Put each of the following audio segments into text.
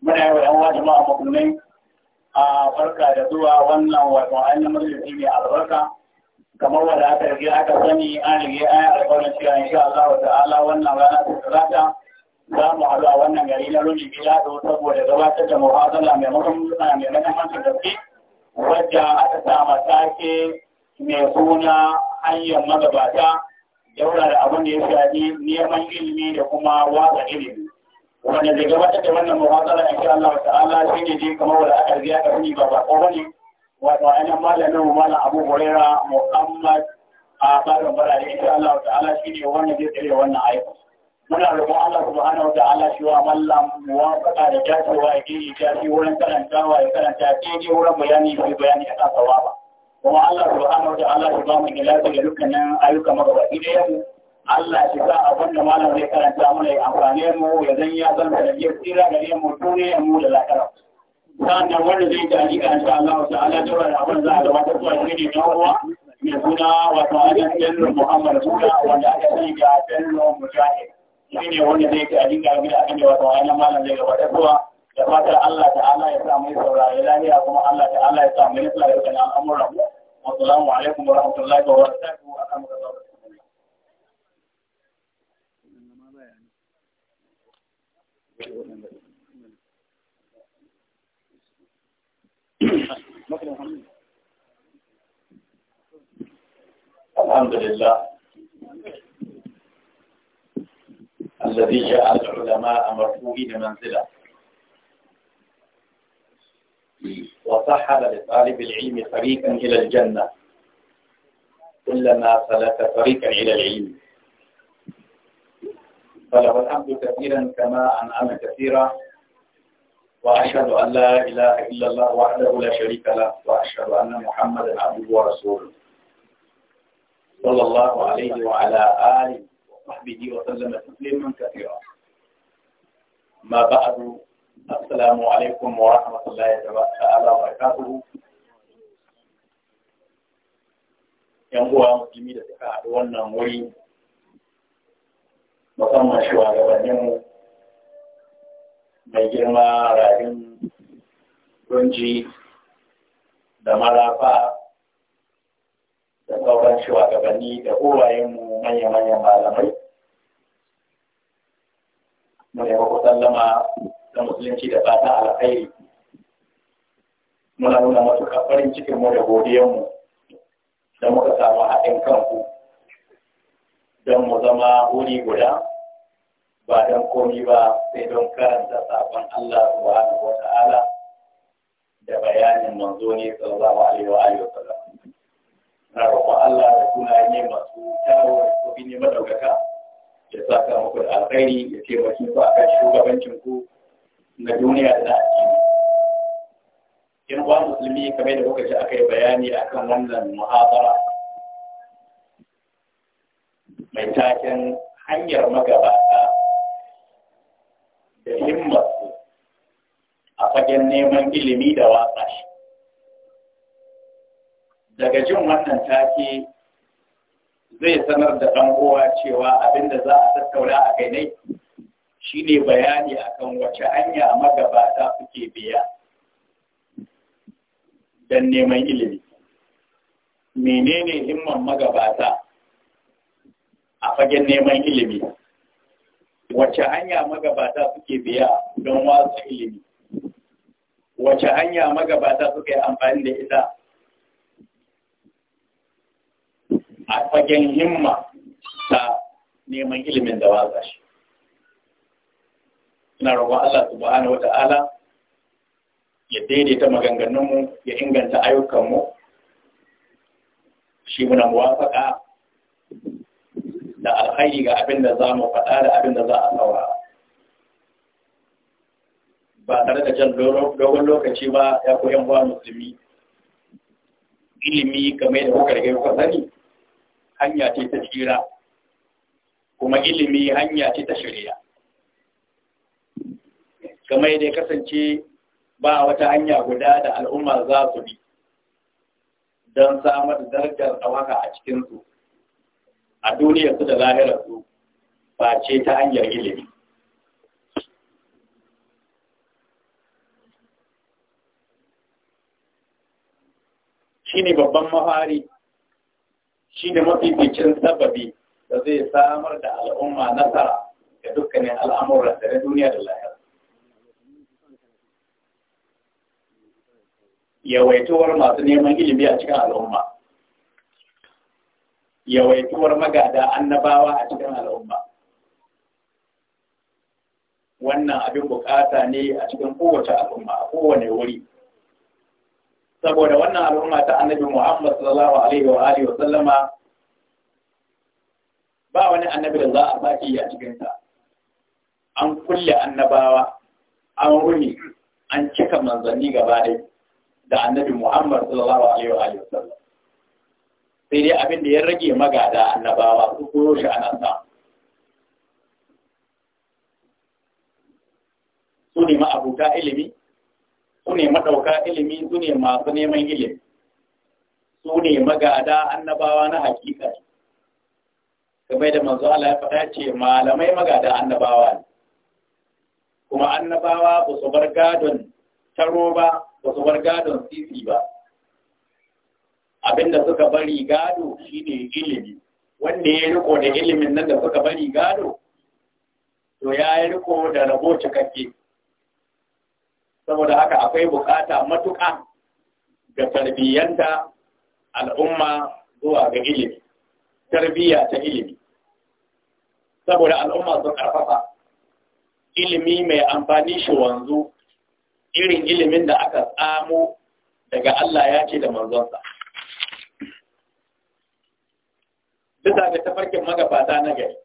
Muna yawon ‘yan wajen ma’amakunai’ a barka da zuwa wannan wato ainihin majalisi mai albarka kamar wadda aka rage aka sani an rage an alƙawarin cewa insha Allah wa ta'ala wannan rana ta za mu haɗu a wannan gari na Rumi da saboda gabatar da muhazala mai da gaske wadda aka sama take mai suna hanyar magabata daura da abin da ya shafi neman ilimi da kuma watsa ilimi. wanda zai gabatar da wannan muhazara insha Allah ta'ala shi ne dai kamar wanda aka riya ka sani ba bako bane wato ainihin malamin mu malam Abu Huraira Muhammad a barin barare insha Allah ta'ala shi ne wanda zai tsare wannan ayyuka muna roƙon Allah subhanahu wa ta'ala shi wa mallam muwafaqa da dacewa ya yi jafi wurin karantawa ya karanta daidai wurin bayani bai bayani a kasawa ba kuma Allah subhanahu wa ta'ala shi ba mu gilafi da dukkanin ayyuka magabaki da yau Allah shi za a wanda malam zai karanta mana ya amfane mu ya zan ya zan da ya tsira gare mu duniyar mu da lakara. Sannan wanda zai ta ji insha Allah ta'ala da wannan abin za a gabatar zuwa shi ne na uwa mai suna wato Adam Bello Muhammad Sula wanda aka sani da Bello Mujahid. Shi ne wanda zai ta ji ga gida abin da wato wannan malam zai gabatar zuwa da fatar Allah ta'ala ya sa mu saurari lafiya kuma Allah ta'ala ya sa mu yi tsare da al'amuran mu. Assalamu alaikum wa rahmatullahi wa barakatuhu. الحمد لله الذي جعل العلماء مرفوعين منزلة وسهل لطالب العلم طريقا إلى الجنة كلما سلك طريقا إلى العلم فله الحمد كثيرا كما أنعم كثيرا وأشهد أن لا إله إلا الله وحده لا شريك له وأشهد أن محمدا عبده ورسوله صلى الله عليه وعلى آله وصحبه وسلم تسليما كثيرا ما بعد السلام عليكم ورحمة الله تعالى وبركاته yan uwa musulmi da suka haɗu wannan wuri musamman shugabanninmu mai girma rayun gunji da marafa da sauran shugabanni da kowayenmu manya-manyan malamai mu nemi ku sallama da musulunci da fatan alkhairi muna nuna matuƙar farin cikinmu da godiyanmu da muka samu haɗin kanku don mu zama wuri guda ba don komi ba sai don karanta sabon Allah subhanahu wa ta'ala da bayanin manzo ne sallallahu alaihi wa alihi wa sallam na roƙon Allah da yi masu tawo da kofi ne madaukaka ya saka muku da alkhairi ya taimaki ku akan shugabancin ku na duniya da na addini yan uwa musulmi kamar da kuka ji aka yi bayani akan wannan muhabara mai taken hanyar magabata su a fagen neman ilimi da watsa shi daga jin wannan take zai sanar da ɗan uwa cewa da za a tattauna a kai ne shine bayani akan wace hanya magabata suke biya don neman ilimi menene himman magabata a fagen neman ilimi wace hanya magabata suke biya don wasu ilimi wace hanya magabata suka yi amfani da ita a fagen himma ta neman ilimin da watsa shi ina roƙon Allah subhanahu wata'ala ya daidaita maganganunmu ya inganta ayyukanmu shi muna muwafaƙa da alkhairi ga abin da za mu faɗa da abin da za a ɗaura ba tare da jan dogon lokaci ba ya koyan wa musulmi ilimi game da kuka rage kuka sani hanya ce ta tsira kuma ilimi hanya ce ta shirya game da ya kasance ba wata hanya guda da al'umma za su bi don samar da darajar ɗaukaka a cikinsu a duniya su da lahirar su ba ce ta hanyar ilimi shi ne babban mahari shi ne mafificin sababi da zai samar da al'umma nasara ga dukkanin al'amuran da na duniya da lahira. Yawaituwar masu neman ilimi a cikin al'umma yawaituwar magada annabawa a cikin al'umma wannan abin bukata ne a cikin kowace al'umma a kowane wuri saboda wannan al'umma ta annabi Muhammad sallallahu alaihi wa alihi wa sallama ba wani annabi da za a saki a cikin ta an kulle annabawa an rumi an cika manzanni gaba da annabi Muhammad sallallahu alaihi wa alihi wa sallam sai dai abin da ya rage magada annabawa su koyo shi a nan sa su ne ma'abuta ilimi su ne maɗauka ilimi su ne masu neman ilimi su ne magada annabawa na hakika game da manzo Allah ya faɗa ce malamai magada annabawa ne kuma annabawa ba su bar gadon taro ba ba su bar gadon sisi ba abinda suka bari gado shine ilimi wanda ya riko da ilimin nan da suka bari gado to ya yi riko da rabo cikakke saboda haka akwai bukata matuƙa ga tarbiyyanta al'umma zuwa ga ilimi tarbiyya ta ilimi saboda al'umma sun karfafa ilimi mai amfani shi wanzu irin ilimin da aka tsamo daga Allah ya ce da manzonsa bisa ga tafarkin magabata na gari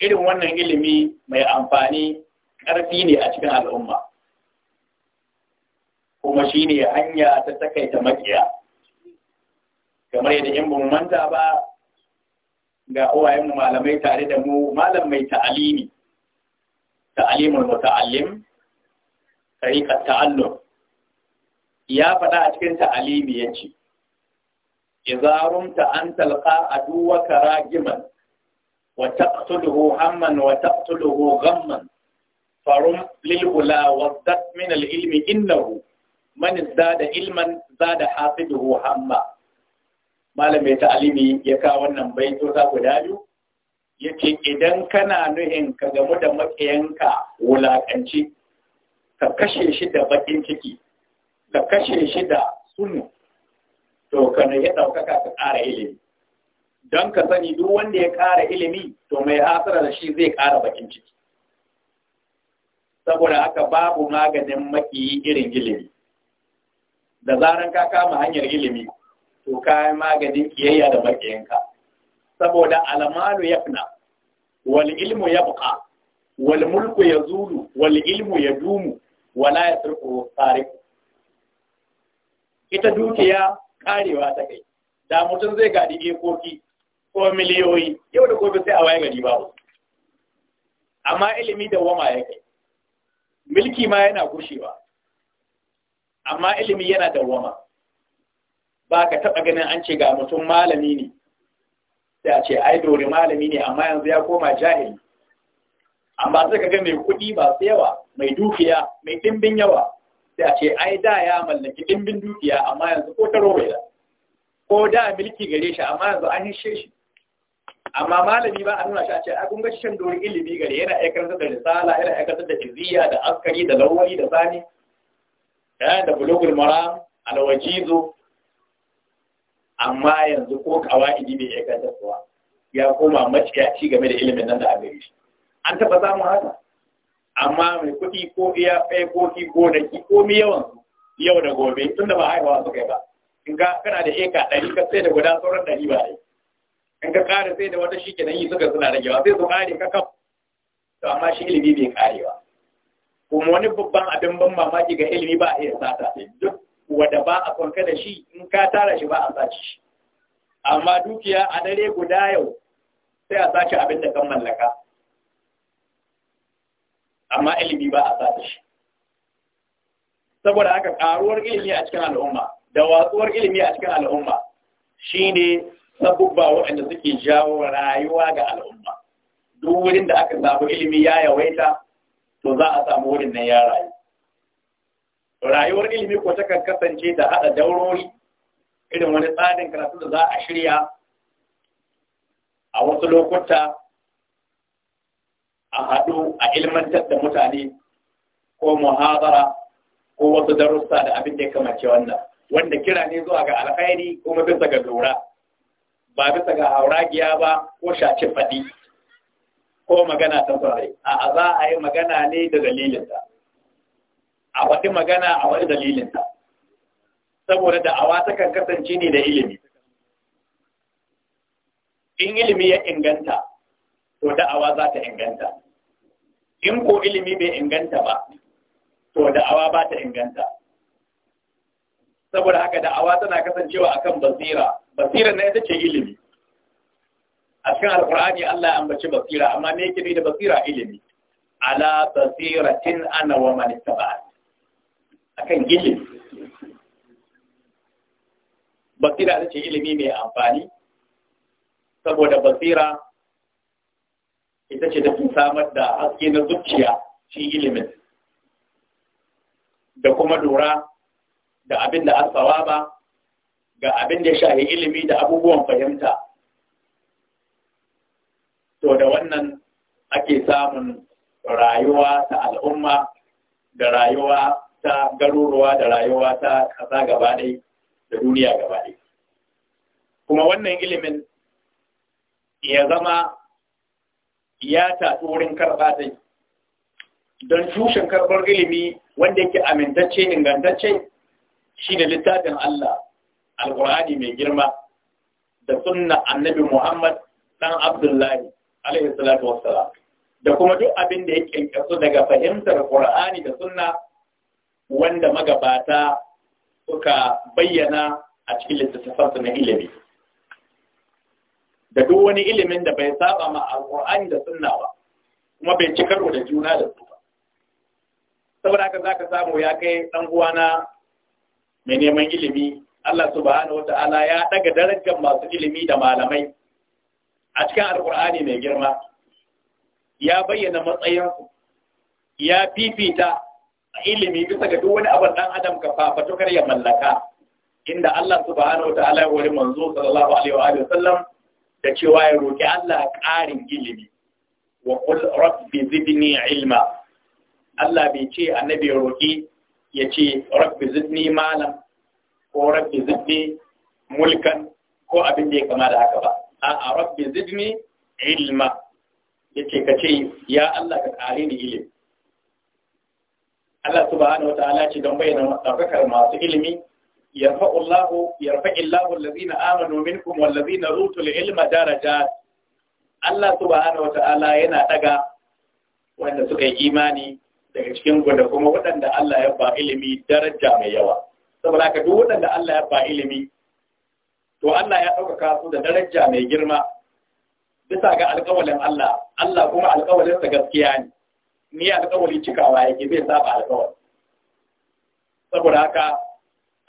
irin wannan ilimi mai amfani ƙarfi ne a cikin al'umma kuma shi ne hanya ta takaita makiya kamar yadda in bamu manta ba ga uwayenmu malamai tare da mu malam mai ta'alimi ta'alimul muta'allim tariqat ta'allum ya faɗa a cikin ta'alimi yace rumta an talqa aduwaka ragiman wa taqtuluhu hamman wa taqtuluhu ghamman farum lil ula wa min al ilmi innahu man zada ilman zada hafiduhu hamma ta alimi ya kawo wannan baito ta guda biyu yace idan kana nuhin ka gamu da makiyanka wulakanci ka kashe shi da bakin ciki ka kashe shi da sunu to ka ya ɗaukaka ka ƙara ilimi don ka sani duk wanda ya ƙara ilimi to mai hasara da shi zai ƙara bakin ciki saboda haka babu maganin maƙiyi irin ilimi da zaran ka kama hanyar ilimi to kayan maganin kiyayya da maƙiyinka saboda alamalu yafna wal ilmu ya yabqa wal mulku ya yazulu wal ilmu dumu, wala ya yasrifu tariq ita dukiya karewa ta kai da mutum zai gadi ekoki ko miliyoyi yau da gobe sai a waye gari ba. amma ilimi da wama ya kai milki ma yana gushewa amma ilimi yana da wama ba ka taɓa ganin an ce ga mutum malami ne da ce ai dore malami ne amma yanzu ya koma jahili amma sai ka ga mai kuɗi ba yawa mai dukiya mai ɗimbin yawa sai a ce ai da ya mallaki dimbin dukiya amma yanzu ko taro bai da ko da milki gare shi amma yanzu an hishe shi amma malami ba a nuna shi a ce a kun shan dori ilimi gare yana aikata da risala yana aikata da iziya da askari da lawali da sani eh, da bulugul maram alwajizo amma yanzu ko kawa kawa'idi bai aikata suwa ya koma ci game da ilimin nan da a gare shi an taɓa samun haka amma mai kuɗi ko iya ɗaya ko ki gonaki ko mi yawan yau da gobe tun da ba haihuwa su kai ba in ka kana da eka ɗari ka sai da guda sauran ɗari ba ai in ka ƙara sai da wata shi kenan yi suka suna ragewa sai su ƙare ka kaf to amma shi ilimi bai ba. kuma wani babban abin ban mamaki ga ilimi ba a iya sata duk wanda ba a kwanka da shi in ka tara shi ba a sace shi amma dukiya a dare guda yau sai a sace abin da kan mallaka amma ilimi ba a sa shi saboda haka ƙaruwar ilimi a cikin al'umma da watsuwar ilimi a cikin al'umma shi ne sabubba waɗanda suke jawo rayuwa ga al'umma duk wurin da aka samu ilimi ya yawaita to za a samu wurin nan ya rayu rayuwar ilimi ko ta kasance da haɗa daurori irin wani tsarin karatu da za a shirya a wasu lokuta a haɗu a ilmantar da mutane ko muhabara ko wasu darussa da abin da ya kamace wannan wanda kira ne zuwa ga alkhairi kuma bisa ga lura ba bisa ga hauragiya ba ko shaci faɗi ko magana ta sarai a za a yi magana ne da dalilinta a wata magana a wani dalilinta saboda da'awa ta kan kasance ne da ilimi in ilimi ya inganta to da'awa za ta inganta in ko ilimi bai inganta ba to da'awa ba ta inganta saboda haka da'awa tana kasancewa akan basira basira na ita ce ilimi a cikin alkur'ani Allah ya ambaci basira amma me yake da basira ilimi ala basira tun ana wa man ittaba'a akan ilimi basira ita ce ilimi mai amfani saboda basira ita ce da samar da haske na zuciya shi ilimin da kuma lura da abin da asawa ba ga abin da shahi ilimi da abubuwan fahimta to da wannan ake samun rayuwa ta al'umma da rayuwa ta garuruwa da rayuwa ta ƙasa gaba ɗai da duniya gaba ɗai kuma wannan ilimin ya zama ya tafi wurin karɓa dai don tushen karɓar ilimi wanda yake amintacce ingantacce shi ne littafin Allah alƙur'ani mai girma da sunna annabi Muhammad ɗan Abdullahi alaihi salatu wassalam da kuma duk abin da ya ƙyanƙyasu daga fahimtar ƙur'ani da sunna wanda magabata suka bayyana a cikin littattafansu na ilimi. da duk wani ilimin da bai saba ma da sunna ba kuma bai ci karo da juna da su ba saboda haka zaka samu ya kai dan uwana mai neman ilimi Allah subhanahu wata'ala ya daga darajar masu ilimi da malamai a cikin alkur'ani mai girma ya bayyana matsayinsu ya fifita ilimi bisa ga duk wani abin dan adam ka fafato kar ya mallaka inda Allah subhanahu wata'ala ya wuri manzo sallallahu alaihi wa sallam da cewa ya roƙi Allah ƙarin ilimi wa qul rabbi zidni ilma Allah bai ce annabi ya roƙi ya ce rabbi zidni malam ko rabbi zidni mulkan ko abin da ya kama da haka ba a'a rabbi zidni ilma ce, ka ce ya Allah ka ƙare ni ilimi Allah subhanahu wataala ce don bayyana ɗaukakar masu ilimi يرفع الله يرفع الله الذين آمنوا منكم والذين أوتوا العلم درجات Allah subhanahu wata'ala yana ɗaga wanda suka yi imani daga cikin da kuma waɗanda Allah ya ba ilimi daraja mai yawa saboda haka duk waɗanda Allah ya ba ilimi to Allah ya ɗaukaka su da daraja mai girma bisa ga alƙawalin Allah Allah kuma alƙawalinsa gaskiya ne ni alƙawali cikawa yake bai saba alƙawari saboda haka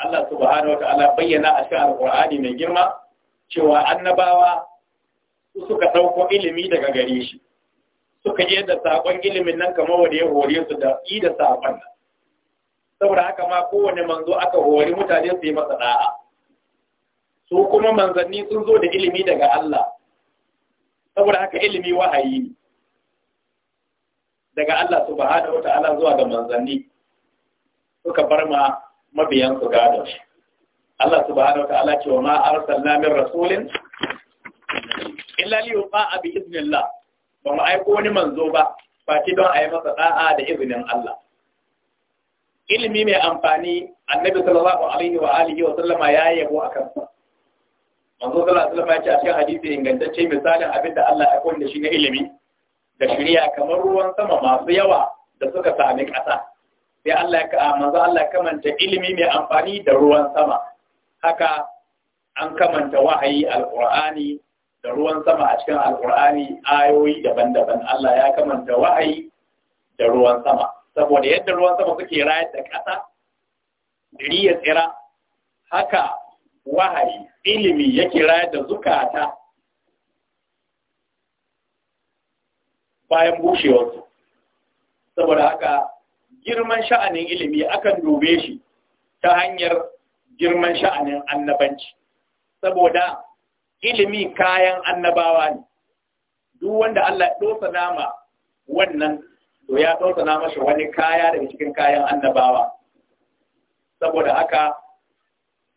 Allah subhanahu wata'ala bayyana a cikin alkur'ani mai girma cewa annabawa su suka ɗauko ilimi daga gare shi suka yi da saƙon ilimin nan kamar wanda ya hore su da yi da saƙon nan saboda haka ma kowane manzo aka hori mutane su yi masa da'a su kuma manzanni sun zo da ilimi daga Allah saboda haka ilimi wahayi ne daga Allah subhanahu wata'ala zuwa ga manzanni suka bar ma mabiyan su gadon shi Allah subhanahu ta'ala ce wa ma arsalna min rasulin illa li yuqa bi iznillah ba mu aiko wani manzo ba ba ki don a yi masa da'a da izinin Allah ilimi mai amfani annabi sallallahu alaihi wa alihi wa sallama ya yabo akan sa manzo sallallahu alaihi wa ya ce a cikin hadisi ingantacce misalin abin da Allah ya koyi shi na ilimi da shirya kamar ruwan sama masu yawa da suka sami ƙasa sai Allah ya ah, manzo Allah kamanta ilimi mai amfani da ruwan sama haka an kamanta wahayi alqur'ani da ruwan sama a cikin alqur'ani ayoyi daban-daban Allah ya kamanta wahayi da ruwan sama saboda yadda ruwan sama suke rayar da ƙasa diri ya tsira haka wahayi ilimi yake rayar da zukata bayan bushewarsu saboda haka girman sha'anin ilimi akan dobe shi ta hanyar girman sha'anin annabanci saboda ilimi kayan annabawa ne duk wanda Allah ya dosa nama wannan to ya dosa nama shi wani kaya daga cikin kayan annabawa saboda haka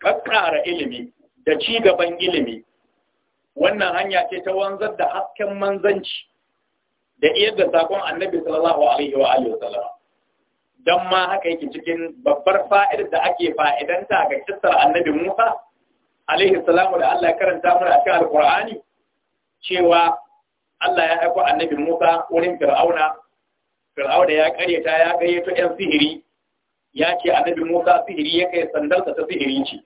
ƙaƙƙara ilimi da ci gaban ilimi wannan hanya ce ta wanzar da hasken manzanci da iya da sakon annabi sallallahu alaihi wa wa sallama don ma haka yake cikin babbar fa'idar da ake fa'idanta ga kistar annabi Musa, alaihi salamu da Allah karanta mana a cikin Alƙur'ani, cewa Allah ya haiku annabi Musa wurin Fir'auna, Fir'auna ya karyata ya gayyato ‘yan sihiri, ya ce annabi Musa sihiri ya kai sandarsa ta sihiri ce,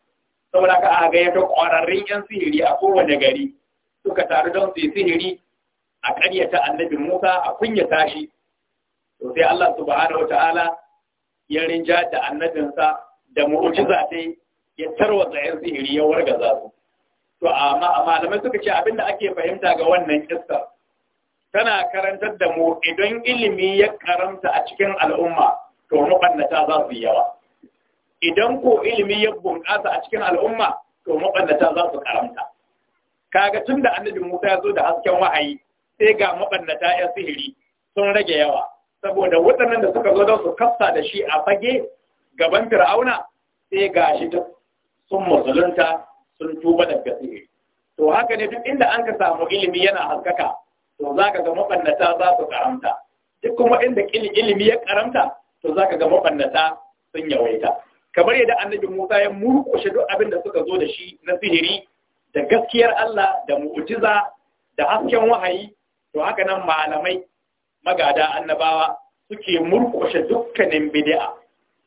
saboda ka a gayyato ƙwararrun ‘yan sihiri a kowane gari suka taru don su yi sihiri a karyata annabi Musa a kunya shi. To sai Allah subhanahu wa ta'ala ya rinja da annabinsa da mu'ujiza dai ya tarwa yan sihiri ya za su to amma malamai suka ce abinda ake fahimta ga wannan kista tana karantar da mu idan ilimi ya karanta a cikin al'umma to mabannata za su yawa idan ko ilimi ya bunƙasa a cikin al'umma to mabannata za su karanta kaga tun da annabi Musa ya zo da hasken wahayi sai ga mabannata ya sihiri sun rage yawa saboda waɗannan da suka zo don su kafsa da shi a fage gaban fir'auna sai ga shi sun musulunta sun tuba daga sihiri to haka ne duk inda an ka samu ilimi yana haskaka to za ka ga maɓannata za su karamta duk kuma inda ilimi ya karamta to za ka ga maɓannata sun yawaita kamar yadda annabi musa ya murƙushe duk abin da suka zo da shi na sihiri da gaskiyar allah da mu'ujiza da hasken wahayi to haka nan malamai magada annabawa suke murkushe dukkanin bid'a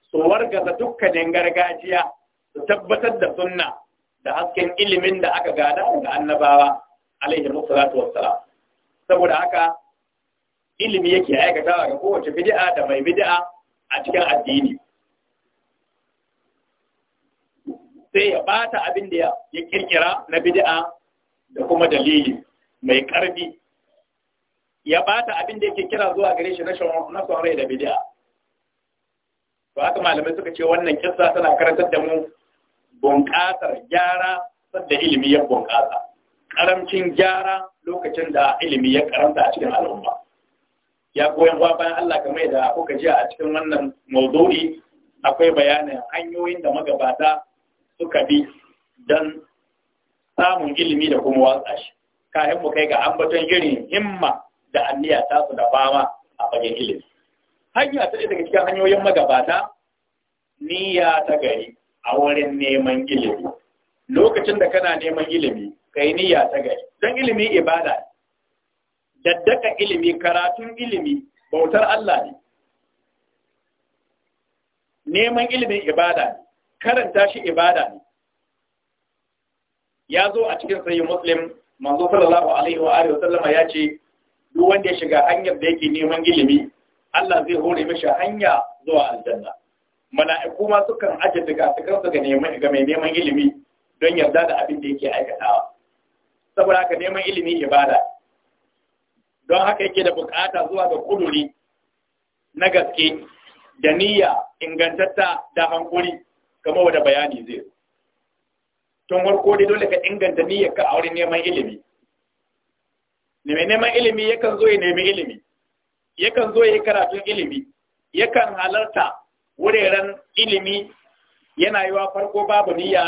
su wargaza dukkanin gargajiya su tabbatar da sunna da hasken ilimin da aka gada daga annabawa alaihi musallatu wassalam saboda haka ilimi yake aikatawa ga kowace bid'a da mai bid'a a cikin addini sai ya bata abin da ya kirkira na bid'a da kuma dalili mai karfi ya bata abin da yake kira zuwa gare shi na son rai da bidiya. to haka malamai suka ce wannan kisa tana karantar da mu bunƙasar gyara sadda ilimi ya bunƙasa Ƙaramcin gyara lokacin da ilimi ya karanta a cikin al'umma ya koyan wa bayan Allah kamar da kuka ji a cikin wannan maudu'i akwai bayanin hanyoyin da magabata suka bi don samun ilimi da kuma watsa shi kayan mu kai ga ambaton irin himma da anniya ta su da fama a fagen ilimi hanya ta daga cikin hanyoyin magabata niyya ta gari a wurin neman ilimi lokacin da kana neman ilimi kai niyya ta gari don ilimi ibada daddaka ilimi karatun ilimi bautar Allah ne neman ilimin ibada ne karanta shi ibada ne ya zo a cikin sayi muslim manzo sallallahu alaihi wa wa Sallama ya ce duk wanda ya shiga hanyar da yake neman ilimi Allah zai hore mishi hanya zuwa aljanna mala'iku ma sukan aje daga cikin su ga neman ga mai neman ilimi don yarda da abin da yake aikatawa saboda haka neman ilimi ibada don haka yake da bukata zuwa ga kuduri na gaske da niyya ingantatta da hankuri kamar wanda bayani zai tun farko dai dole ka inganta niyyarka a wurin neman ilimi Neman neman ilimi yakan zo ya nemi ilimi yakan zo ya yi karatun ilimi yakan halarta wuraren ilimi yana yi wa farko babu niyya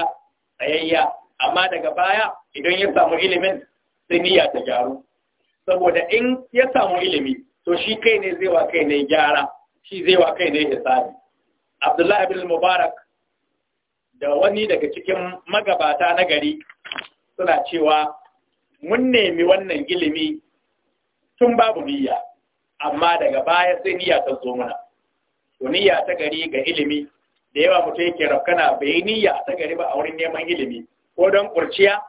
tsayayya amma daga baya idan ya samu ilimin sai niyya ta gyaru saboda in ya samu ilimi to shi kai ne zai wa kai ne gyara shi zai wa kai ne hisabi abdullahi bin mubarak da wani daga cikin magabata na gari suna cewa mun nemi wannan ilimi tun babu niyya amma daga baya sai niyya ta zo mana to niyya ta gari ga ilimi da yawa mutum yake rafkana bai niyya ta gari ba a wurin neman ilimi ko don kurciya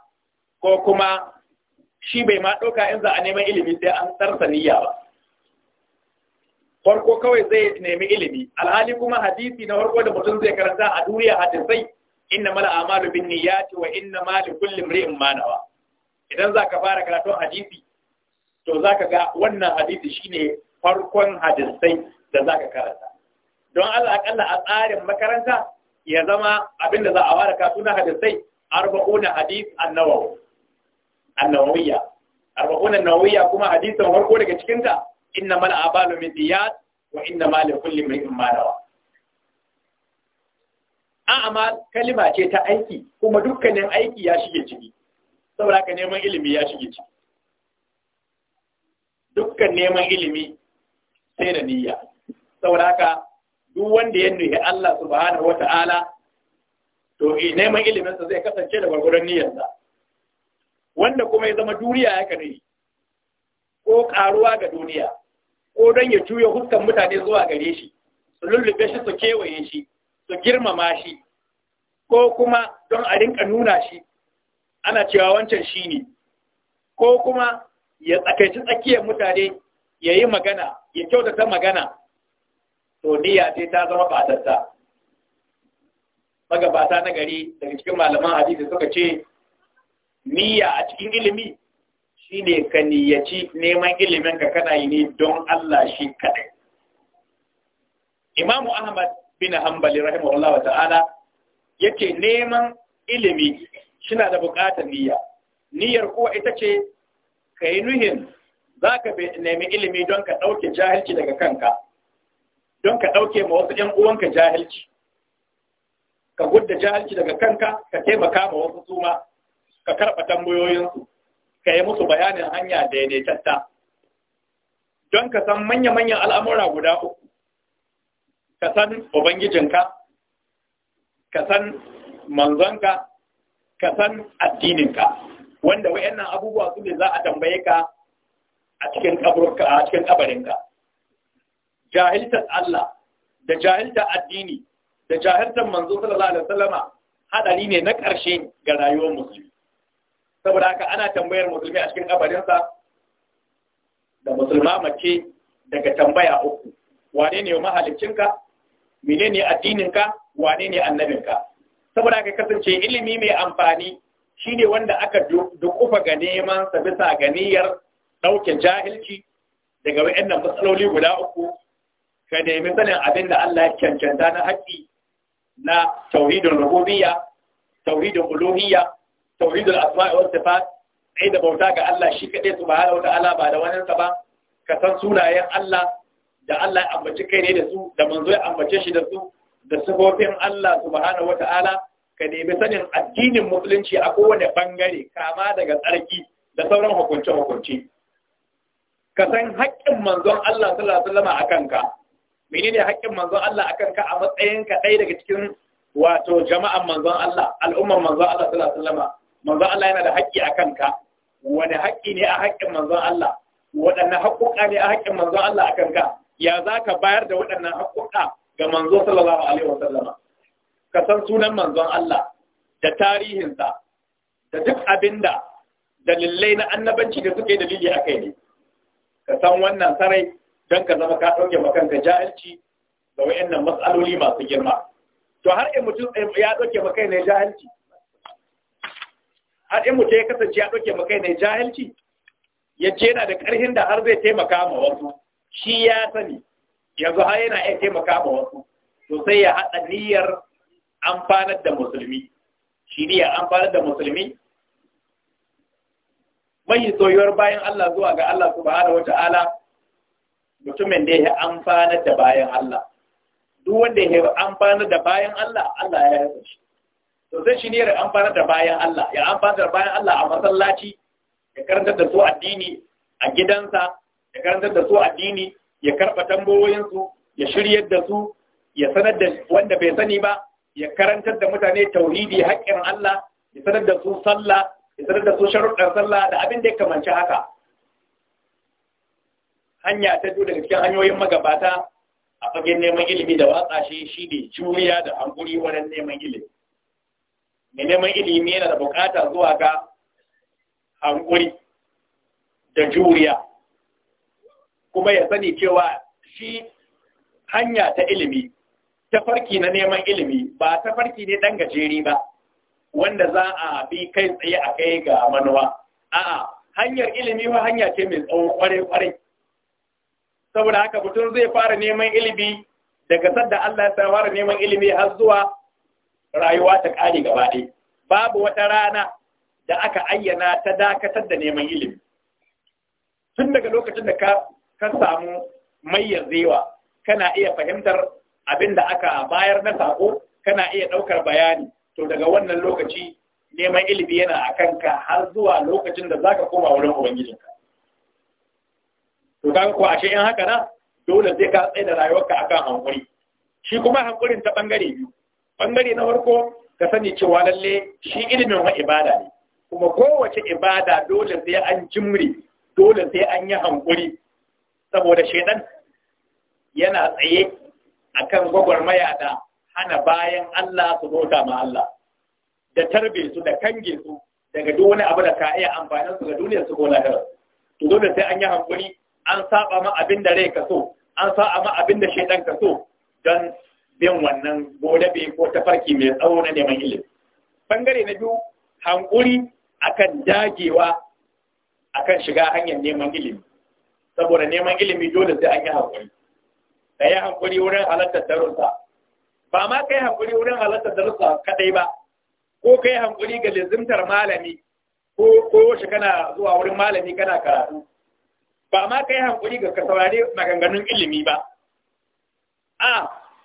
ko kuma shi bai ma ɗauka in za a neman ilimi sai an tsarsa niyya ba farko kawai zai nemi ilimi alhali kuma hadisi na farko da mutum zai karanta a duniya hadisai inna mala amalu bin niyyati wa inna ma li kulli imrin ma nawa idan za ka fara karatun hadisi to za ka ga wannan hadisi shine farkon hadisai da za ka karanta don Allah akalla a tsarin makaranta ya zama abin da za a ware kasu na hadisai arba'una hadis annawawi annawawiyya arba'una nawawiyya kuma hadisan farko daga cikinta, ta inna a abalu min diyat wa inna mal kulli mai imanawa. A'a ma kalima ce ta aiki kuma dukkanin aiki ya shige ciki saboda ka neman ilimi ya shige ciki dukkan neman ilimi sai da niyya saboda ka duk wanda ya nuhi Allah subhanahu wata'ala to eh, neman ilimin sa zai kasance da niyyar sa wanda kuma ya zama duniya ya kare ko karuwa ga duniya ko don ya juya huskan mutane zuwa gare shi su lullube shi su kewaye shi su girmama shi ko kuma don a rinka nuna shi ana cewa wancan shi ne ko kuma ya tsakaici tsakiyar mutane ya yi magana ya kyautata magana to niyya ce ta zama batarsa magabata na gari daga cikin malaman hadisi suka ce niyya a cikin ilimi shine ka niyyaci neman ilimin ka kana yi ne don Allah shi kaɗai. Imam'u Ahmad bin Hanbali rahimahullah ta'ala yace neman ilimi shina da buƙatar niyya niyyar kuwa ita ce ka yi nuhin za ka nemi ilimi don ka ɗauke jahilci daga kanka don ka ɗauke ma wasu ‘yan uwanka jahilci ka gudda jahilci daga kanka ka taimaka ma wasu suma ka karɓa tambayoyinsu ka yi musu bayanin hanya daidaitatta don ka san manya-manyan al'amura guda uku ka san ubangijinka ka san manzonka ka san addininka wanda wayannan abubuwa su ne za a tambaye ka a cikin kaburka a cikin kabarinka jahiltar Allah da jahiltar addini da jahiltar manzo sallallahu alaihi wasallama hadari ne na ƙarshe ga rayuwar musulmi saboda haka ana tambayar musulmi a cikin kabarinsa da musulma mace daga tambaya uku wane ne mahalicinka menene addininka wane ne annabinka saboda aka kasance ilimi mai amfani shine wanda aka dukufa ga neman sa bisa ga niyyar ɗauke jahilci daga waɗannan matsaloli guda uku ka nemi sanin abin da Allah ya cancanta na haƙƙi na tauhidin rububiyya tauhidin uluhiyya tauhidin asma'i was sifat sai da bauta ga Allah shi kaɗai subhanahu wata'ala ba da wani ba ka san sunayen Allah da Allah ya ambaci kai ne da su da manzo ya ambace shi da su da sifofin Allah subhanahu wata'ala ka nemi sanin addinin musulunci a kowane bangare kama daga tsarki da sauran hukunce-hukunce ka san haƙƙin manzon Allah sallallahu alaihi wasallam a kanka menene haƙƙin manzon Allah a kanka a matsayin ka ɗaya daga cikin wato jama'an manzon Allah al'umman manzon Allah sallallahu alaihi wasallam manzon Allah yana da haƙƙi a kanka wani haƙƙi ne a haƙƙin manzon Allah waɗanne haƙƙoƙa ne a haƙƙin manzon Allah a kanka ya za ka bayar da waɗannan haƙƙoƙa ga manzo sallallahu alaihi sallama, ka san sunan manzon Allah da tarihinsa da duk abinda dalilai na annabanci da suke dalili a kai ne ka san wannan sarai don ka zama ka ɗauke makanka jahilci da wayannan matsaloli masu girma to har in mutum ya ɗauke makai ne jahilci har in mutum ya kasance ya ɗauke makai ne jahilci ya ce yana da ƙarfin da har zai taimaka ma wasu shi ya sani yanzu har yana iya taimaka ma wasu to sai ya haɗa niyyar amfanar da musulmi shi niyyar amfanar da musulmi mai soyuwar bayan Allah zuwa ga Allah subhanahu wata'ala mutumin da ya amfanar da bayan Allah duk wanda ya amfanar da bayan Allah Allah ya yi shi to sai shi niyyar amfanar da bayan Allah ya amfanar da bayan Allah a masallaci ya karantar da su addini a gidansa ya karantar da su addini ya karɓa tambayoyinsu ya shiryar da su ya sanar da wanda bai sani ba ya karantar da mutane tauhidi haƙƙin Allah ya sanar da su sallah ya sanar da su sharuɗar sallah da abin da ya kamanci haka hanya ta biyu daga cikin hanyoyin magabata a fagen neman ilimi da watsa shi shi ne juriya da hankuri wajen neman ilimi mai neman ilimi yana da bukata zuwa ga hankuri da juriya kuma ya sani cewa shi hanya ta ilimi ta farki na neman ilimi ba ta farki ne ɗan gajeri ba wanda za a bi kai tsaye a kai ga manuwa a'a hanyar ilimi wa hanya ce mai tsawon kware-kware. saboda haka mutum zai fara neman ilimi daga sadda Allah ya fara neman ilimi har zuwa rayuwa ta kare gaba ɗaya babu wata rana da aka ayyana ta dakatar da neman ilimi tun daga lokacin da ka ka samu mayar zewa kana iya fahimtar abin da aka bayar na sako kana iya ɗaukar bayani to daga wannan lokaci neman ilimi yana a kanka har zuwa lokacin da zaka koma wurin ubangijinka to kaga ko ashe in haka na dole sai ka tsaye da rayuwarka akan hankuri shi kuma hankurin ta bangare biyu bangare na farko ka sani cewa lalle shi ilimin wa ibada ne kuma kowace ibada dole sai an jimri dole sai an yi hankuri saboda shedan yana tsaye a kan gwagwarmaya da hana bayan Allah su bauta ma Allah da tarbe su da kange su daga duwane abu da ka iya amfanin su ga duniyar su ko lahira to dole sai an yi hankuri an saba ma abin da rai ka so an saba ma abin da shedan ka so don bin wannan godabe ko tafarki mai tsawo na neman ilimi bangare na biyu hankuri akan dagewa akan shiga hanyar neman ilimi saboda neman ilimi dole sai an yi hankuri ka yi hankuri wurin halartar darussa ba ma ka yi hankuri wurin halartar darussa kadai ba ko ka yi hankuri ga lizimtar malami ko ko shi kana zuwa wurin malami kana karatu ba ma ka yi hankuri ga ka saurari maganganun ilimi ba a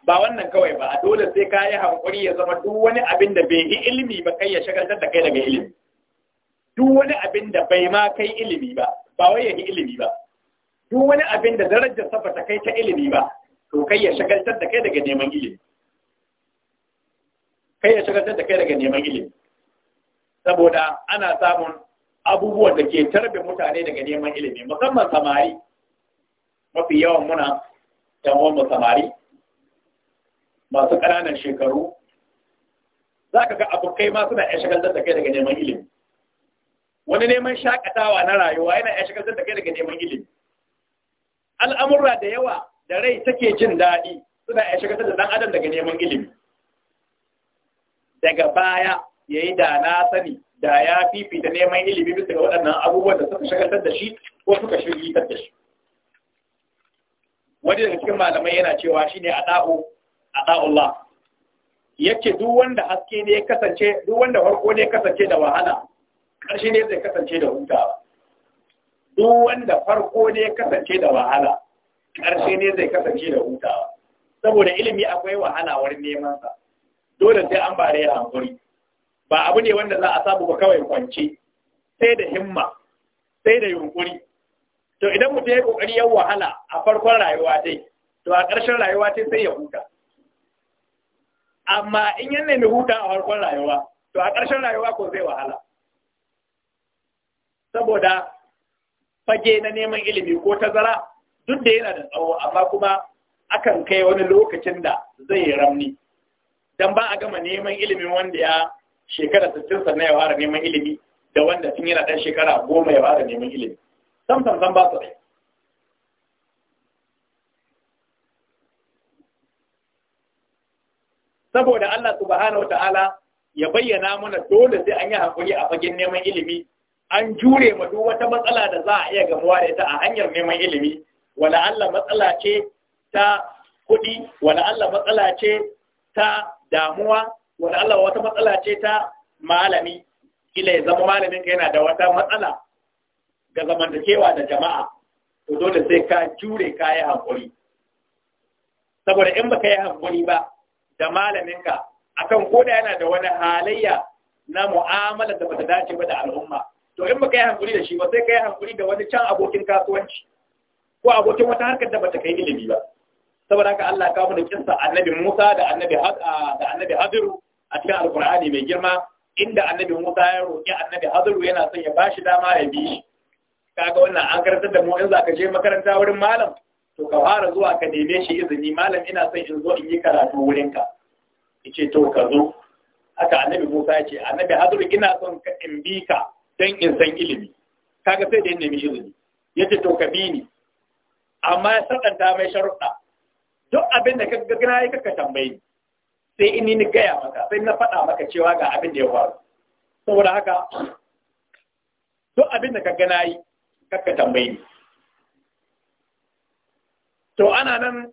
ba wannan kawai ba dole sai ka yi hankuri ya zama duk wani abin da bai yi ilimi ba kai ya shagaltar da kai daga ilimi duk wani abin da bai ma kai ilimi ba ba wai ya yi ilimi ba duk wani abin da darajar sa ba ta kai ta ilimi ba to kai ya shagaltar da kai daga neman ilimi kai ya shagaltar da kai daga neman ilimi saboda ana samun abubuwan da ke tarbe mutane daga neman ilimi musamman samari mafi yawan muna yan mu samari masu ƙananan shekaru za ka ga abokai ma suna yan shagaltar da kai daga neman ilimi wani neman shakatawa na rayuwa yana yan shagaltar da kai daga neman ilimi al'amurra da yawa da rai take jin daɗi suna ya shiga da ɗan daga neman ilimi daga baya ya yi da na sani da ya da neman ilimi bisa ga waɗannan abubuwan da suka shagaltar da shi ko suka shirgitar da shi wani daga cikin malamai yana cewa shi ne a ɗa'ullah yake duk wanda haske ne ya kasance duk wanda farko ne ya kasance da wahala ƙarshe ne zai kasance da hutawa duk wanda farko ne ya kasance da wahala ƙarshe ne zai kasance da hutawa saboda ilimi akwai wahala wurin neman sa dole sai an bare hankuri ba abu ne wanda za a samu ba kawai kwance sai da himma sai da yunkuri to idan mutum ya kokari ya wahala a farkon rayuwa dai to a ƙarshen rayuwa dai sai ya huta amma in yan nemi huta a farkon rayuwa to a ƙarshen rayuwa ko zai wahala saboda fage na neman ilimi ko tazara duk da yana da tsawo amma kuma akan kai wani lokacin da zai yi ramni dan ba a gama neman ilimin wanda ya shekara 60 sannan ya fara neman ilimi da wanda tun yana dan shekara goma ya fara neman ilimi sam sam sam ba su ɗaya saboda Allah subhanahu Ta'ala ya bayyana mana dole sai an yi hakuri a fagen neman ilimi an jure ma duk wata matsala da za a iya gamuwa da ita a hanyar neman ilimi wala Allah matsala ce ta kuɗi wala Allah matsala ce ta damuwa wala Allah wata matsala ce ta malami kila ya zama malamin ka yana da wata matsala ga zamantakewa da jama'a to dole sai ka jure ka yi hankuri saboda in baka yi hankuri ba da malaminka akan koda yana da wani halayya na mu'amala da bata dace ba da al'umma to in baka yi hankuri da shi ba sai ka yi hankuri da wani can abokin kasuwanci ko abokin wata harkar da bata kai ilimi ba saboda haka Allah ka mana kissa annabi Musa da annabi da annabi a cikin alkur'ani mai girma inda annabi Musa ya roki annabi Hadiru yana son ya bashi dama ya bi shi kaga wannan an karantar da mu in zaka je makaranta wurin malam to ka fara zuwa ka neme shi izini malam ina son in zo in yi karatu wurin ka yace to ka zo haka annabi Musa ya ce annabi Hadiru ina son in bi ka don in san ilimi kaga sai da yin nemi izini ce to ka bi ni amma ya sakanta mai sharuɗa duk abin da kaga gina yi kaka tambayi sai in ni gaya maka sai na faɗa maka cewa ga abin da ya faru saboda haka duk abin da kaga na yi kaka tambayi to ana nan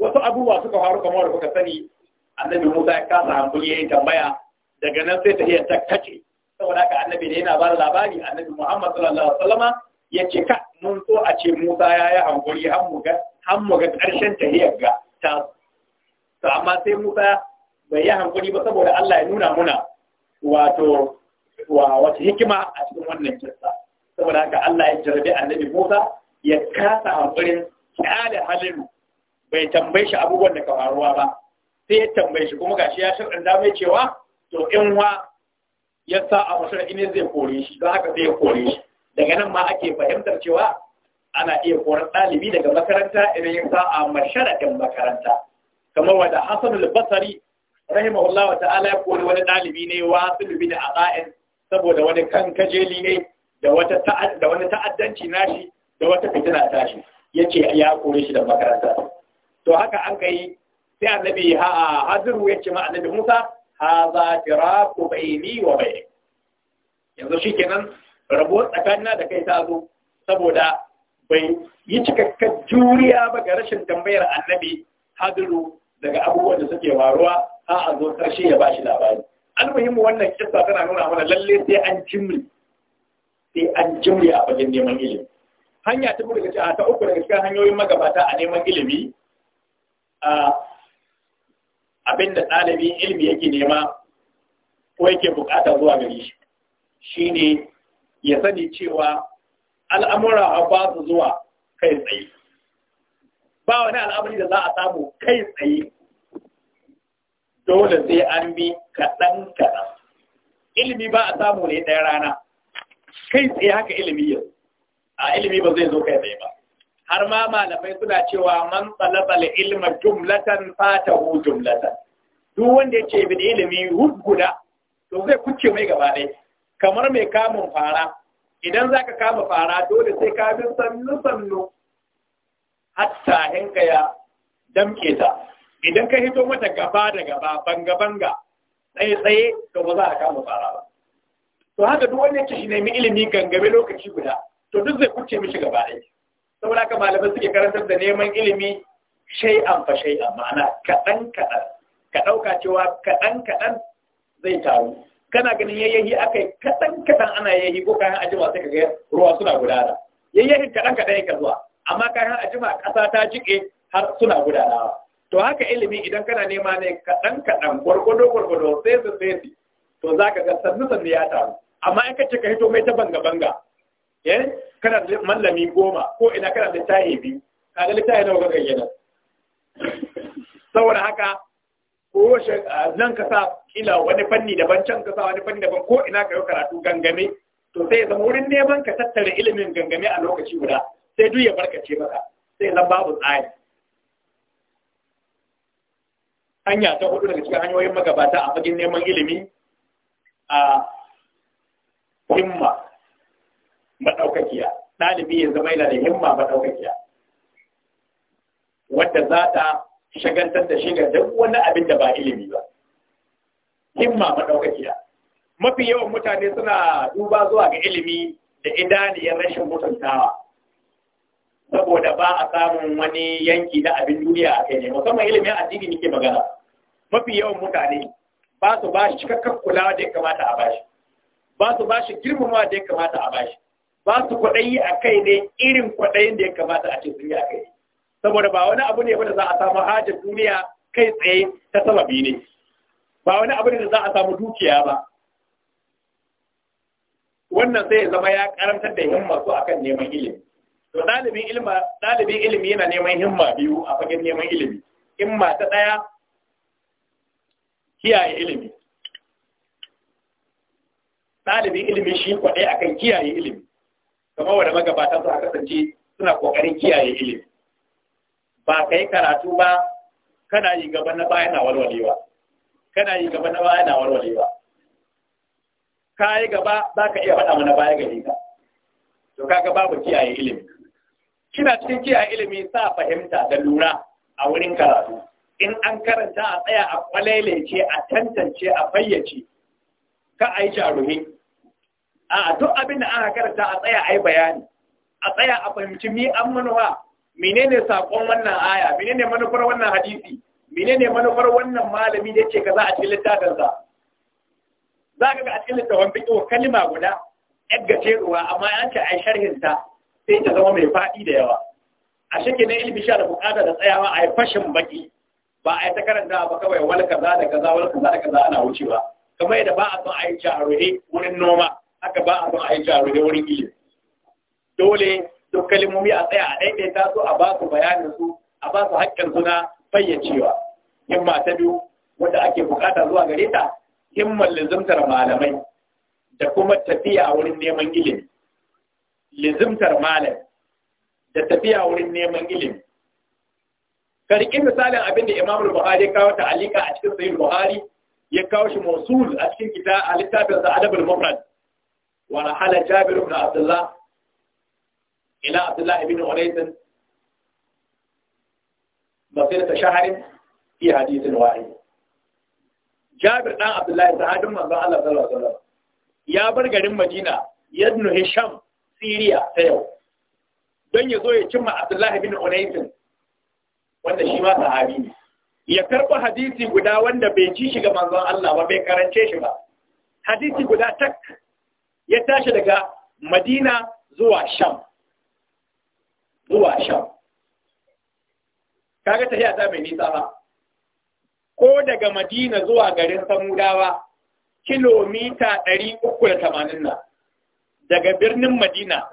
wasu abubuwa suka faru kamar da kuka sani annabi Musa ya kasa hankuli yayin tambaya daga nan sai ta iya ta kace saboda haka annabi ne yana bada labari annabi Muhammad sallallahu alaihi wasallama yace ka mun so a ce Musa ya yi hankuri har mu ga har mu ga karshen tahiyar ga ta to amma sai Musa bai yi hankuri ba saboda Allah ya nuna muna wato wa wata hikima a cikin wannan kissa saboda haka Allah ya jarabi annabi Musa ya kasa hankulin kyale halin bai tambaye shi abubuwan da ka faruwa ba sai ya tambaye shi kuma gashi ya shirɗin da mai cewa to in wa ya sa a mashi ne zai kore shi don haka zai kore shi daga nan ma ake fahimtar cewa ana iya koren ɗalibi daga makaranta idan ya sa a masharaɗin makaranta kamar wanda hasanul basari rahimahullah ta'ala ya kori wani ɗalibi ne wa sulubi da aza'in saboda wani kankajeli ne da wani ta'addanci nashi da wata fitina tashi yace ya kore shi da makaranta to haka an kai sai annabi ha hadiru yace ma annabi Musa haza bai baini wa baini yanzu kenan rabuwar tsakanina da kai ta zo saboda bai yi cikakkar juriya ba ga rashin tambayar annabi hadiru daga abubuwan da suke waruwa a a zo karshe ya bashi labari muhimmi wannan kissa tana nuna mana lalle sai an jimri sai an jimri a fagen neman ilimi hanya ta buga ta uku daga cikin hanyoyin magabata a neman ilimi Abin da ɗalibin ilmi yake nema ko yake bukata zuwa gari shi ne ya sani cewa al'amura ba su zuwa kai tsaye ba wani al’amuri da za a samu kai tsaye dole sai an bi kaɗan kaɗan ilimi ba a samu ne ɗaya rana kai tsaye haka ilimi yau a ilimi ba zai zo kai tsaye ba har ma malamai suna cewa man talabal ilma jumlatan hu jumlatan duk wanda ya ce bin ilimi guda to zai kuce mai gaba ɗaya kamar mai kamun fara idan za ka kama fara dole sai ka bi sannu sannu hatta hinka ya damke ta idan ka hito mata gaba da gaba banga banga tsaye tsaye to ba za a kama fara ba to haka duk wanda ya ce shi nemi ilimi gangame lokaci guda to duk zai kuce mishi gaba ɗaya saboda haka malamai suke karantar da neman ilimi shay'an fa shay'an ma'ana kaɗan kaɗan ka ɗauka cewa kaɗan kaɗan zai taru kana ganin yayyahi akai kaɗan kaɗan ana yayyahi ko kayan ajima sai ka ga ruwa suna gudana Yayyahi kaɗan kaɗan yake zuwa amma kayan ajima ƙasa ta jiƙe har suna gudanawa to haka ilimi idan kana nema ne kaɗan kaɗan gwargwado gwargwado sai su sai to za ka ga sannu sannu ya taru amma in ka ce ka hito mai ta banga banga eh? kana da mallami goma ko ina kana da tayi biyu kaga littafi nawa kaga kenan saboda haka ko nan ka sa kila wani fanni daban can ka sa wani fanni daban ko ina ka yi karatu gangame to sai zama wurin neman ka tattara ilimin gangame a lokaci guda sai duk ya barkace maka sai zan babu tsari hanya ta hudu daga cikin hanyoyin magabata a fagen neman ilimi a himma maɗaukakiya ɗalibi ya zama yana da himma maɗaukakiya wadda za ta shagantar da shi ga duk wani abin da ba ilimi ba himma maɗaukakiya mafi yawan mutane suna duba zuwa ga ilimi da idaniyar rashin mutuntawa saboda ba a samun wani yanki na abin duniya a kai ne musamman ilimin addini nake magana mafi yawan mutane ba su ba shi cikakken kulawa da ya kamata a bashi ba su ba shi girmamawa da ya kamata a bashi ba su kwaɗayi a kai ne irin kwaɗayin da ya kamata a ce sun yi a kai saboda ba wani abu ne wanda za a samu hajar duniya kai tsaye ta sababi ne ba wani abu ne da za a samu dukiya ba wannan sai zama ya karantar da himma su akan neman ilimi to ɗalibin ilma ɗalibin ilimi yana neman himma biyu a fagen neman ilimi himma ta ɗaya kiyaye ilimi ɗalibin ilimi shi a akan kiyaye ilimi kamar wanda magabatan su aka kasance suna kokarin kiyaye ilimi ba kai karatu ba kana yi gaba na baya na walwalewa kana yi gaba na baya na walwalewa ka yi gaba za ka iya faɗa mana baya gare ka to kaga babu kiyaye ilimi kina cikin kiyaye ilimi sa fahimta da lura a wurin karatu in an karanta a tsaya a kwalele ce a tantance a fayyace ka a yi jaruhi a duk abin da aka karanta a tsaya a bayani a tsaya a fahimci mi an manufa menene sakon wannan aya menene manufar wannan hadisi menene manufar wannan malami da yake kaza a cikin littafin sa za ka ga a cikin littafin fiqh kalma guda yaggace ruwa amma an ce ai sharhin ta sai ta zama mai faɗi da yawa a shike ne ilmi sha da bukata da tsayawa a yi fashin baki ba a yi ta karanta ba kawai wal kaza da kaza wal kaza da kaza ana wucewa kamar yadda ba a son a yi jaruhe wurin noma aka ba a son a yi jaru da wurin ilimi dole duk kalmomi a tsaya a daidaita su a ba su bayanin su a ba su haƙƙin suna fayyacewa himma ta biyu wanda ake bukata zuwa gare ta himmar lizimtar malamai da kuma tafiya a wurin neman ilimi lizimtar malam da tafiya wurin neman ilimi karkin misalin abin da imam buhari kawo ta alika a cikin sahih buhari ya kawo shi mosul a cikin kita a littafin sa adabul mufrad ورحل جابر بن عبد الله إلى عبد الله بن أنيس مسيرة شهر في حديث واحد جابر بن عبد الله سعد من الله صلى الله عليه وسلم يا برغرين مدينة يدن هشام سيريا تيو don ya zo ya cimma Abdullahi bin Unaisin wanda shi ma sahabi ne ya karɓi hadisi guda wanda bai ci shi ga manzon Allah ba bai karance shi ba hadisi guda tak ya tashi daga madina zuwa sham zuwa sham kaga tafiya ta mai nisa ba ko daga madina zuwa garin samudawa kilomita 380 na daga birnin madina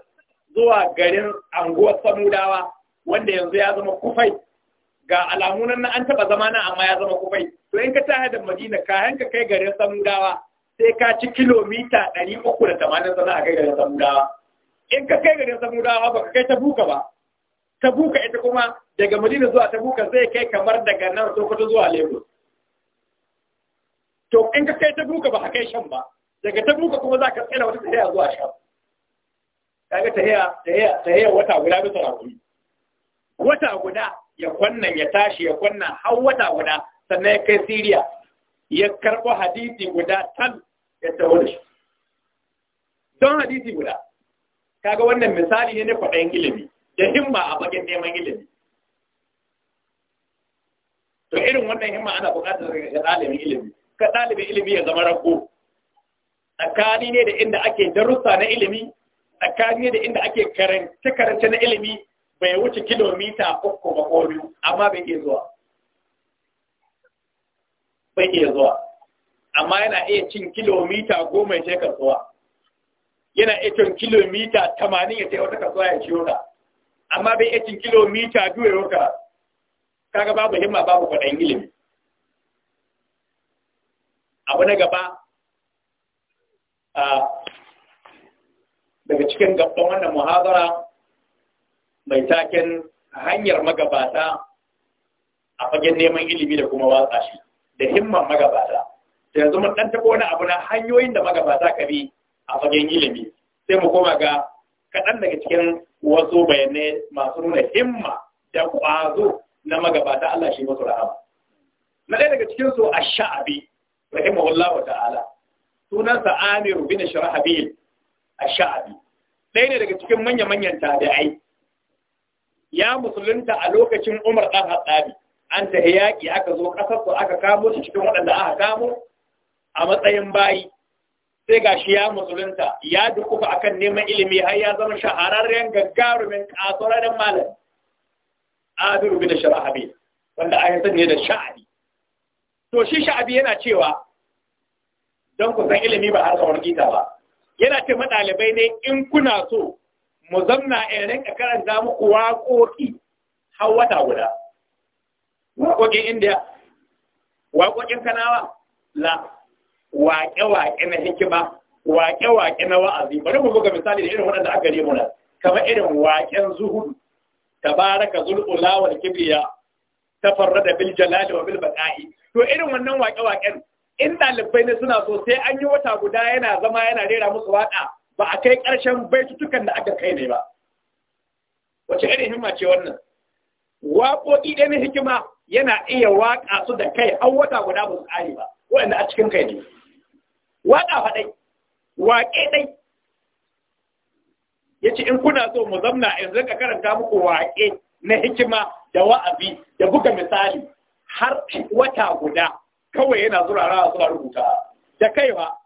zuwa garin anguwar samudawa wanda yanzu ya zama kufai ga alamunan na an taba zama amma ya zama kufai to in ka tashi da madina kayan ka kai garin samudawa sai ka ci kilomita ɗari uku da tamanin sana a kai garin samudawa in ka kai garin samudawa ba ka kai ta buka ba ta buka ita kuma daga madina zuwa ta buka zai kai kamar daga nan sokoto zuwa lagos to in ka kai ta buka ba ka kai shan ba daga ta buka kuma za ka tsira wata tahiya zuwa shan kaga tahiya tahiya tahiya wata guda bisa rakuri wata guda ya kwannan ya tashi ya kwannan har wata guda sannan ya kai siriya ya karɓo hadisi guda tan ya taho da shi don hadisi guda kaga wannan misali ne na faɗayin ilimi da himma a bakin neman ilimi to irin wannan himma ana buƙatar ga ɗalibin ilimi ka ɗalibin ilimi ya zama rako tsakani ne da inda ake darussa na ilimi tsakani ne da inda ake karance karance na ilimi bai wuce kilomita uku ba ko biyu amma bai iya zuwa bai iya zuwa amma yana iya cin kilomita goma ya ce kasuwa yana iya cin kilomita tamanin ya ce wata kasuwa ya ciyo wata, amma bai iya cin kilomita biyu ya wuka kaga babu himma babu kwaɗayin ilimi abu na gaba daga cikin gabban wannan muhazara mai taken hanyar magabata a fagen neman ilimi da kuma watsa shi da himman magabata da yanzu mun dan tabo wani abu na hanyoyin da magabata ka bi a fagen ilimi sai mu koma ga kaɗan daga cikin wasu bayanai masu nuna himma da ƙwazo na magabata Allah shi masu rahama na ɗaya daga cikin su ash-sha'abi rahimahullahu ta'ala sunansa amiru bin Sharahabil ash-sha'abi ɗaya ne daga cikin manya-manyan tabi'ai ya musulunta a lokacin Umar ɗan Hattabi an ta yaƙi aka zo ƙasar ko aka kamo shi cikin waɗanda aka kamo a matsayin bayi sai ga shi ya musulunta ya dukufa akan neman ilimi har ya zama shahararren gaggarumin kasuraren malam adiru bin sharahabi wanda a yasan ne da sha'abi to shi sha'abi yana cewa don ku san ilimi ba har tsawon gita ba yana ce maɗalibai ne in kuna so mu zamna irin rinka karanta muku waƙoƙi har wata guda waƙoƙin indiya waƙoƙin kanawa la waƙe-waƙe na hikima waƙe-waƙe na wa'azi bari mu buga misali da irin waɗanda aka nemo na kamar irin waƙen zuhudu tabaraka zulula wal kibriya tafarrada bil jalali wa bil baqa'i to irin wannan waƙe-waƙen in ɗalibai ne suna so sai an yi wata guda yana zama yana rera musu waƙa ba a kai ƙarshen baitutukan da aka kai ne ba wace irin himma ce wannan waƙoƙi ɗaya na hikima yana iya waƙa su da kai an wata guda ba su ƙare ba waɗanda a cikin kai ne waƙa faɗai waƙe ɗai ya ce in kuna so mu zamna in zaka karanta muku waƙe na hikima da wa'azi da buga misali har wata guda kawai yana zura rawa zuwa rubuta da kaiwa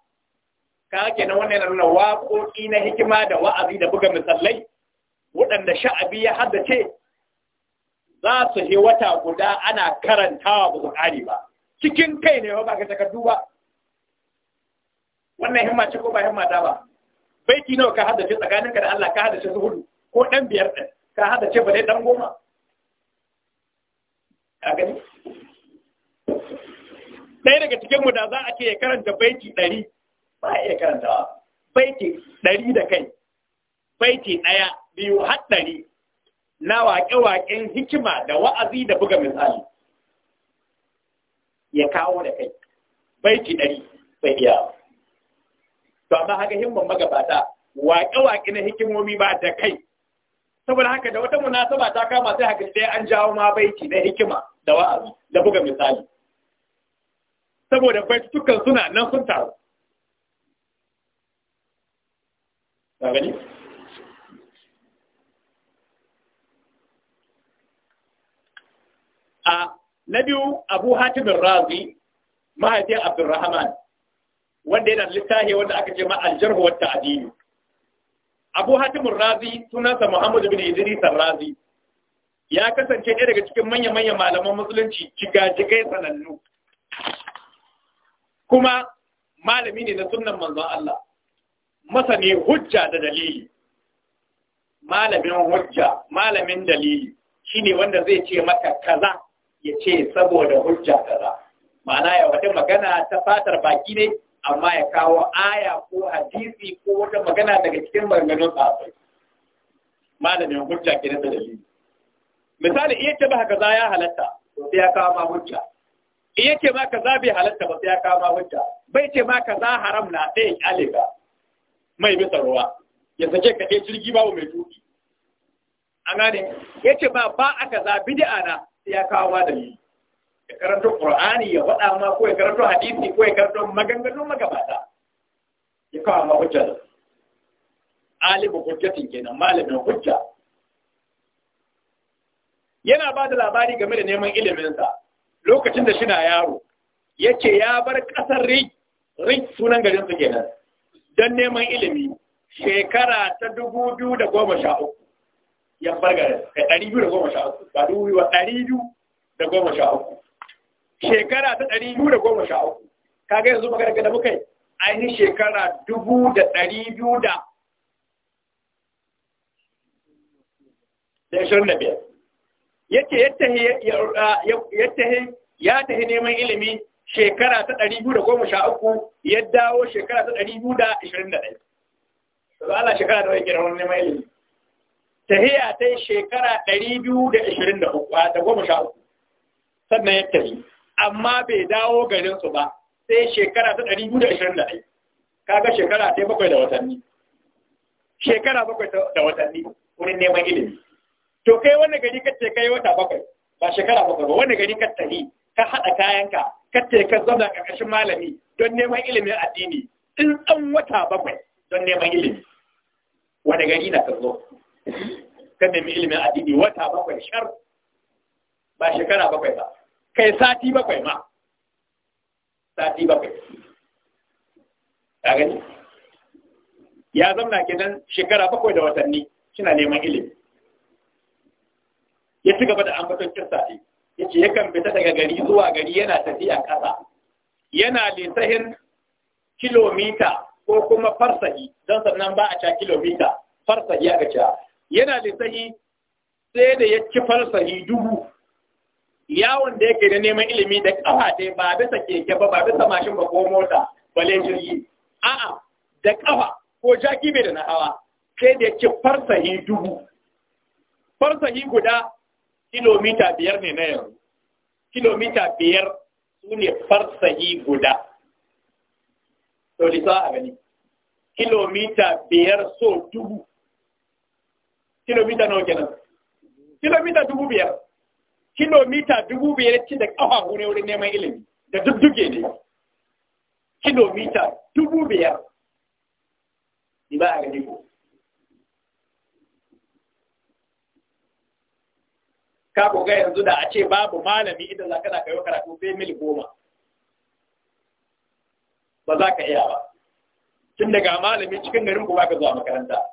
ka kenan wannan yana nuna waƙoƙi na hikima da wa'azi da buga misalai waɗanda sha'abi ya haddace za su yi wata guda ana karantawa ba su ba cikin kai ne ba ga takardu ba wannan himma ce ko ba himma ta ba baiti nawa ka hada tsakanin tsakaninka da Allah ka shi su hudu ko ɗan biyar din ka hada ce ba dai dan goma a gani ɗaya daga cikin mu da za a ce ya karanta baiti ɗari ba iya karantawa baiti ɗari da kai baiti ɗaya biyu har ɗari na waƙe-waƙen hikima da wa'azi da buga misali ya kawo da kai baiti ɗari sai iya to amma haka himman magabata waƙe-waƙe na hikimomi ba da kai saboda haka da wata munasaba ta kama sai haka sai an jawo ma baiti na hikima da wa'azi da buga misali saboda baitutukan suna nan sun taru na biyu abu hatimin razi mahaifin abdurrahman wanda yana littafi wanda aka ce ma aljarhu wa ta'dil abu hatimin razi sunansa Muhammadu bin idris razi ya kasance ɗaya daga cikin manya-manyan malaman musulunci jikai sanannu kuma malami ne na sunan manzon Allah masani hujja da dalili malamin hujja malamin dalili shine wanda zai ce maka kaza ya ce saboda hujja kaza ma'ana ya wata magana ta fatar baki ne amma ya kawo aya ko hadisi ko wata magana daga cikin maganganun sahabbai malamin hujja ke nasa da shi. misali iya ce ba kaza ya halatta sai ya kawo ma hujja iya ce ma kaza bai halatta ba sai ya kawo ma hujja bai ce ma kaza haram na sai ya kyale ka mai bisa ruwa ya sake ka eh, jirgi babu mai tuki an gane ya ce ba ba a kaza bid'a na sai ya kawo ma dalili ya karanto qur'ani ya faɗa ma ko ya karanto hadisi ko ya karanto maganganun magabata ya kawo ma hujja da alibu hujjatin kenan malamin hujja yana ba da labari game da neman iliminsa lokacin da shina yaro yace ya bar ƙasar rik rik sunan garin su kenan don neman ilimi shekara ta dubu biyu da goma sha uku ya farga da ɗari biyu da goma sha uku ba dubu ba ɗari biyu da goma sha uku shekara ta ɗari biyu da goma sha uku kaga yanzu magana da muka yi ainihin shekara dubu da ɗari biyu da da ashirin da biyar yake ya tahi neman ilimi shekara ta ɗari biyu da goma sha uku ya dawo shekara ta ɗari biyu da ashirin da ɗaya. Zala shekara da wani neman ilimi. tahiya ta shekara 223 sannan ya tafi amma bai dawo garinsu ba sai shekara ta 221 kaga shekara ta bakwai da watanni shekara bakwai da watanni wurin neman ilimi to kai wanda gari ka ce kai wata bakwai ba shekara bakwai ba wanda gari ka tafi ka haɗa kayanka ka ce ka zauna ƙarƙashin malami don neman ilimin addini in ɗan wata bakwai don neman ilimi wani gari na ka zo ka nemi ilimin addini wata bakwai shar ba shekara bakwai ba kai sati bakwai ma sati bakwai ka gani ya zamna kenan shekara bakwai da watanni suna neman ilimi ya ci gaba da ambaton kirsafi ya ce yakan fita daga gari zuwa gari yana tafiya ƙasa yana lisahin kilomita ko kuma farsahi don sannan ba a ca kilomita farsahi aka ca yana lissahi sai da ya ci falsahi dubu yawon da yake da neman ilimi da kafa dai ba bisa keke ba ba bisa mashin ba ko mota le jirgi a'a da kafa ko jaki bai da na sai da ya ci farsahi dubu farsahi guda kilomita biyar ne na yanzu kilomita biyar su ne guda to lisa a gani kilomita biyar so dubu kilomita nawa kenan kilomita dubu biyar kilomita dubu biyar ce da ƙafafu ne wurin neman ilimi da duk duge ne kilomita dubu biyar ba a gani ko ka ga yanzu da a ce babu malami idan za kana kayo karatu sai mil goma ba za ka iya ba tun daga malami cikin garin ku ba ka zuwa makaranta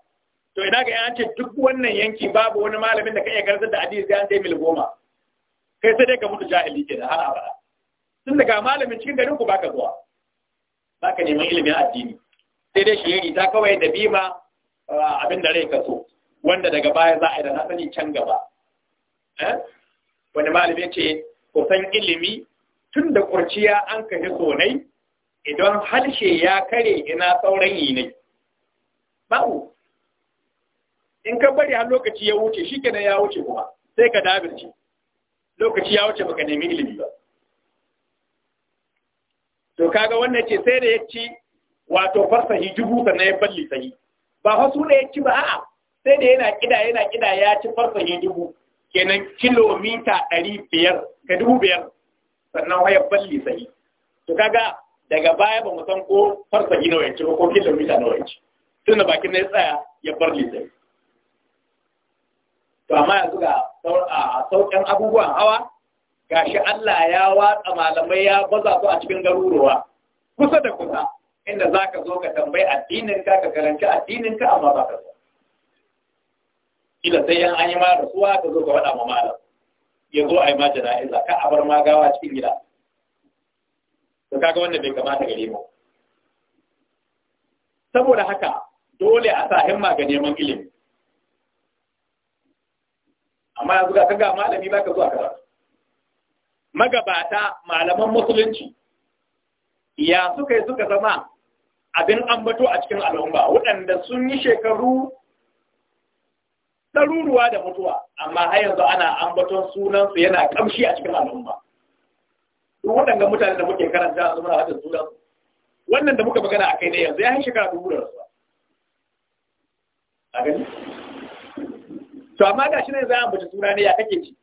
to ina ga yance duk wannan yanki babu wani malamin da ka iya karantar da hadisi sai an sai mil goma kai sai dai ka mutu jahili ke da har abada tun daga malamin cikin garin ku baka zuwa baka neman ilimin addini sai dai yayi ta kawai da bima ah, abin da rai ka so wanda daga baya za a yi da na sani can gaba eh? wani malami ce ko san ilimi tun da kurciya an kashe sonai idan harshe ya kare ina sauran yi ne ba'u in ka bari har lokaci ya wuce shi kenan ya wuce kuma sai ka dabirce lokaci ya wuce baka nemi ilimi ba to kaga wannan ce sai da ya ci wato farsahi dubu sannan ya balli sahi ba fa su da ya ci ba a'a sai da yana kida yana kida ya ci farsahi dubu kenan kilomita ɗari biyar ka dubu biyar sannan ya balli sahi to kaga daga baya ba mu san ko farsahi nawa ya ci ko kilomita nawa ya ci tunda bakin na ya tsaya ya bar lisai to amma yanzu ga sauƙin abubuwan hawa gashi Allah ya watsa malamai ya baza su a cikin garuruwa kusa da kusa inda za ka zo ka tambayi addininka ka karanci addininka amma ba ka zo ila sai yan an yi mara suwa ka zo ka waɗa ma malam ya zo a yi ma jana'iza ka a bar ma gawa cikin gida to kaga wanda bai kamata gare mu saboda haka dole a sa himma ga neman ilimi amma yanzu ga kaga malami baka zuwa kaza magabata malaman musulunci ya suka yi suka zama abin ambato a cikin al'umma waɗanda sun yi shekaru ɗaruruwa da mutuwa amma har yanzu ana ambaton sunansu yana ƙamshi a cikin al'umma duk waɗanda mutane da muke karanta a muna hadin sunansu wannan da muka magana a kai ne yanzu ya yi shekara dubu da rasuwa a gani to amma ga shi ne za a bace suna ne ya kake ci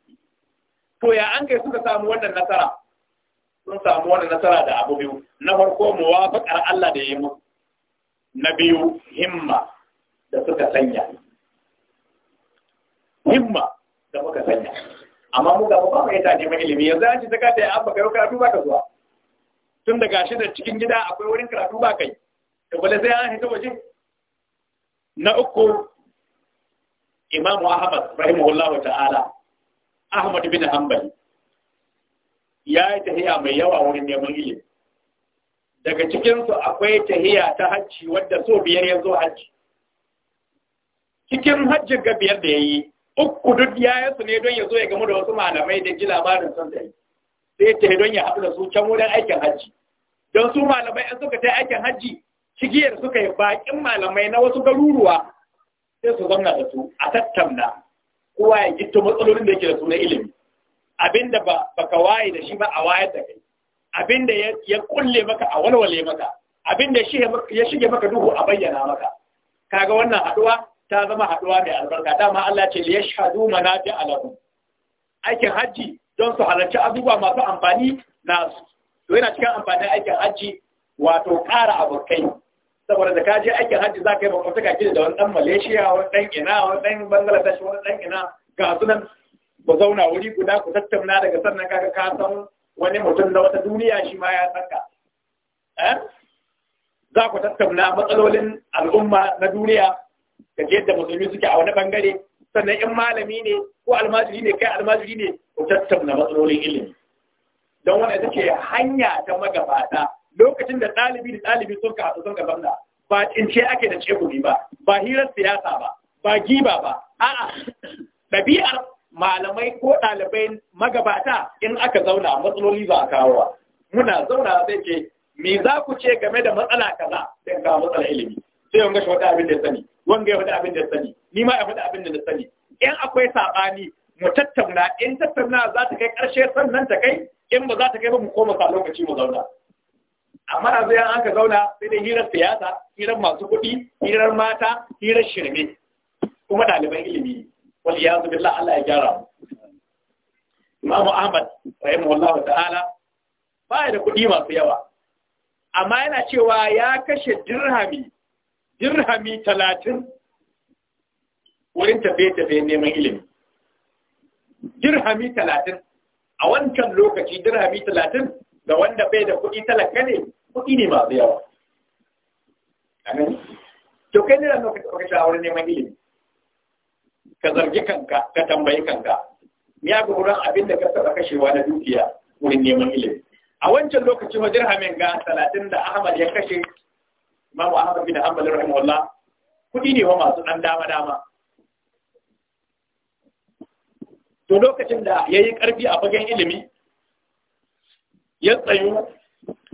to ya an kai suka samu wannan nasara sun samu wannan nasara da abu biyu na farko muwafaqar Allah da yayi musu na biyu himma da suka sanya himma da muka sanya amma mu ga ba mai ta mai ilimi yanzu an ci saka ta abba kai karatu ba ka zuwa tun da gashi da cikin gida akwai wurin karatu ba kai to bale sai an hita waje na uku Imam Ahmad rahimahullahu ta'ala Ahmad bin Hanbal ya yi tahiya mai yawa wurin neman ilimi daga cikinsu akwai tahiya ta hajji wadda so biyar ya zo hajji cikin hajjin ga biyar da ya yi uku duk ya su ne don ya zo ya gamu da wasu malamai da ji labarin san sai sai ta don ya haɗu da su can wurin aikin hajji don su malamai an suka ta aikin hajji cigiyar suka yi bakin malamai na wasu garuruwa sai su zauna da su a tattauna kowa ya gitto matsalolin da yake da sunan ilimi abinda ba baka waye da shi ba a wayar da kai abinda ya kulle maka a walwale maka abinda ya shige maka duhu a bayyana maka kaga wannan haduwa ta zama haduwa mai albarka dama Allah ce yashhadu manati alahu aikin hajji don su halarci abubuwa masu amfani na su to yana cikin amfanin aikin hajji wato kara abokai saboda da kaji aikin hajji za ka yi makwabtaka gida da wani ɗan malaysia wani ɗan ina wani ɗan bangladesh wani ɗan ina ga sunan ku zauna wuri guda ku tattauna daga sannan kaga ka san wani mutum na wata duniya shi ma ya tsaka eh? za ku tattauna matsalolin al'umma na duniya da yadda musulmi suke a wani bangare sannan in malami ne ko almajiri ne kai almajiri ne ku tattauna matsalolin ilimi don wani ita ce hanya ta magabata lokacin da ɗalibi da ɗalibi sun ka sun ka banda ba tsince ake da cekuri ba ba hirar siyasa ba ba giba ba a'a ɗabi'ar malamai ko ɗalibai magabata in aka zauna matsaloli za a kawo muna zauna zai ce me za ku ce game da matsala kaza sai ga matsala ilimi sai wanga shi wata abin da sani wanga ya abin da sani ni ma ya abin da na sani in akwai saɓani, mu tattauna in tattauna za ta kai karshe sannan ta kai in ba za ta kai ba mu koma sa lokaci mu zauna amma a zai an zauna sai da hirar siyasa hirar masu kuɗi hirar mata hirar shirme kuma ɗaliban ilimi wani ya zubi Allah ya gyara mu Imam Ahmad rahimahullahu ta'ala baya da kuɗi masu yawa amma yana cewa ya kashe dirhami dirhami talatin wurin tafiye-tafiye neman ilimi dirhami talatin a wancan lokaci dirhami talatin Da wanda bai da kuɗi talaka ne kuɗi ne masu yawa amin to kai ne da ka ka shawarar neman ilimi ka zargi kanka ka tambayi kanka ya ga wurin abin da ka taɓa kashewa na dukiya wurin neman ilimi a wancan lokacin wa dirhamin ga talatin da ahmad ya kashe imamu ahmad bin hanbal rahimahullah kuɗi ne wa masu ɗan dama dama to lokacin da ya yi ƙarfi a fagen ilimi ya tsayu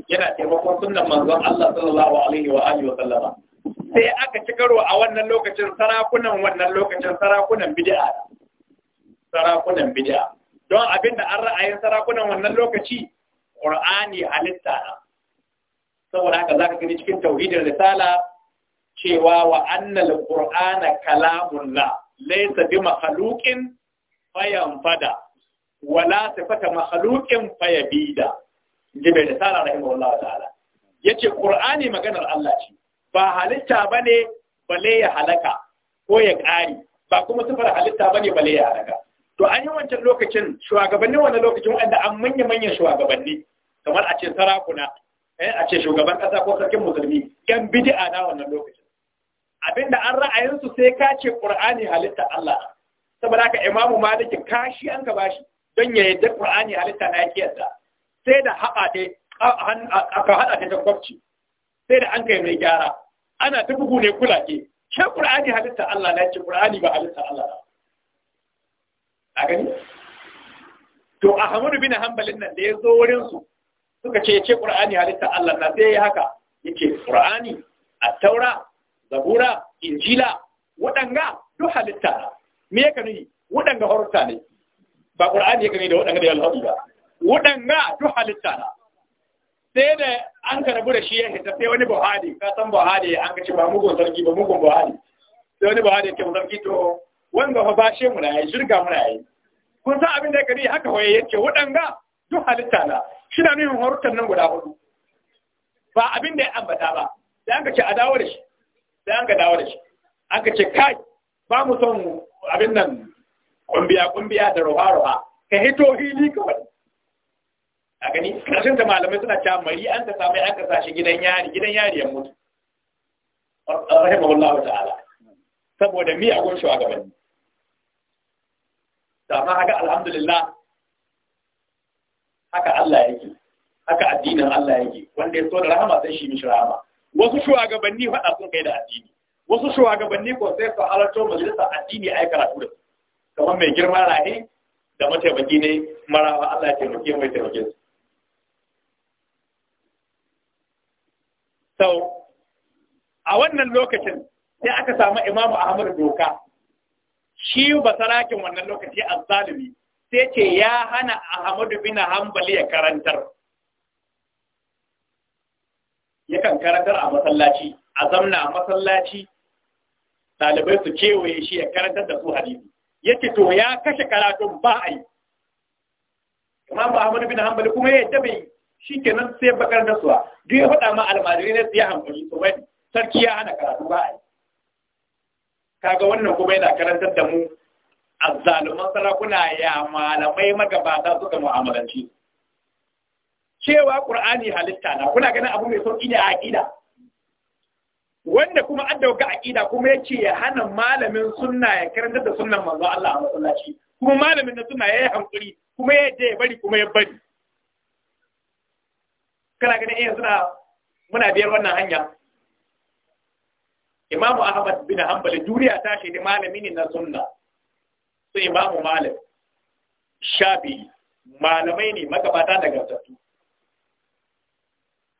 yana taimakon sunan manzon Allah sallallahu alaihi wa alihi wa sallama sai aka ci karo a wannan lokacin sarakunan wannan lokacin sarakunan bid'a sarakunan bid'a don abinda an ra'ayin sarakunan wannan lokaci Qur'ani halitta na saboda haka zaka gani cikin tauhidin risala cewa wa annal qur'ana kalamullah laysa bi makhluqin fayanfada wala sifata makhluqin fayabida inji bai rahim Allah ta'ala yace qur'ani maganar Allah ce ba halitta bane bale ya halaka ko ya ƙari ba kuma sifar halitta bane bale ya halaka to an yi wancan lokacin shugabannin wannan lokacin wanda an manya manyan shugabanni kamar a ce sarakuna eh a ce shugaban kasa ko sarkin musulmi kan bid'a na wannan lokacin abinda an ra'ayinsu sai ka ce qur'ani halitta Allah saboda haka imamu maliki kashi an ka bashi don ya da qur'ani halitta na yake yadda sai da haɗa ta aka haɗa ta ta kwabci sai da an kai mai gyara ana ta bugu ne kulake Ke ƙur'ani halitta Allah na ce ƙur'ani ba halitta Allah ba a gani to a Hamadu bin Hanbalin nan da ya zo wurin su suka ce ce ƙur'ani halitta Allah na sai ya haka ce ƙur'ani a taura zabura injila waɗanga duk halitta me ya kanu waɗanga horta ne ba ƙur'ani ya kanu da waɗanga da yalhaɗu ba waɗanga duk halitta na sai da an ka da shi ya hita sai wani buhari ka san buhari an ka ce ba mugun sarki ba mugun buhari sai wani buhari ke sarki to wanda fa bashe mu na yi shirga mu na yi kun san abin da gari haka waye yake waɗanda duk halitta na shi na nuna harutan nan guda hudu ba abin da ya ambata ba sai an ka ce a dawo da shi sai an ka dawo da shi an ka ce kai ba mu son abin nan kumbiya kumbiya da roha roha ka hito hili kawai a gani ƙarshen ta malamai suna cewa mari an ta samu an sashi gidan yari gidan yari ya mutu wa ta'ala saboda mi a gun shugabanni da ma haka alhamdulillah haka Allah yake haka addinin Allah yake wanda ya so da rahama sai shi mishi rahama wasu shugabanni faɗa sun kai da addini wasu shugabanni ko sai su halarto majalisar addini a yi karatu da su kamar mai girma rahe da mataimaki ne marawa Allah ya taimake mai taimake su sau a wannan lokacin sai aka samu imamu ahmad doka shi basarakin wannan lokaci zalimi sai ce ya hana ahmadu bin hanbali ya karantar yakan karantar a masallaci a zamna a masallaci talibai su kewaye shi ya karantar da su hadisi yake to ya kashe karatun ba a yi imam ahmadu bin hanbali kuma ya yadda bai shi kenan sai bakar da suwa duk ya faɗa ma almajiri ne sai hankali su wani sarki ya hana karatu ba a yi kaga wannan kuma yana karantar da mu azzaluman sarakuna ya malamai magabata suka mu'amalanci cewa qur'ani halitta na kuna ganin abu mai sauki ne a aqida wanda kuma an dauka aqida kuma yace ya hana malamin sunna ya karantar da sunnan manzo Allah a masallaci kuma malamin na sunna yayi hankuri kuma ya je ya bari kuma ya bari kana ganin iya eh suna muna biyar wannan hanya imamu ahmad bin Hanbal duniya ta da malami ne na sunna sai imamu malik shafi malamai ne magabata da gasattu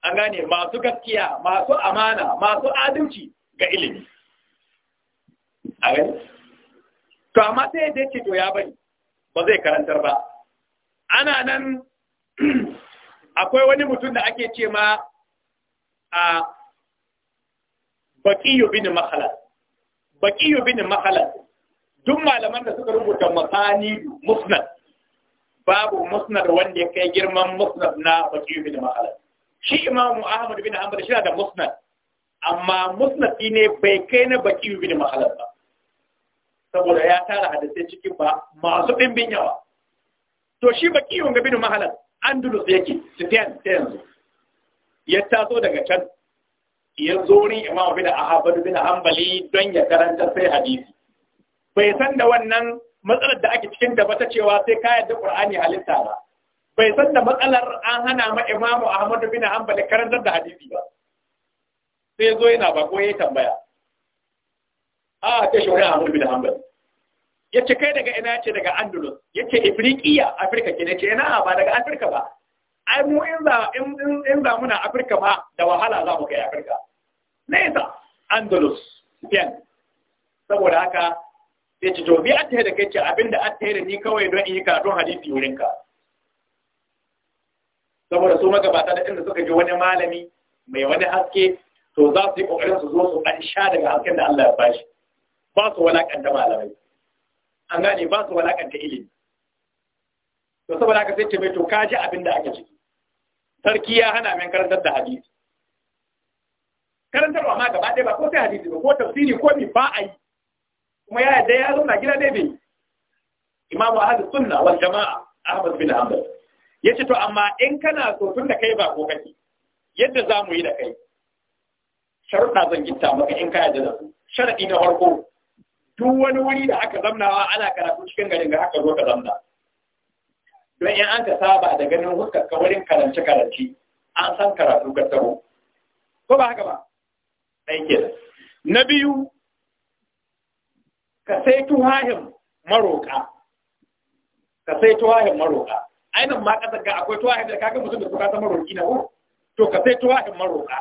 an gane masu gaskiya masu amana masu adalci ga ilimi a gani to amma sai ya ce to ya bari ba zai karantar ba ana nan akwai wani mutum da ake ce ma a baƙiyu bin mahala, baƙiyu bin mahala duk malaman da suka rubuta makani musnad babu musnad wanda ya kai girman musnad na baƙiyu bin mahala. shi imamu ahmad bin hanbal shi da musnad amma musnad ne bai kai na baƙiyu bin mahalar ba saboda ya tara hadisai cikin ba masu ɗimbin yawa to shi baƙiyun ga bin mahalar andalus yake sufiyan ta yanzu ya taso daga can ya zo rin imam bin ahmad bin hanbali don ya karanta sai hadisi bai san da wannan matsalar da ake cikin da bata cewa sai ka yadda qur'ani halitta ba bai san da matsalar an hana ma imam ahmad bin hanbali karantar da hadisi ba sai zo yana bako ya tambaya a ah, ta shi wani ahmad bin hanbali ya ce kai daga ina ce daga andalus ya ce ifriqiya afirka ke ne ce na ba daga afirka ba ai mu in za in za muna afirka ba da wahala za mu kai afirka ta andalus spain saboda haka sai ce to bi a da kai ce abinda a da ni kawai don in yi karatun hadisi wurinka saboda su magabata da inda suka ji wani malami mai wani haske to za su yi kokarin su zo su ɗan sha daga hasken da Allah ya bashi ba su da malamai an gane ba su walakanta ilimi to saboda haka sai ce mai to ka ji abin da aka ciki sarki ya hana min karantar da hadisi karantarwa ma gaba ɗaya ba ko sai hadisi ba ko tafsiri ko mi ba a yi kuma ya yadda ya zauna gida ne bai imam ahad sunna wal jama'a ahmad bin hanbal yace to amma in kana so tun da kai ba ko kake yadda za mu yi da kai sharuɗa zan gitta maka in ka yadda da su sharaɗi na farko duk wani wuri da aka zamnawa ana karatu cikin garin ga aka zo ka zamna don in an ka saba da ganin huskar ka wurin karance karance an san karatu ka tabo ko ba haka ba ɗan ke na biyu ka sai tuhahin maroka ka sai tuwahin maroka ainihin ma ƙasar ga akwai tuwahin da kaga mutum da suka ta maroki na wuri to ka sai tuwahin maroka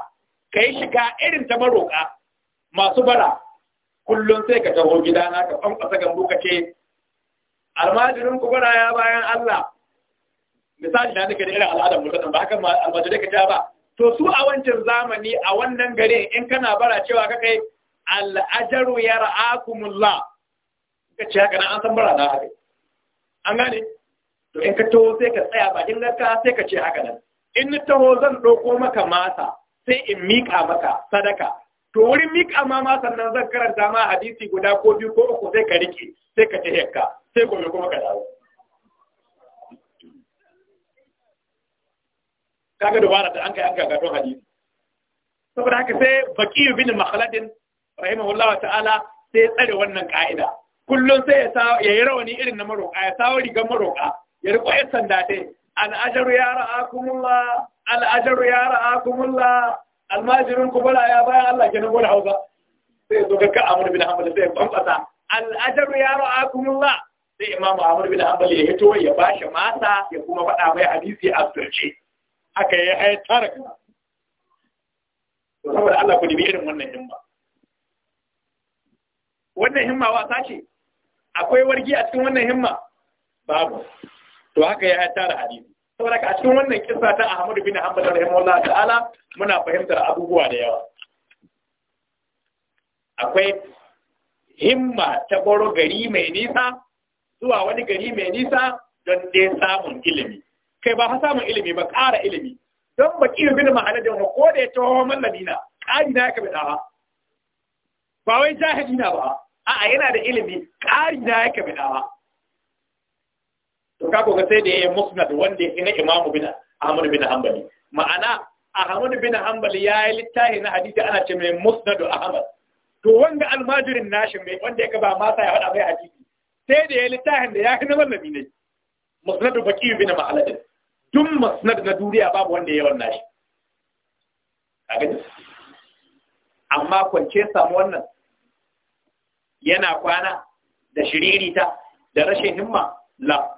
ka yi shiga irin ta maroka masu bara kullum sai ka taho gidana ka ƙasa gambo ka ce almajirin ku bara ya bayan Allah misali na nake da irin al'adar mutum ba haka almajirai ka ta ba to su a wancan zamani a wannan gare in kana bara cewa ka kai al'ajaru ya ra'akumullah ka ce haka na an san bara na haka an gane to in ka taho sai ka tsaya bakin gaska sai ka ce haka nan in ni taho zan ɗauko maka mata sai in miƙa maka sadaka to wurin mik ma ma sannan zan karanta ma hadisi guda ko biyu ko uku sai ka rike sai ka ta hekka sai gobe kuma ka dawo kaga dubara ta an kai an don hadisi saboda haka sai baki bin makhladin rahimahullahu ta'ala sai ya tsare wannan ka'ida kullum sai ya yi rawani irin na maroƙa ya sawo rigar maroƙa ya riko da sanda dai al'ajaru ya ra'akumullah al'ajaru ya ra'akumullah almajirin ku bala ya bayan Allah ke gola hausa sai zo kakka amur bin hanbali sai bambata al'ajar ya ra'akumullah sai imamu amur bin hanbali ya hito ya ba shi masa ya kuma faɗa mai hadisi a turce haka ya haitar to saboda Allah ku dibi irin wannan himma wannan himma wasa ce akwai wargi a cikin wannan himma babu to haka ya haitar hadisi saboda a cikin wannan kisa ta Ahmadu bin Hanbal rahimahullah ta'ala muna fahimtar abubuwa da yawa akwai himma ta goro gari mai nisa zuwa wani gari mai nisa don dai samun ilimi kai ba samun ilimi ba ƙara ilimi don baki bin da ko da ya tawo mallamina ƙari na ya kabe ba ba wai jahili ba a'a yana da ilimi ƙari na ya kabe to ka ga sai da yayin musnad wanda ya na Imam bin Ahmad bin Hanbali ma'ana Ahmad bin Hanbali yayi littafi na hadisi ana ce mai Musnad Ahmad to wanda almajirin nashin mai wanda ya ba masa ya faɗa mai hadisi sai da yayi littafin da ya na mallami ne Musnad baki bin Ma'alad dun musnad na duniya babu wanda ya wannan shi kaga amma kwance samu wannan yana kwana da shiririta da rashin himma la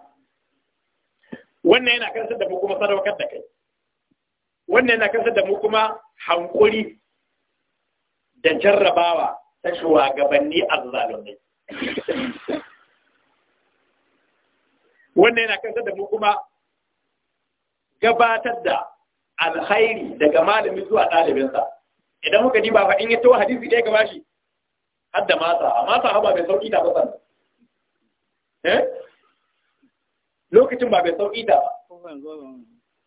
wannan yana kansar da mu kuma sadaukar da kai wannan yana kansar da mu kuma hankuri da jarrabawa ta shugabanni azzalumai wannan yana kansar da mu kuma gabatar da alkhairi daga malami zuwa ɗalibinsa idan muka ji ba fa in yi tawa hadisi ɗaya gaba shi har da mata amma sahaba bai sauki da ba eh lokacin ba bai sauƙi ta ba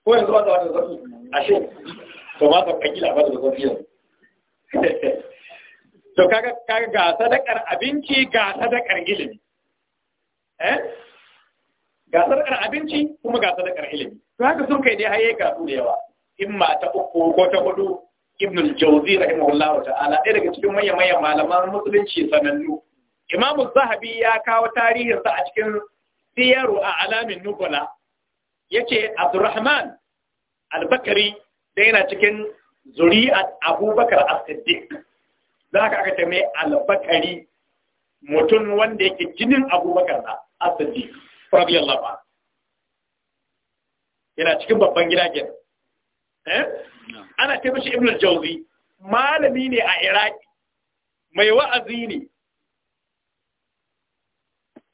ko yanzu ba ta wata sauƙi ashe ba ma sauƙan gila ba da sauƙi yau. to kaga kaga ga sadakar abinci ga sadakar ilimi eh ga sadakar abinci kuma ga sadakar ilimi to haka sun kai dai haye ga su da yawa In ma ta uku ko ta hudu ibn al-jawzi rahimahullahu ta'ala ɗaya daga cikin manyan manyan malaman musulunci sanannu imam zahabi ya kawo tarihin sa a cikin siyaru a alamin nukula, nubala yace Abdurrahman albakari da yana cikin zuri'at Abubakar as-Siddiq za haka aka ce mai al mutum wanda yake jinin Abubakar na as-Siddiq radiyallahu yana cikin babban gida gina eh? ana ce Ibn al malami ne a Iraki mai wa'azi ne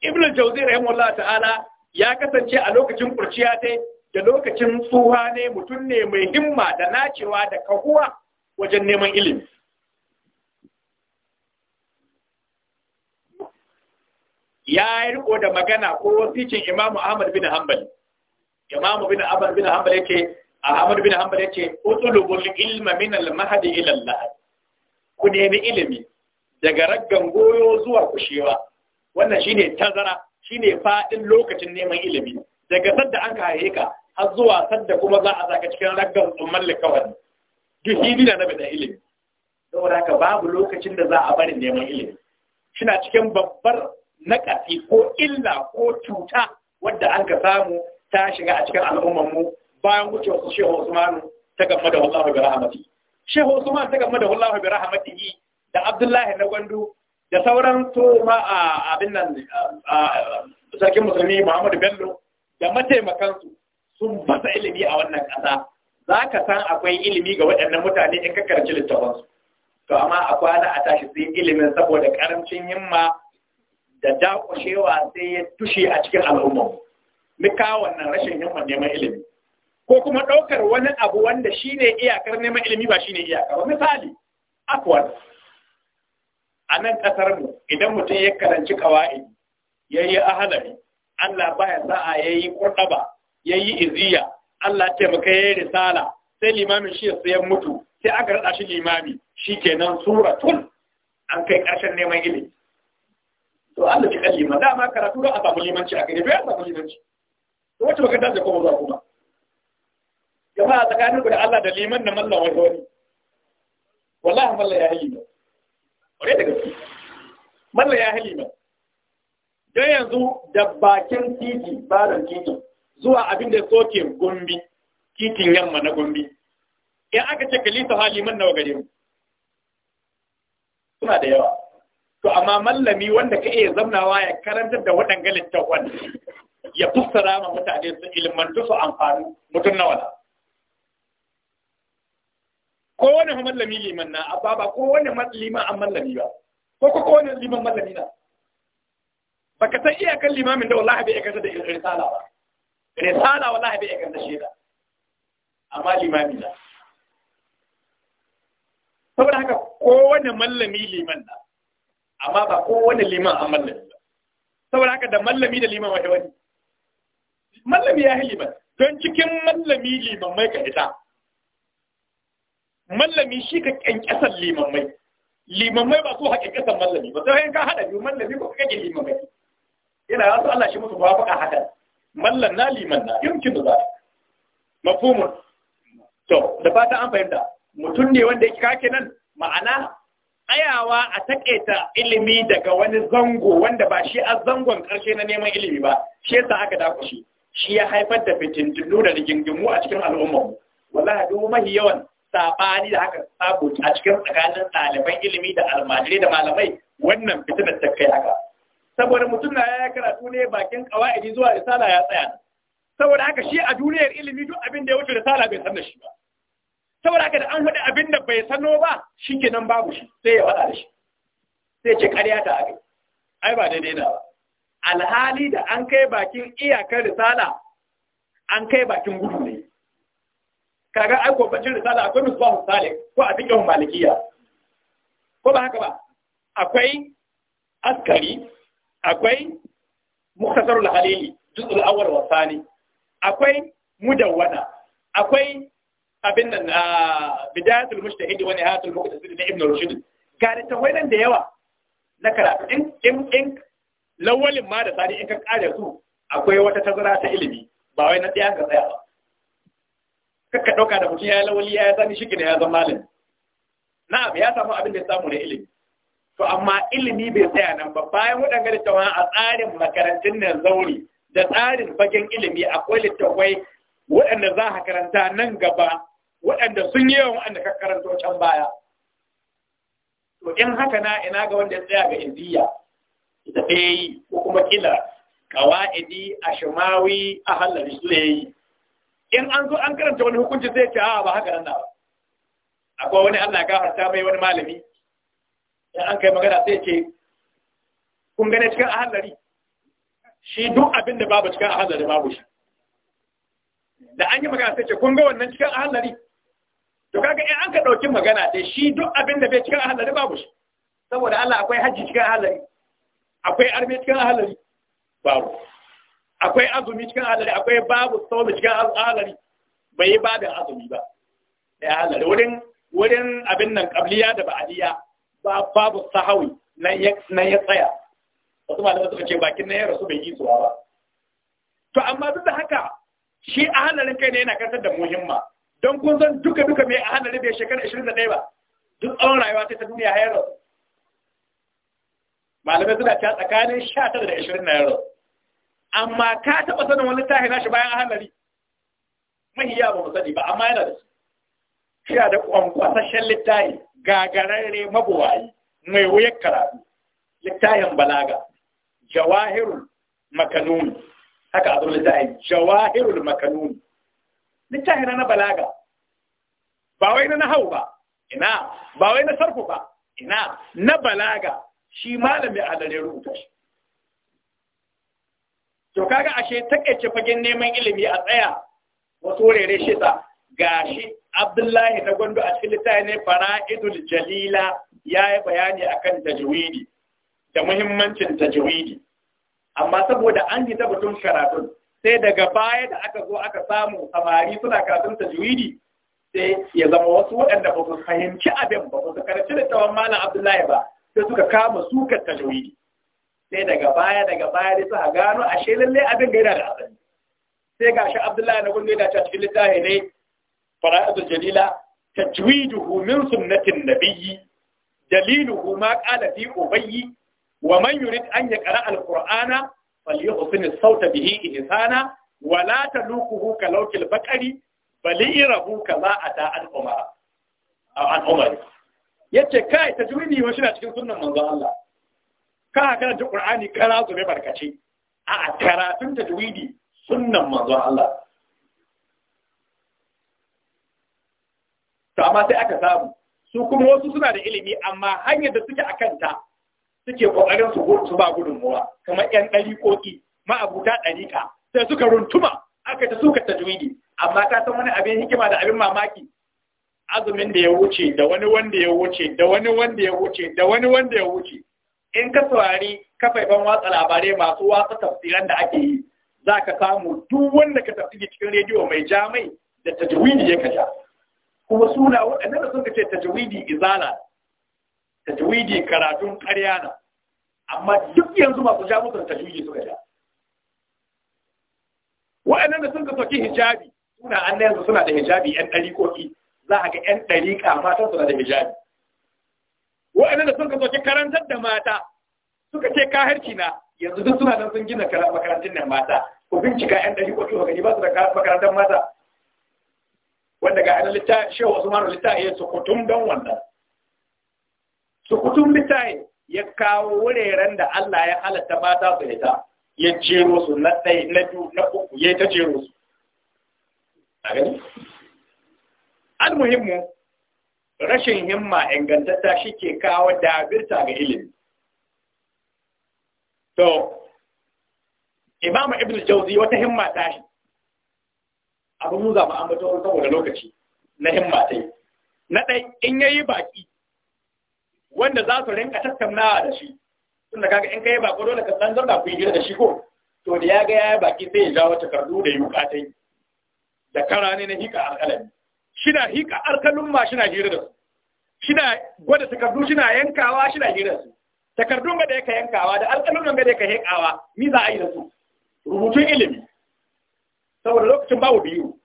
ibn jauzi rahimahullah ta'ala ya kasance a lokacin kurciya dai da lokacin tsuha ne mutum ne mai himma da nacewa da kahuwa wajen neman ilimi ya yi riko da magana ko wasicin imamu ahmad bin hanbali imamu bin ahmad bin hanbali yake ahmad bin hanbali yake utlubul ilma min al-mahdi ila Allah ku nemi ilimi daga raggan goyo zuwa kushewa wannan shi ne tazara shi ne faɗin lokacin neman ilimi daga sadda an ka haye ka har zuwa sadda kuma za a zaka cikin raggan tsumman likawar duk na nabi da ilimi saboda haka babu lokacin da za a bari neman ilimi shina cikin babbar nakasi ko illa ko cuta wadda an ka samu ta shiga a cikin al'ummar mu bayan wuce su shehu Usman ta gamma da wallahu bi rahmati shehu Usman ta gamma da wallahu bi rahmatihi da Abdullahi na Gwandu da sauran su ma a abin nan sarkin musulmi Muhammadu Bello da mataimakansu sun fasa ilimi a wannan ƙasa za ka san akwai ilimi ga waɗannan mutane in ka karanci littafansu to amma a kwana a tashi sai ilimin saboda karancin yamma da dakushewa sai ya tushe a cikin al'umma nika wannan rashin himma neman ilimi ko kuma ɗaukar wani abu wanda shine iyakar neman ilimi ba shine iyakar misali akwai a nan ƙasar mu idan mutum ya karanci kawai ya yi ahalari Allah baya sa'a ya yi ƙurɗaba ya yi iziya Allah taimaka ya yi risala sai limamin shi ya sayan mutu sai aka raɗa shi limami shi kenan suratul an kai ƙarshen neman ilimi to Allah ki kalli ma dama karatu don a samu limanci a gari bai samu limanci to wacce baka dace koma zuwa kuma jama'a tsakanin ku da Allah da liman da mallan wani wallahi mallan ya yi ne ƙwarai da gaske malla ya halima don yanzu da bakin titi barin titi zuwa abin da soke gombi titin yamma na gombi ya aka ce kalisa man nawa gare mu suna da yawa to amma mallami wanda ka iya zamnawa ya karanta da waɗanga littafan ya fassara ma mutane su ilmantu su amfani mutum na nawa ko wani hu mallami liman na abba ba ko wani liman an mallami ba ko ko ko wani liman mallami na ka san kan limamin da wallahi bai aikata da risala ba risala wallahi bai aikata shi da amma limami na saboda haka kowane mallami liman na amma ba kowane liman an mallami ba saboda haka da mallami da liman wani wani mallami ya liman don cikin mallami liman mai ka ita mallami shi ka kyankyasar Limamai. Limamai ba su ha ƙasar mallami ba sai ka haɗa biyu mallami ko kake Limamai. yana yasu Allah shi musu babu a haɗa mallan na liman na yumkin da za mafhumun to da fata an fahimta mutum ne wanda ya kake nan ma'ana tsayawa a takaita ilimi daga wani zango wanda ba shi a zangon ƙarshe na neman ilimi ba shi yasa aka dakushi shi ya haifar da fitintunu da rigingimu a cikin al'ummar wallahi duk mahi yawan sabani da haka sabo a cikin tsakanin ɗaliban ilimi da almajirai da malamai wannan fitinar ta kai haka saboda mutum na ya karatu ne bakin kawa'idi zuwa risala ya tsaya saboda haka shi a duniyar ilimi duk abin da ya wuce risala bai san da shi ba saboda haka da an faɗi abin da bai sano ba shi kenan babu shi sai ya faɗa da shi sai ce ƙarya ta aka ai ba daidai na ba alhali da an kai bakin iyakar risala an kai bakin gudu ne kaga ai ko bacin risala akwai misbahu salik ko a fiqh malikiya ko ba haka ba akwai askari akwai mukhtasarul halili juz'ul awwal wa thani akwai mudawwana akwai abin nan ah, bidayatul mujtahid wa nihayatul muqtasid da ibn rushd ga da tawaidan da yawa na karatu in in in lawalin ma da sani in ka kare su akwai wata tazara ta ilimi ba wai na tsaya ka tsaya ba kakka ɗauka da mutum ya yi lawali ya zani shi ya zama malami na'am ya samu abin da ya samu na ilimi to amma ilimi bai tsaya nan ba bayan waɗanda littafan a tsarin makarantun nan zauri da tsarin fagen ilimi akwai littafai waɗanda za a karanta nan gaba waɗanda sun yi yawan waɗanda ka karanto can baya to in haka na ina ga wanda ya tsaya ga iziya ita ta yi ko kuma kila kawa'idi ashimawi a halari su ya yi in an zo an karanta wani hukunci zai ce a ba haka nan ba akwai wani Allah harta mai wani malami in an kai magana sai ce kun gane cikin ahallari shi duk abin da babu cikin ahallari babu shi da an yi magana sai ce kun ga wannan cikin ahallari to kaga in an ka dauki magana sai shi duk abin da bai cikin ahallari babu shi saboda Allah akwai haji cikin ahallari akwai arme cikin ahallari babu akwai azumi cikin azari akwai babu sauri cikin azari bai yi babin azumi ba da alari wurin wurin abin nan kabliya da ba'adiyya ba babu sahawi na ya ya tsaya wasu malamai suka ce bakin na ya rasu bai yi zuwa ba to amma duk da haka shi ahalarin kai ne yana kasar da muhimma don kun san duka duka mai ahalari bai shekara 21 ba duk tsawon rayuwa ta duniya har rasu malamai suna ta tsakanin tara da ashirin na yaro. amma ka taɓa sanin wani littafi na shi bayan ahalari mahiya ba mu sani ba amma yana da shi yana da kwankwasashen littafi gagararre mabuwayi mai wuyar karatu littafin balaga jawahirul makanun haka abin littafi jawahirul makanun littafi na balaga ba wai na hau ba ina ba wai na sarku ba ina na balaga shi malami a dare rubuta shi to kaga ashe takaice fagen neman ilimi a tsaya wasu shi shida gashi Abdullahi da Gondo a cikin littafi ne Fara'idul Jalila ya yi bayani akan tajwidi da muhimmancin tajwidi amma saboda an yi tabbatun karatun sai daga baya da aka zo aka samu samari suna karatun tajwidi sai ya zama wasu waɗanda ba su fahimci abin ba su karanci da tawan malam Abdullahi ba sai suka kama sukar tajwidi sai daga baya daga baya dai suka gano ashe lalle abin gaira da asali sai gashi Abdullahi na gunne da ta cikin littafi ne fara'idul jalila tajwiduhu min sunnatin nabiyyi daliluhu ma qala fi ubayyi wa man yurid an yaqra al-qur'ana falyuhsin as-sawta bihi ihsana wa la taluquhu kalawkil baqari balirahu kaza ata al-umara al-umari yace kai tajwidi wa shi na cikin sunnan manzo Allah kana ta Qur'ani kara su ne barkace a karatun tajwidi sunnan manzo Allah to amma sai aka samu su kuma wasu suna da ilimi amma hanyar da suke akan ta suke kokarin su su ba gudunmuwa kamar yan dariƙoƙi ma'abuta dariƙa sai suka runtuma aka ta suka tajwidi amma ka san wani abin hikima da abin mamaki azumin da ya wuce da wani wanda ya wuce da wani wanda ya wuce da wani wanda ya wuce in ka saurari kafaifan watsa labarai masu watsa tafsiran da ake yi za ka samu duk wanda ka tafsiri cikin rediyo mai jamai da tajwidi ya kaja kuma suna waɗanda sun ce tajwidi izala tajwidi karatun ƙarya na amma duk yanzu masu ja musu tajwidi suka ja da sun ka soki hijabi suna an yanzu suna da hijabi yan ɗariƙoƙi za a ga yan ɗariƙa matan suna da hijabi da sun ka zoce karantar da mata suka ce kaharci na yanzu duk suna nan sun gina makarantun da mata ko bincika yan ɗari ko kuma gani ba su da makarantar mata wanda ga ana littafi wasu mara littafi ya sukutum don wannan sukutum littafi ya kawo wuraren da Allah ya halatta mata su ita ya jero su na ɗaya na biyu na uku ya ta jero su a gani al muhimmu rashin himma ingantatta shi ke kawo dabirta ga ilimi to imamu ibn jauzi wata himma ta shi abu mu za mu ambata wani saboda lokaci na himma ta yi na ɗai in ya yi baƙi wanda za su rinka tattaunawa da shi da kaga in ka yi baƙo dole ka san zarga ku gina da shi ko to da ya ga ya yi baƙi sai ya jawo takardu da yi buƙatai. da kara ne na hika alƙalami shina hika arkalun ma shina hira da su shina gwada takardu shina yankawa shina hira da su takardun ga da yake yankawa da arkalun ga da yake hekawa ni za a yi da su rubutun ilimi saboda lokacin babu biyu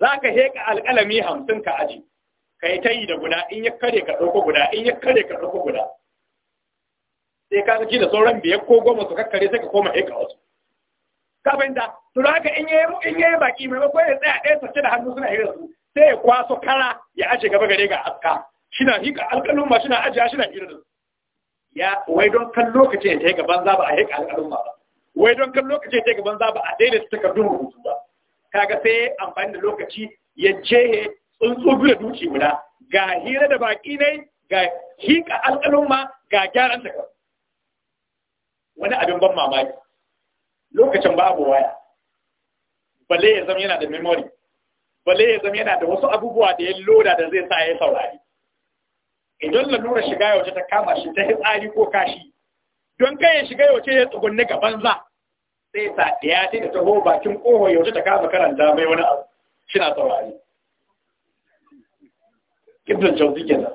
za ka heka alkalami hamsin ka aji ka yi ta yi da guda in ya kare ka ɗauko guda in ya kare ka ɗauko guda sai ka ci da sauran biyar ko goma su kakkare sai ka koma heka wasu abinda to da haka in yayi in yayi baki mai ko ya tsaya ɗaya sace da hannu suna da su sai ya kwaso kara ya aje gaba gare ga aska shina hika alƙalun ma shina aje shina irin su ya wai don kan lokaci ya ya gaban za ba a hika alƙalun ma ba wai don kan lokaci ya ya gaban za ba a daidaita takardun rubutu ba kaga sai amfani da lokaci ya jehe tsuntsu biyu da duki guda ga hira da baki ne ga hika alƙalun ma ga gyaran takardu wani abin ban mamaki lokacin babu waya Bale ya zama yana da memory Bale ya zama yana da wasu abubuwa da ya loda da zai sa ya saurari idan lalura shiga yauce ta kama shi ta hitsari ko kashi don kai ya shiga yauce ya tsugunni ga banza sai sa ya ce da taho bakin koho yauce ta kama karanta mai wani abu shina saurari ibn jauzi kenan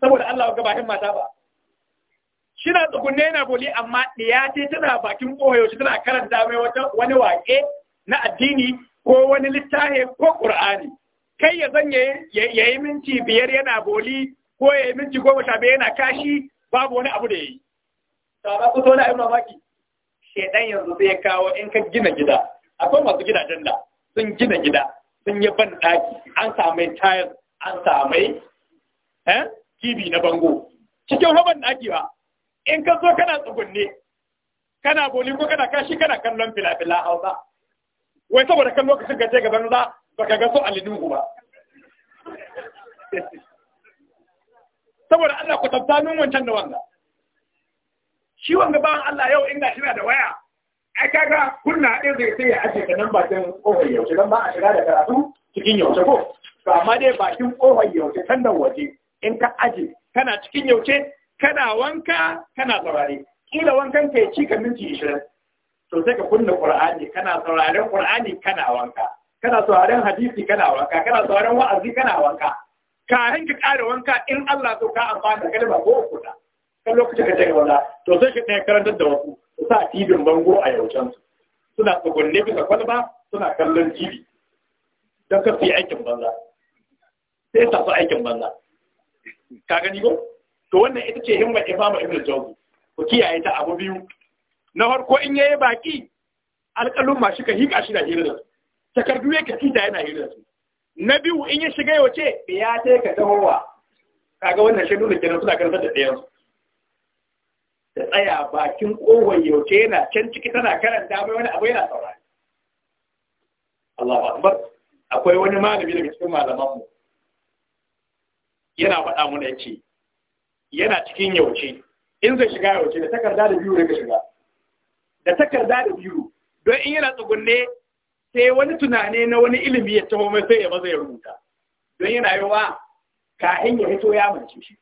saboda Allah ga bakin mata ba Shina na yana boli amma ɗaya ce tana bakin koyo shi tana karanta mai wani waƙe na addini ko wani littafi ko ƙur'ani kai ya zan ya yi minti biyar yana boli ko ya yi minti goma sha biyar yana kashi babu wani abu da ya yi. Tsara ku tona yi mamaki. Shaidan yanzu zai kawo in ka gina gida. Akwai masu gidajen da sun gina gida sun yi ban ɗaki an samai tayar an samai eh, kibi na bango. Cikin haban ɗaki ba in ka zo kana tsugunne kana boli ko kana kashi kana kallon filafila hausa wai saboda kan lokacin ka je gaban za baka ga so alinuhu ba saboda Allah ku tabta min wancan da wanda shi wanga ba Allah yau inda shi da waya ai kaga kunna din zai sai ya aje ka nan bakin kofar yaushe dan ba a shiga da karatu cikin yaushe ko to amma dai bakin kofar yaushe kan waje in ka aje kana cikin yaushe kana wanka kana saurare kila wankan ka ci ka minti 20 to sai ka kunna qur'ani kana sauraren qur'ani kana wanka kana sauraren hadisi kana wanka kana sauraren wa'azi kana wanka Ka ka kare wanka in Allah so ka amfana kalma ko kuda kan lokacin ka tare wala to sai ka ne karantar da wasu su sa tibin bango a yaucan su suna tsogonne bisa kwalba suna kallon jibi don ka fi aikin banza sai ta su aikin banza ka gani ko to wannan ita ce himmar imamu ibn jawzi ku kiyaye ta abu biyu na farko in yayi baki alƙalun ma shi ka hika shi na hira da su takardu ya kasi da yana hira na biyu in ya shiga yau ce ya ta ka tahowa kaga wannan shi nuna kenan suna karfar da ɗayan ta tsaya bakin kowai yau ce yana can ciki tana karanta mai wani abu yana saurari Allahu akbar akwai wani malami daga cikin malamanmu yana faɗa mana yace yana cikin yauce in zai shiga yauce da takarda da biyu rika shiga da takarda da biyu don in yana tsugunne sai wani tunane na wani ilimi ya taho mai sai ya maza ya rubuta don yana yi wa kahin ya hito ya mace shi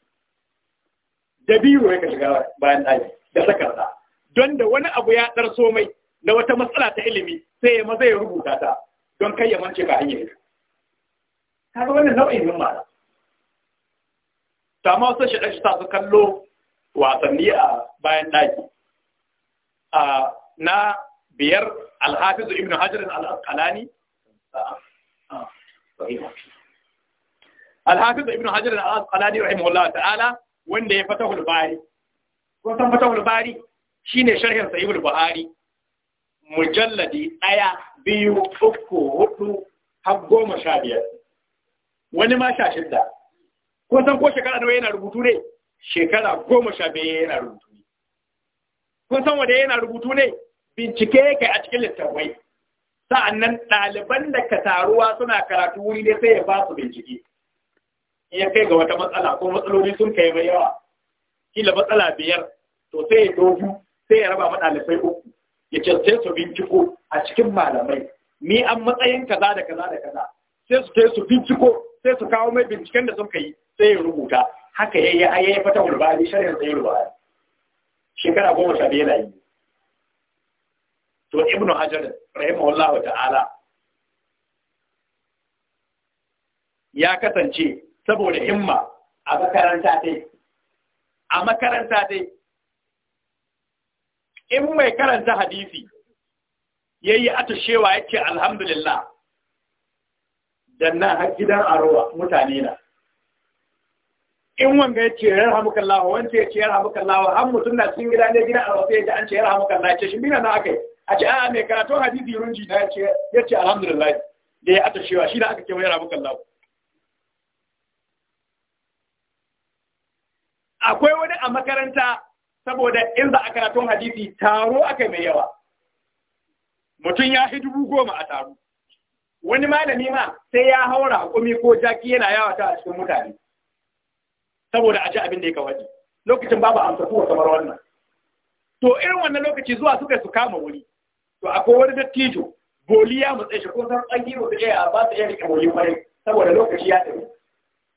da biyu rika shiga bayan ɗaki da takarda don da wani abu ya ɗarso mai na wata matsala ta ilimi sai ya maza ya rubuta ta don kai ya mance kahin ya hito. Kaga wannan nau'in mara. ta ma wasu shaɗa shi su kallo wasanni a bayan ɗaki na biyar alhafizu ibn hajar al-asqalani alhafizu ibn hajar al-asqalani rahimahullah ta'ala wanda ya fata hulbari kun san fata hulbari shine sharhin sahih al-buhari mujalladi ɗaya biyu uku hudu har goma sha biyar wani ma sha shidda ko san ko shekara nawa yana rubutu ne shekara goma sha biyu yana rubutu ne ko san wanda yana rubutu ne bincike ya kai a cikin littattafai sa'annan ɗaliban da ka taruwa suna karatu wuri ne sai ya ba su bincike ya kai ga wata matsala ko matsaloli sun kai mai yawa kila matsala biyar to sai ya dogu sai ya raba ma ɗalibai uku ya ce sai su binciko a cikin malamai ni an matsayin kaza da kaza da kaza sai su kai su binciko sai su kawo mai binciken da suka yi sai ya rubuta haka ya yi ayyai fata wulbari shirin sai rubuta shekara goma sha na yi to ibnu hajar rahimahullahu ta'ala ya kasance saboda himma a makaranta dai a makaranta dai in mai karanta hadisi yayi atashewa yake alhamdulillah dan nan har gidan arowa mutane na in wanga ya ce yarhamuka lawa wanda ya ce yarhamuka lawa har mutum na cikin gida ne gidan arowa sai ya an ce yarhamuka Ya ce shi bina na yi a ce a mai karatu hadisi runji na ya ce alhamdulillah da ya ata cewa shi da aka ce yarhamuka lawa. akwai wani a makaranta saboda in za a karatun hadisi taro aka mai yawa mutum ya hidubu goma a taro wani malami ma sai ya haura kumi ko jaki yana yawata ta cikin mutane saboda a ci abin da ya kawaji lokacin babu amsakuwa kamar wannan to irin wannan lokaci zuwa suka su kama wuri to akwai wani dattijo boli ya matsayi shi ko san an yi da eh, ya ba su iya rike boli kwarai saboda lokaci ya tafi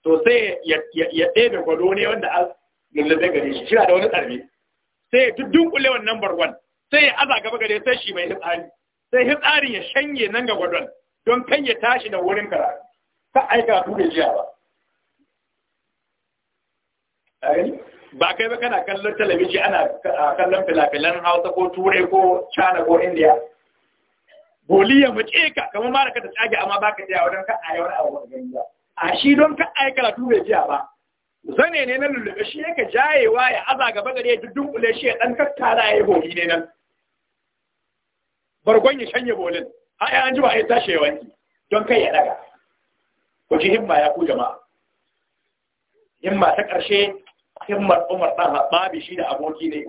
to sai ya ɗebe gwado ne wanda a lullube gare shi shi da wani tsarbi sai ya dunkule wannan barwan sai ya aza gaba gare sai shi mai hitsari sai hitsarin ya shanye nan ga gwadon don kan ya tashi da wurin karatu ta aika tu da jiya ba ba kai ba kana kallon talabijin ana kallon filafilan hausa ko turai ko cana ko india boliya mace ka kamar mara da ka ta tsage amma ba ka tsaya wajen ka a yawar abubuwan gani ba a shi don ka aika karatu bai jiya ba zane ne na lullube shi yake jayewa ya aza gaba gare ya duddun shi ya ɗan kakkara ya yi boli ne nan bargon ya shanye bolin ai an jima ai tashi wanki don kai ya daga ku ji himma ya ku jama'a himma ta ƙarshe himmar umar ɗan haɓaɓi shi da aboki ne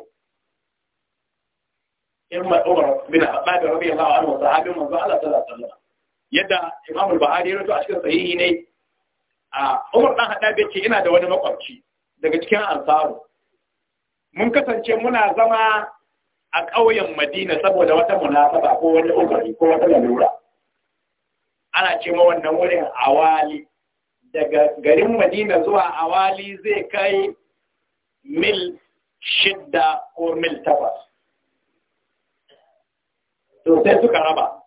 himmar umar bin haɓaɓi rabi anhu wa anhu sahabin manzo Allah sallallahu alaihi wasallam yadda Imam al bukhari ya rawaito a cikin sahihi ne a umar ɗan haɗaɓi yace ina da wani makwabci daga cikin ansaru mun kasance muna zama a ƙauyen Madina saboda wata munasaba ko wani ubari ko wata lalura ana ce ma wannan wurin awali daga garin Madina zuwa awali zai kai mil shidda ko mil takwas Sosai suka raba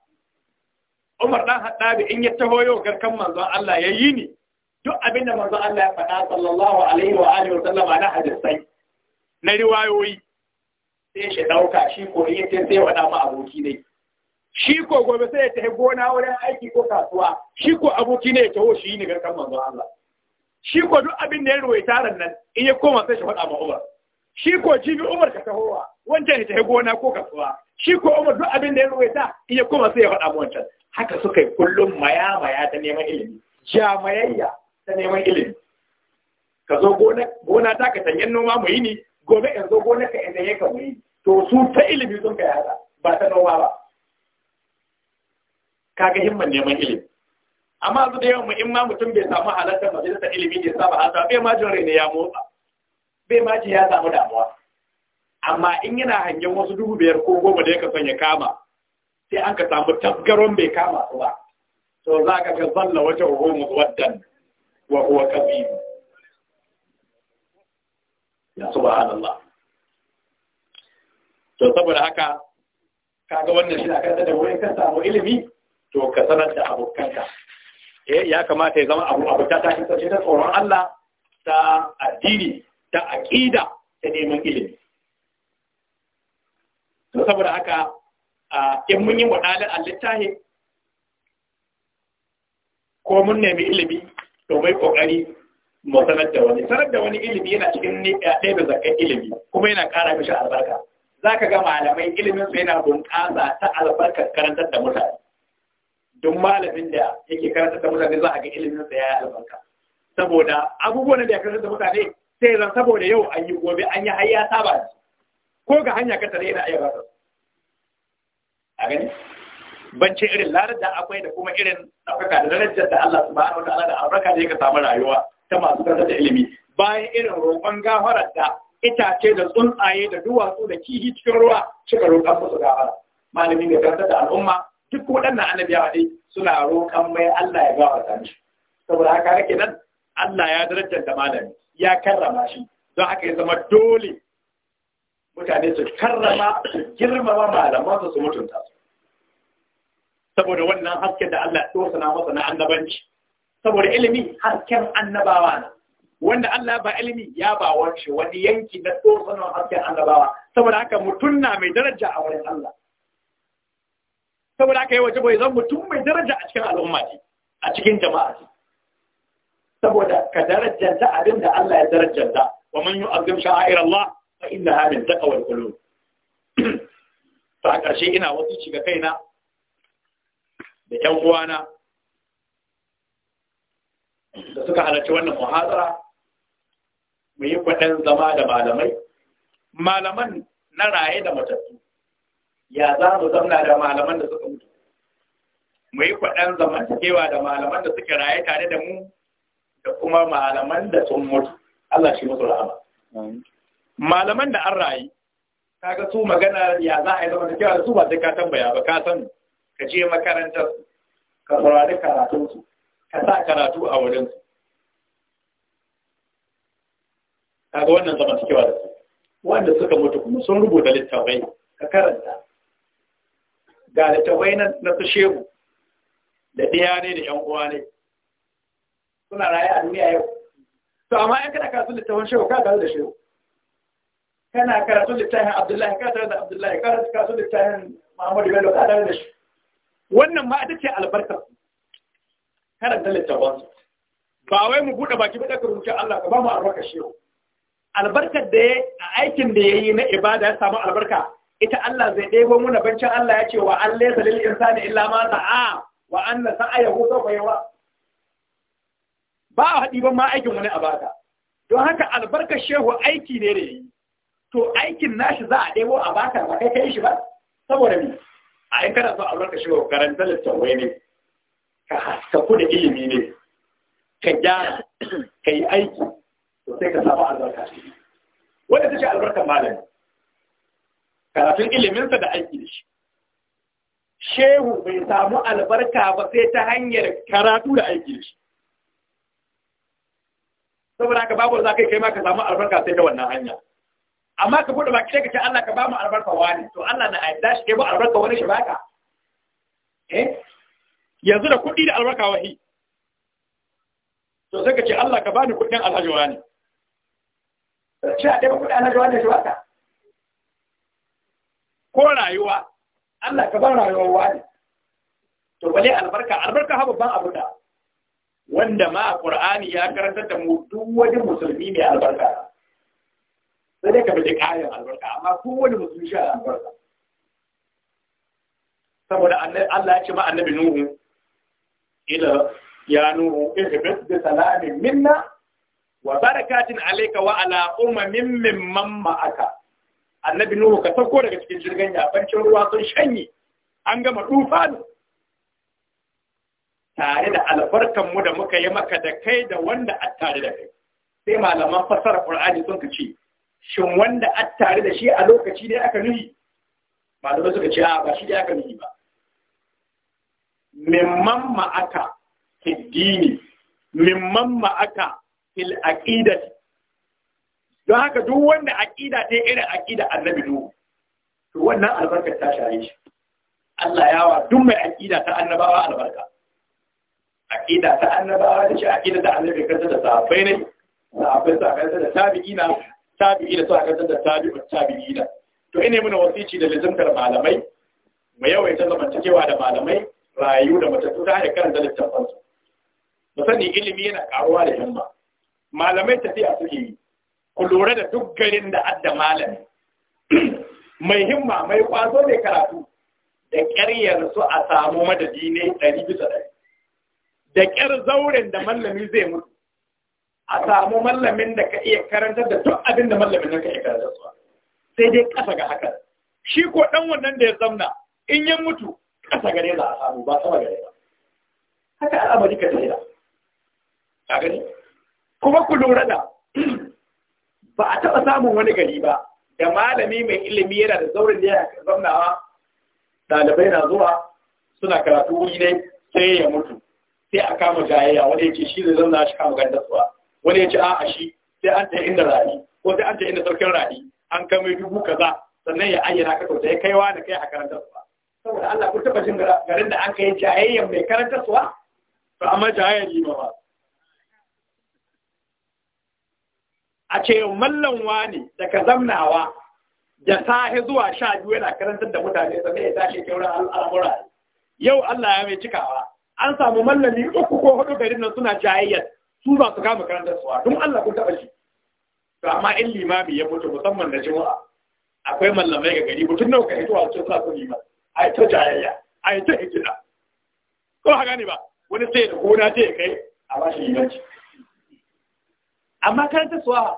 Umar dan Hattabi in ya taho yau garkan manzon Allah ya yi ni duk abinda manzon Allah ya faɗa sallallahu alaihi wa alihi wa sallama na hadisai na riwayoyi sai shi ɗauka shi ko in yace sai wada ma aboki ne shi ko gobe sai ya tafi gona wurin aiki ko kasuwa shi ko aboki ne ya taho shi ne garkan manzon Allah shi ko duk abin da ya ruwaita ran nan in ya koma sai shi faɗa ma Umar shi ko jibi Umar ka tahowa wancan ya tafi gona ko kasuwa shi ko Umar duk abin da ya ta in ya koma sai ya faɗa ma wancan haka suka yi kullum maya maya ta neman ilimi jamayayya ta neman ilimi ka zo gona ta ka tanyen noma mu yi ne, gobe in zo gonar ka inda ya wuri to su ta ilimi sun kai haka ba ta noma ba kaga himman neman ilimi amma su da yawan mu in ma mutum bai samu halartar majalisar ilimi da saba hasa bai ma jin raina ya motsa bai ma ji ya samu damuwa amma in yana hangen wasu dubu biyar ko goma da ya son ya kama sai an ka samu tasgaron bai kama su ba to za ka ga zalla wata uhu wadda wa huwa kabiru ya subhanallah to saboda haka kaga wannan shi aka da wani ka samu ilimi to ka sanar da abokanka eh ya kamata ya zama abu abu ta tashi sace ta tsoron Allah ta addini ta aqida ta neman ilimi to saboda haka in mun yi wadalin Allah ko mun nemi ilimi to mai kokari mu sanar da wani sanar da wani ilimi yana cikin ɗaya da zakar ilimi kuma yana ƙara mishi albarka za ka ga malamai ilimin su yana bunƙasa ta albarkar karantar da mutane don malamin da yake karantar da mutane za a ga ilimin sa ya yi albarka saboda abubuwan da ya karantar da mutane sai zan saboda yau an yi gobe an yi har ya saba ko ga hanya ka tare yana ayyuka rasa? a gani ban ce irin larar da akwai da kuma irin ɗaukaka da darajar da Allah subhanahu wa ta'ala da albarka da yake samu rayuwa ta masu da ilimi bayan irin roƙon gafarar da itace da tsuntsaye da duwatsu da kihi cikin ruwa cikin roƙa musu gafara Malami da karanta da al'umma duk waɗannan annabiyawa dai suna roƙon mai Allah ya gafarta mishi saboda haka har nan Allah ya darajar da malami ya karrama shi don haka ya zama dole mutane su karrama su girmama malaman su mutunta su saboda wannan hasken da Allah ya na masa na annabanci saboda ilimi hasken annabawa ne wanda Allah ba ilimi ya ba wance wani yanki na tsofanin hasken annabawa saboda haka mutum na mai daraja a wurin Allah saboda haka yi waje bai zan mutum mai daraja a cikin al'umma ce a cikin jama'a ce saboda ka darajanta abin da Allah ya darajanta wa man yu'azzim sha'air Allah fa innaha min taqwal qulub to a ƙarshe ina wasu shiga kaina da ƴan uwana da suka halarci wannan muhazara mu yi kwaɗin zama da malamai malaman na raye da matattu ya za mu zamna da malaman da suka mutu mu yi kwaɗin zaman cewa da malaman da suke raye tare da mu da kuma malaman da sun mutu Allah shi musu rahama malaman da an raye kaga su magana ya za a yi zama cewa da su ba sai ka tambaya ba ka san ka je makarantar ka saurari karatunsu ka sa karatu a wurin su kaga wannan zama cikewa da su wanda suka mutu kuma sun rubuta littafai ka karanta ga littafai na su shehu da ɗaya ne da ‘yan uwa ne suna raye a duniya yau to amma yan kana karatu littafin shehu ka tare da shehu kana karatu littafin abdullahi ka tare da abdullahi ka karatu littafin muhammadu bello ka tare da shi wannan ma ita ce albarkar karanta littafin su ba wai mu buɗe baki ba ka rubuce Allah ka ba mu albarka shi albarkar da a aikin da yayi na ibada ya samu albarka ita Allah zai dego muna bancin Allah ya ce wa an laysa lil insani illa ma sa'a wa anna sa'ayahu sawfa yawa ba a hadi ban ma aikin wani a baka don haka albarkar shehu aiki ne da to aikin nashi za a ɗebo a baka ba kai kai shi ba saboda ni a in kana so albarkar shehu karanta littafin ne ka kuɗa da ilimi ne ka gyara ka yi aiki to sai ka samu albarka wanda take albarkar malami karatun iliminsa da aiki da shi shehu bai samu albarka ba sai ta hanyar karatu da aiki da shi saboda haka babu za ka kai ma ka samu albarka sai ta wannan hanya amma ka kuɗa baki sai ka ce Allah ka ba mu albarka wani to Allah na aida shi ba albarka wani shi baka eh yanzu da kuɗi da albarka wahi to sai ka ce Allah ka bani kuɗin alhaji wani shi a ɗaya alhaji wani shi wata ko rayuwa Allah ka ban rayuwar wani to bale albarka albarka ha babban abu da wanda ma Qur'ani ya karanta da mu duk wani musulmi ne albarka sai dai ka bi kayan albarka amma wani musulmi shi albarka saboda Allah ya ce ma annabi Nuhu ila ya nuhu ihbit bi salamin minna wa barakatin alayka wa ala umamin mimman ma'aka annabi nuhu ka sauko daga cikin jirgin yabancin ruwa sun shanye an gama tufanu tare da albarkan mu da muka yi maka da kai da wanda a tare da kai sai malaman fasara qur'ani sun ka ce shin wanda a tare da shi a lokaci ne aka nuhi malamai suka ce a ba shi ne aka nuhi ba mimman ma'aka fil dini mimman ma'aka fil aqidati don haka duk wanda aqida ta irin aƙida annabi nuhu to wannan albarkar ta shaye shi Allah ya wa duk mai aƙida ta annabawa albarka Aƙida ta annabawa da shi aqida ta annabi kanta da sahabbai ne sahabbai sa kansa da tabi'ina tabi'ina sa kansa da tabi'u tabi'ina to ine muna wasiici da lazimtar malamai mu yawaita zamantakewa da malamai rayu da matattu ta hanyar karanta littafin su mu sani ilimi yana karuwa da himma malamai tafiya suke yi ku lura da duk garin da adda malami mai himma mai kwazo mai karatu da ƙaryar su a samu madadi ne ɗari bisa ɗari da ƙyar zauren da mallami zai mutu a samu mallamin da ka iya karanta da duk abin da mallamin nan ka iya karanta su sai dai ƙasa ga haka shi ko ɗan wannan da ya zamna in ya mutu kasa gare za a samu ba sama gare ba haka al'amari ka da a gani kuma ku lura da ba a taɓa samun wani gari ba da malami mai ilimi yana da zaurin da ya zamnawa ɗalibai na zuwa suna karatu wuri ne sai ya mutu sai a kama jayayya wani ya ce shi zai zauna shi kama gandar tsuwa wani ya ce a'a shi sai an ta inda rani ko sai an ta inda saukin rani an kama dubu kaza sannan ya ayyana ka kauta ya kaiwa da kai a karantar tsuwa saboda Allah ku taba jin garin da aka yi jayayya mai karanta suwa to amma jayayya yi ba a ce mallan wani daga zamnawa da sahi zuwa sha biyu yana karantar da mutane sannan ya tashi kyauran al'amura yau Allah ya mai cikawa an samu mallami uku ko hudu garin nan suna jayayyar su ba su kama karantar don Allah kun taba shi to amma in limami ya mutu musamman da jima'a akwai mallamai ga gari mutum nawa ka hito a cikin sa su limami a yi ta jayayya a yi ta hikila ko haka ne ba wani sai da gona ta ya kai a ba shi limanci amma karanta suwa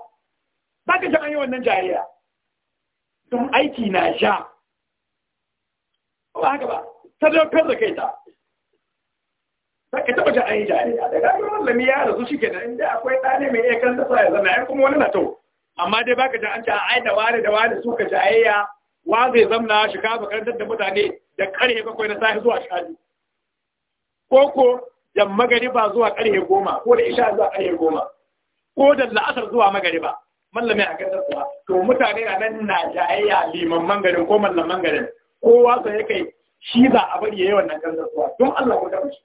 ba ka jan an yi wannan jayayya don aiki na sha ko haka ba sadaukar da kai ta ka taɓa an yi jariya da wannan wallami ya rasu shi da inda akwai ɗane mai iya kan dasa ya zama ya kuma wani na to amma dai baka ji an a ai da ware da su suka jayayya wa zai zamna shi kafa karantar da mutane da karhe bakwai na sahi zuwa shaɗi ko ko da magariba zuwa karhe goma ko da isha zuwa karhe goma ko da la'asar zuwa magariba Mallamai a kan tattuwa to mutane na nan na jayayya liman mangarin ko mallam mangarin ko sai ya kai shi za a bari yayi wannan kan tattuwa don Allah ko da shi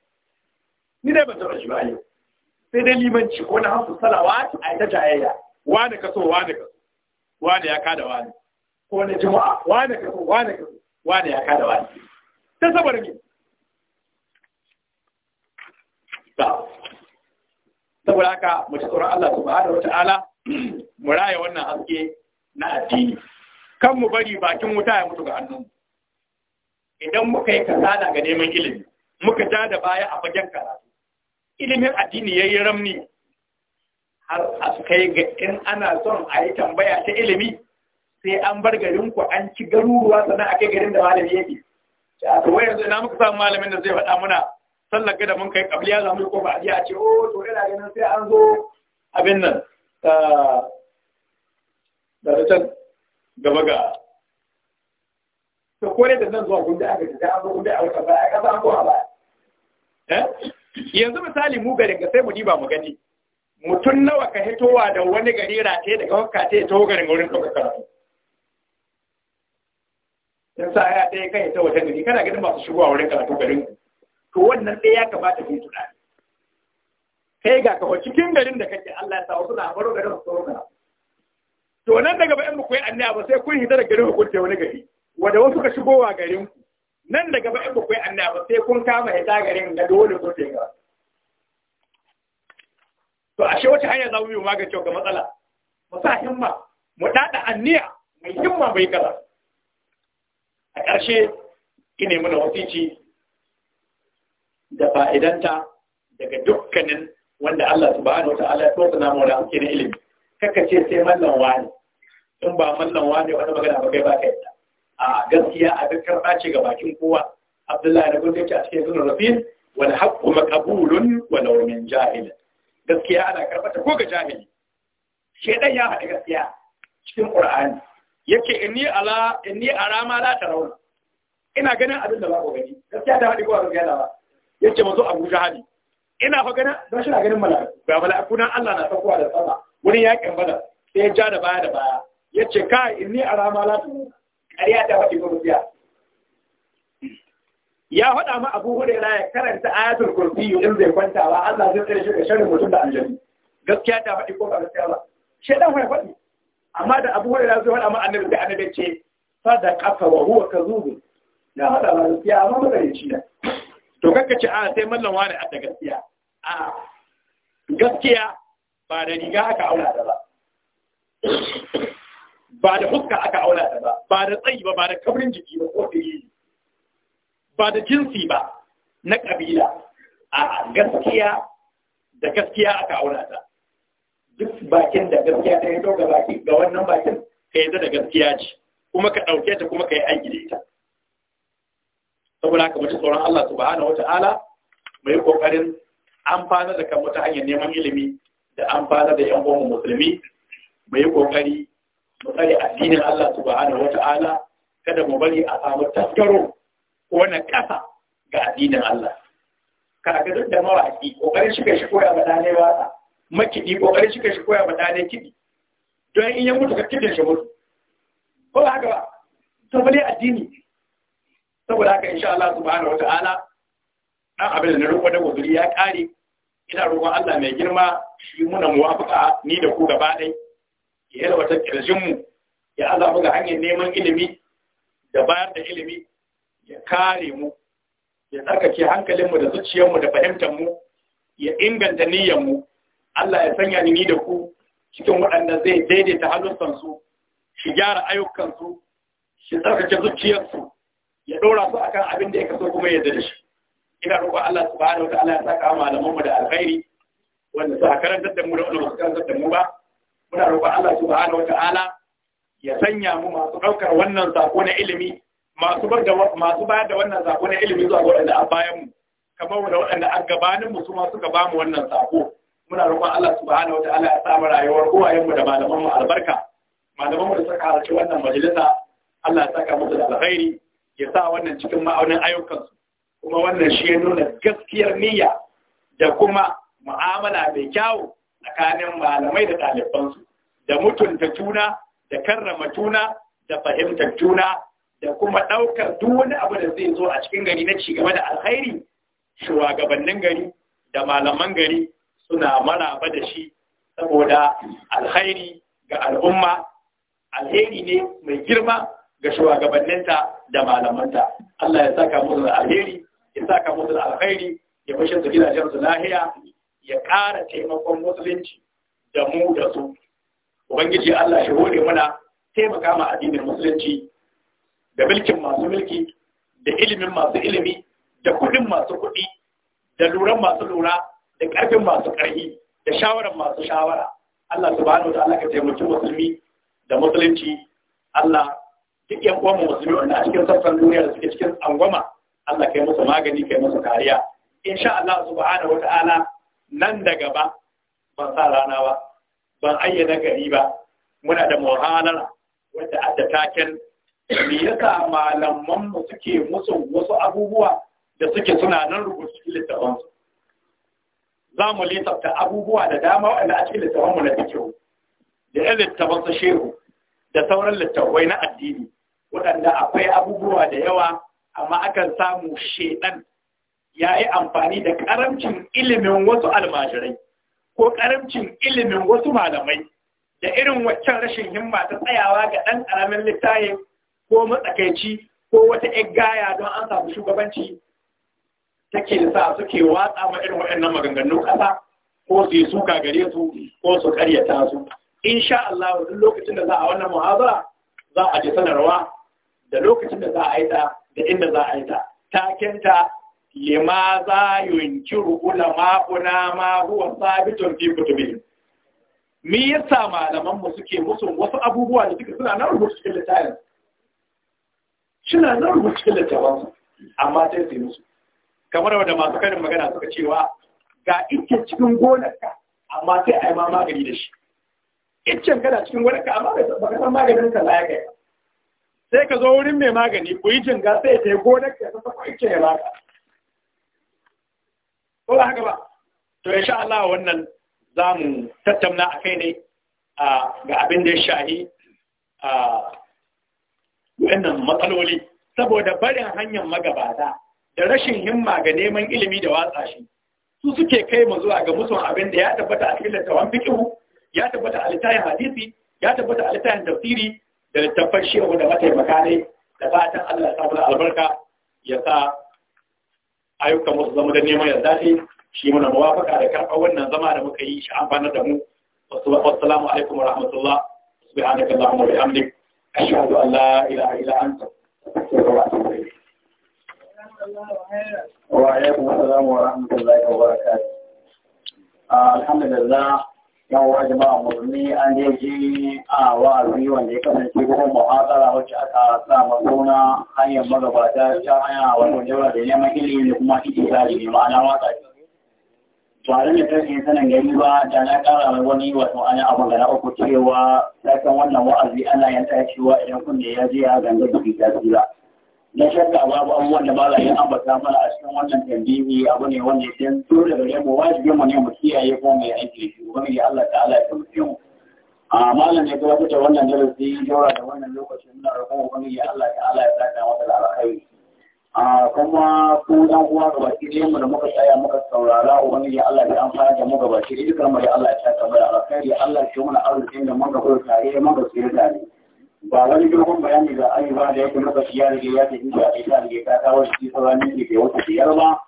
ni dai ban taɓa shi ba yau sai dai limanci ko na hasu salawat a ta jayayya wani kaso wani kaso wani ya kada wani ko wani jama'a wane ka wane ka wane ya kada wani ta saboda me ta saboda haka mu ci tsoron Allah subhanahu wataala mu raya wannan haske na addini kan mu bari bakin wuta ya mutu ga hannun idan muka yi kasala ga neman ilimi muka ja da baya a fagen karatu ilimin addini ya yi ramni har a kai ga in ana son a yi tambaya ta ilimi sai an bar garin ku an ci garuruwa sannan a kai garin da malami yake to wai yanzu ina muka samu malamin da zai faɗa muna sallar gada mun kai kabliya za mu yi kofa a a ce oh to ina ganin sai an zo abin nan da can gaba ga to kore da nan zuwa gunda aka ji an zo gunda a wata baya, a kasa an zuwa eh? yanzu misali mu garin ga sai mu diba mu gani mutum nawa ka hitowa da wani gari rataye daga wakka ta ya taho garin wurin ɗaukar karatu in sa ya ɗaya kai ta wata gari kana ganin masu shigowa wurin karatu garin to wannan ɗaya ya kamata ku yi tunani kai ga kawai cikin garin da kake Allah ya sa wasu na baro garin su roka to nan daga bayan ku yi annaba ba sai kun hita da garin ku ta wani gari wanda wasu ka shigowa garin ku nan daga bayan ku yi annaba ba sai kun kama hita garin da dole ku ta to ashe wata hanya za mu yi magance ga matsala mu sa himma mu dada anniya mai himma bai kaza a ƙarshe ina muna wasici da fa'idanta daga dukkanin wanda Allah ba’ani wata Allah ya tsoka namu da ake na ilimi kaka ce sai mallon wani in ba mallon wani wani magana ba kai ba ka yadda a gaskiya a ga karɓa ce ga bakin kowa Abdullahi na gudu a cikin sunan rafin wal haqqu maqbulun gaskiya ana karɓata ko ga jahili ɗan ya haɗa gaskiya cikin ƙur'ani. yake inni ala inni arama la tarawna ina ganin abin da ba ko gani gaskiya ta hadi ko abin da ba yace mazo Abu Jahali ina fa ganin Ba shi na ganin malaka ba mala'iku nan Allah na saukowa da sama wurin yakin bada sai ya ja da baya da baya yace kai inni arama la tu kariya ta hadi ko gaskiya ya faɗa ma Abu Hurairah ya karanta ayatul kursi in zai kwanta ba Allah zai tsare shi da sharri mutum da aljanna gaskiya ta hadi ko gaskiya ba shedan fa ya faɗi amma da abu hurairah zai ma'anar da ana da fa ce kafa wa huwa kadhub ya hada ma gaskiya amma ba zai ci to kakka ce a sai mallan wani a da gaskiya a gaskiya ba da riga aka aula da ba ba da fuska aka aula da ba ba da tsayi ba ba da kabrin jiki ba ko da yi ba da jinsi ba na kabila a gaskiya da gaskiya aka auna ta duk bakin da gaskiya ta hito ga baki ga wannan bakin ka yi da gaskiya ce kuma ka ɗauke ta kuma ka yi aiki da ita saboda haka mutu tsoron Allah wata wata'ala mai an amfana da kan wata hanyar neman ilimi da amfana da yan gwamnan musulmi mai ƙoƙari, mu tsare addinin Allah wata wata'ala kada mu bari a samu taskaro ko na ƙasa ga addinin Allah Kaka ka duk da mawaƙi ƙoƙarin shiga shi koya ga ba wasa makiɗi kare shi ka shi koya ma ne kiɗi don in ya mutu ka kiɗin shi mutu ko ba haka ba to dai addini saboda haka insha Allah subhanahu wa ta'ala dan abin da na roƙo da guduri ya kare. ina roƙon Allah mai girma shi muna muwafaka ni da ku gaba ɗai ya yalwata kirjin mu ya Allah ga hanyar neman ilimi da bayar da ilimi ya kare mu ya tsarkake hankalinmu da zuciyarmu da fahimtar mu ya inganta niyyarmu Allah ya sanya ni da ku cikin waɗanda zai daidaita halittarsu shi gyara ayyukansu shi tsarkake zuciyarsu ya ɗora su akan abin da ya kaso kuma ya da shi ina roƙon Allah su wata Allah ya saka malaman mu da alkhairi wanda su karantar da mu da wanda su karantar da mu ba muna roƙon Allah su wata Allah ya sanya mu masu ɗaukar wannan sako na ilimi masu bar da masu bayar da wannan sako na ilimi zuwa waɗanda a bayanmu, mu kamar waɗanda a gabanin mu su ma suka ba mu wannan sako muna roƙon Allah subhanahu wataala ya samu rayuwar uwayenmu da malamanmu albarka malamanmu da suka halarci wannan majalisa Allah ya saka musu da alkhairi ya sa wannan cikin ma'aunin ayyukansu kuma wannan shi ya nuna gaskiyar niyya da kuma mu'amala mai kyawu tsakanin malamai da ɗalibansu da mutunta juna da karrama juna da fahimtar juna da kuma ɗaukar duk wani abu da zai zo a cikin gari na cigaba da alkhairi shugabannin gari da malaman gari suna maraba da shi saboda alkhairi ga al'umma alheri ne mai girma ga shugabanninta da malamanta Allah ya saka musu da alheri ya saka musu da alkhairi ya fashe su gidajen su lahiya ya ƙara taimakon musulunci da mu da su ubangiji Allah shi hore mana taimaka ma addinin musulunci da mulkin masu mulki da ilimin masu ilimi da kuɗin masu kuɗi da luran masu lura da ƙarfin masu ƙarfi da shawarar masu shawara Allah subhanahu wa ta'ala ka taimaki musulmi da musulunci Allah duk yan uwan musulmi wanda a cikin sassan duniya da suke cikin angwama Allah kai musu magani kai musu kariya insha Allah subhanahu wa ta'ala nan da gaba ban sa rana ba ban ayyana gari ba muna da wanda a da taken me yasa malaman mu suke musu wasu abubuwa da suke suna nan rubutu littafansu za mu lissafta abubuwa da dama waɗanda a cikin littafanmu na fikihu da yan littafan su shehu da sauran littafai na addini waɗanda akwai abubuwa da yawa amma akan samu shaidan ya yi amfani da karamcin ilimin wasu almajirai ko karamcin ilimin wasu malamai da irin waccan rashin himma ta tsayawa ga ɗan ƙaramin littaye ko matsakaici ko wata ƴaggaya don an samu shugabanci take sa suke watsa ma irin waɗannan maganganun ƙasa ko su yi suka gare su ko su karyata su insha Allah duk lokacin da za a wannan muhazara za a ji sanarwa da lokacin da za a yi ta da inda za a yi ta takenta lima za yunkiru ulama una ma huwa sabitun fi kutubi me yasa malaman mu suke musu wasu abubuwa da suke suna nan rubutu cikin littafin suna nan rubutu cikin littafin amma sai su musu kamar wadda masu karin magana suka cewa ga iccen cikin gonarka amma sai a yi ma magani da shi iccen kana cikin gonarka amma ba ka san maganin ka ya kai sai ka zo wurin mai magani ku yi jinga sai ta yi gonarka ta sako iccen ya baka ko ba haka ba to insha Allah wannan za mu tattauna a kai ne ga abin da ya shahi wannan matsaloli saboda barin hanyar magabata da rashin himma ga neman ilimi da watsa shi su suke kai mu zuwa ga musu abin da ya tabbata a cikin littawan fiqh ya tabbata a littafin hadisi ya tabbata a littafin tafsiri da littafin shehu da mataimaka ne da fatan Allah ya sa albarka ya sa ayyukan wasu zama da neman yarda ce shi muna mawafaka da karɓar wannan zama da muka yi shi amfanar da mu wassalamu alaikum wa rahmatullah subhanaka wa bihamdik ashhadu an la ilaha illa anta astaghfiruka wa atubu ilayk Wa alaikum assalam wa rahmatullahi wa barakatuh. Ah, alhamdulillah yan an je a wa'azi wanda ya kasance kuma muhasara wacce aka sa masona hanyar magabata ta hanya da neman ilimi da kuma ijtihadi ne ba da mutum sanin gari ba da na kara wani wato an abu da na uku cewa sakan wannan wa'azi ana yin cewa idan kun ya je ya ganga da bi ta na shakka babu abubuwan da ba za a yi ambata mana a cikin wannan tambayi abu ne wanda ya dole gare mu wajibi mu ne mu kiyaye ko mu yi aiki da shi ubangiji Allah ta'ala ya taimake mu a malam ne gabatar da wannan darasi jawara da wannan lokacin na wani ya Allah ta'ala ya saka masa da alkhairi a kuma ku dan uwa ga baki ne mu da muka tsaya muka saurara ya Allah ya amfana da mu ga baki dukkan mu ya Allah ya saka mu da alkhairi Allah ya yi mana arzikin da mun ga tare mun ga tsira tare ba wani dogon bayani da an ba da yake masa shi ya rage ya ce in sha ta rage ta kawo shi sauran ne ke wata biyar ba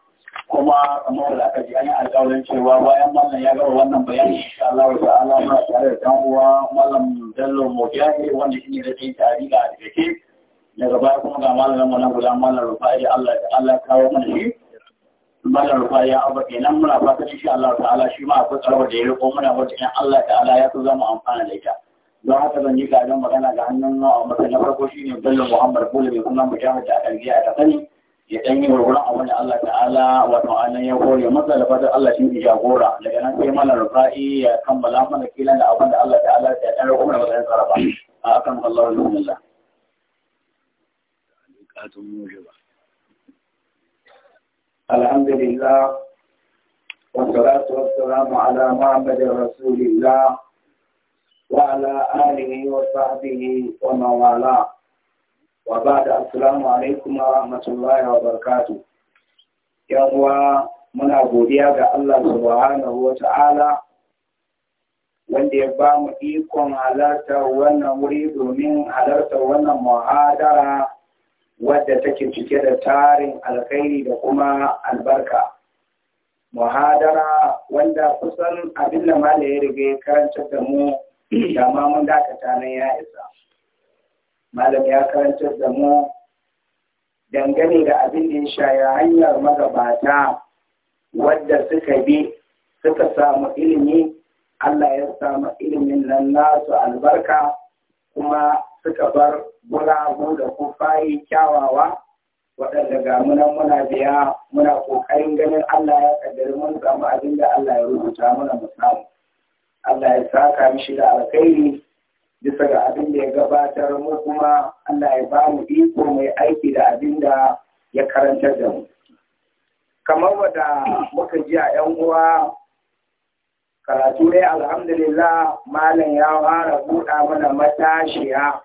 kuma kamar da aka ji an yi alƙawarin cewa bayan mallan ya gama wannan bayani insha Allah wa ta'ala, ma tare da dan uwa mallam Dallo Mojahi wanda shi ne da cikin tarihi a cikin daga baya kuma ga malamin mu nan guda mallam Rufai Allah Allah kawo mana shi Mallan Rufai ya abu kenan muna fatan insha Allah ta'ala shi ma akwai tsaro da ya riko muna wata in Allah ta'ala ya so zama amfana da ita haka zan yi gajen magana ga hannun na a matsayin na farko shi ne bello muhammad kula mai kuma mujahid da aka riga aka sani ya ɗan yi gurguran a wani allah ta'ala wato anan ya kore masa da fatan allah shi ne jagora daga nan sai mana rufa'i ya kammala mana kila da abin da allah ta'ala ya ɗan rukun da matsayin sarrafa a akan allah wajen alhamdulillah. الحمد لله والصلاة والسلام على محمد رسول الله وعلى آله وصحبه ومن والاه وبعد السلام عليكم ورحمة الله وبركاته يا muna godiya ga Allah subhanahu wa ta'ala wanda ya ba mu ikon halartar wannan wuri domin halartar wannan muhadara wadda take cike da tarin alkhairi da kuma albarka. Muhadara wanda kusan abin da ya riga ya karanta da mu da ma mun dakata nan ya isa malam ya karantar da mu dangane da abin da ya shaya hanyar magabata wadda suka bi suka samu ilimi Allah ya samu ilimin nan nasu albarka kuma suka bar guragu da kufayi kyawawa waɗanda ga munan muna biya muna ƙoƙarin ganin Allah ya ƙaddari mun samu abin da Allah ya rubuta muna mu samu. Allah ya saka mishi da alkhairi bisa ga abin da ya gabatar mu kuma Allah ya ba mu iko mai aiki da abin da ya karanta da mu. Kamar wadda muka ji a ‘yan uwa karatu dai alhamdulillah malam ya fara buɗa mana matashiya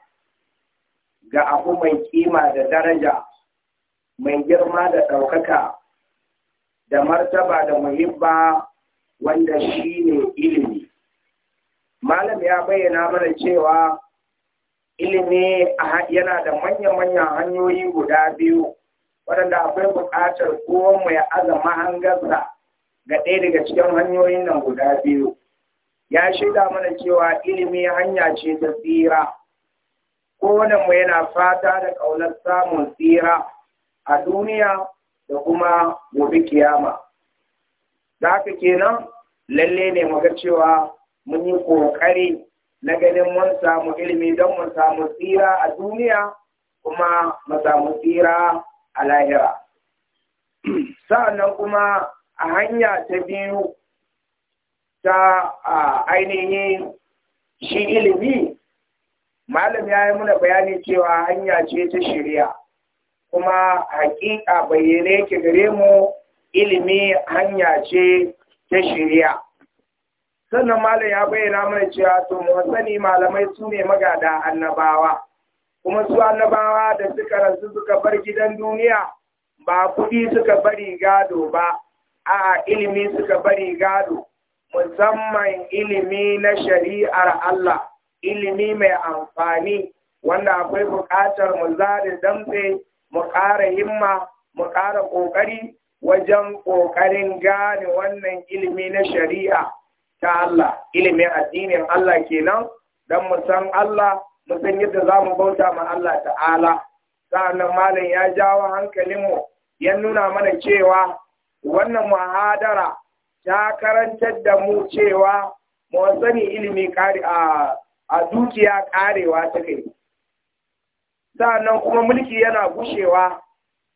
ga abu mai kima da daraja mai girma da ɗaukaka da martaba da muhimma wanda shi ne ilimi. malam ya bayyana mana cewa ilimi yana da manya-manyan hanyoyi guda biyu waɗanda akwai buƙatar kowanne ya azama gaza ga ɗaya daga cikin hanyoyin nan guda biyu ya shaida mana cewa ilimi hanya ce ta tsira kowane mu yana fata da ƙaunar samun tsira a duniya da kuma gobe kiyama da haka kenan lalle ne muga cewa mun yi ƙoƙari na ganin mun samu ilimi don mun samu tsira a duniya kuma mu samu tsira a lahira. nan kuma a hanya ta biyu ta ainihin shi ilimi, malam ya yi muna bayani cewa hanya ce ta shirya, kuma hakika bayyane ke gare mu ilimi hanya ce ta shirya. sannan malam ya bayyana mana cewa to mu sani malamai su ne magada annabawa kuma su annabawa da suka rasu suka bar gidan duniya ba kuɗi suka bari gado ba a ilimi suka bari gado musamman ilimi na shari'ar Allah ilimi mai amfani wanda akwai buƙatar mu zare damtse mu ƙara himma mu ƙara ƙoƙari wajen ƙoƙarin gane wannan ilimi na shari'a ta Allah ilimin addinin Allah kenan dan mu san Allah mu yadda za mu bauta ma Allah ta'ala sa'annan malam ya jawo hankalinmu ya nuna mana cewa wannan muhadara ta karantar da mu cewa mu sani ilimi kare a dukiya karewa ta kai sa'annan kuma mulki yana gushewa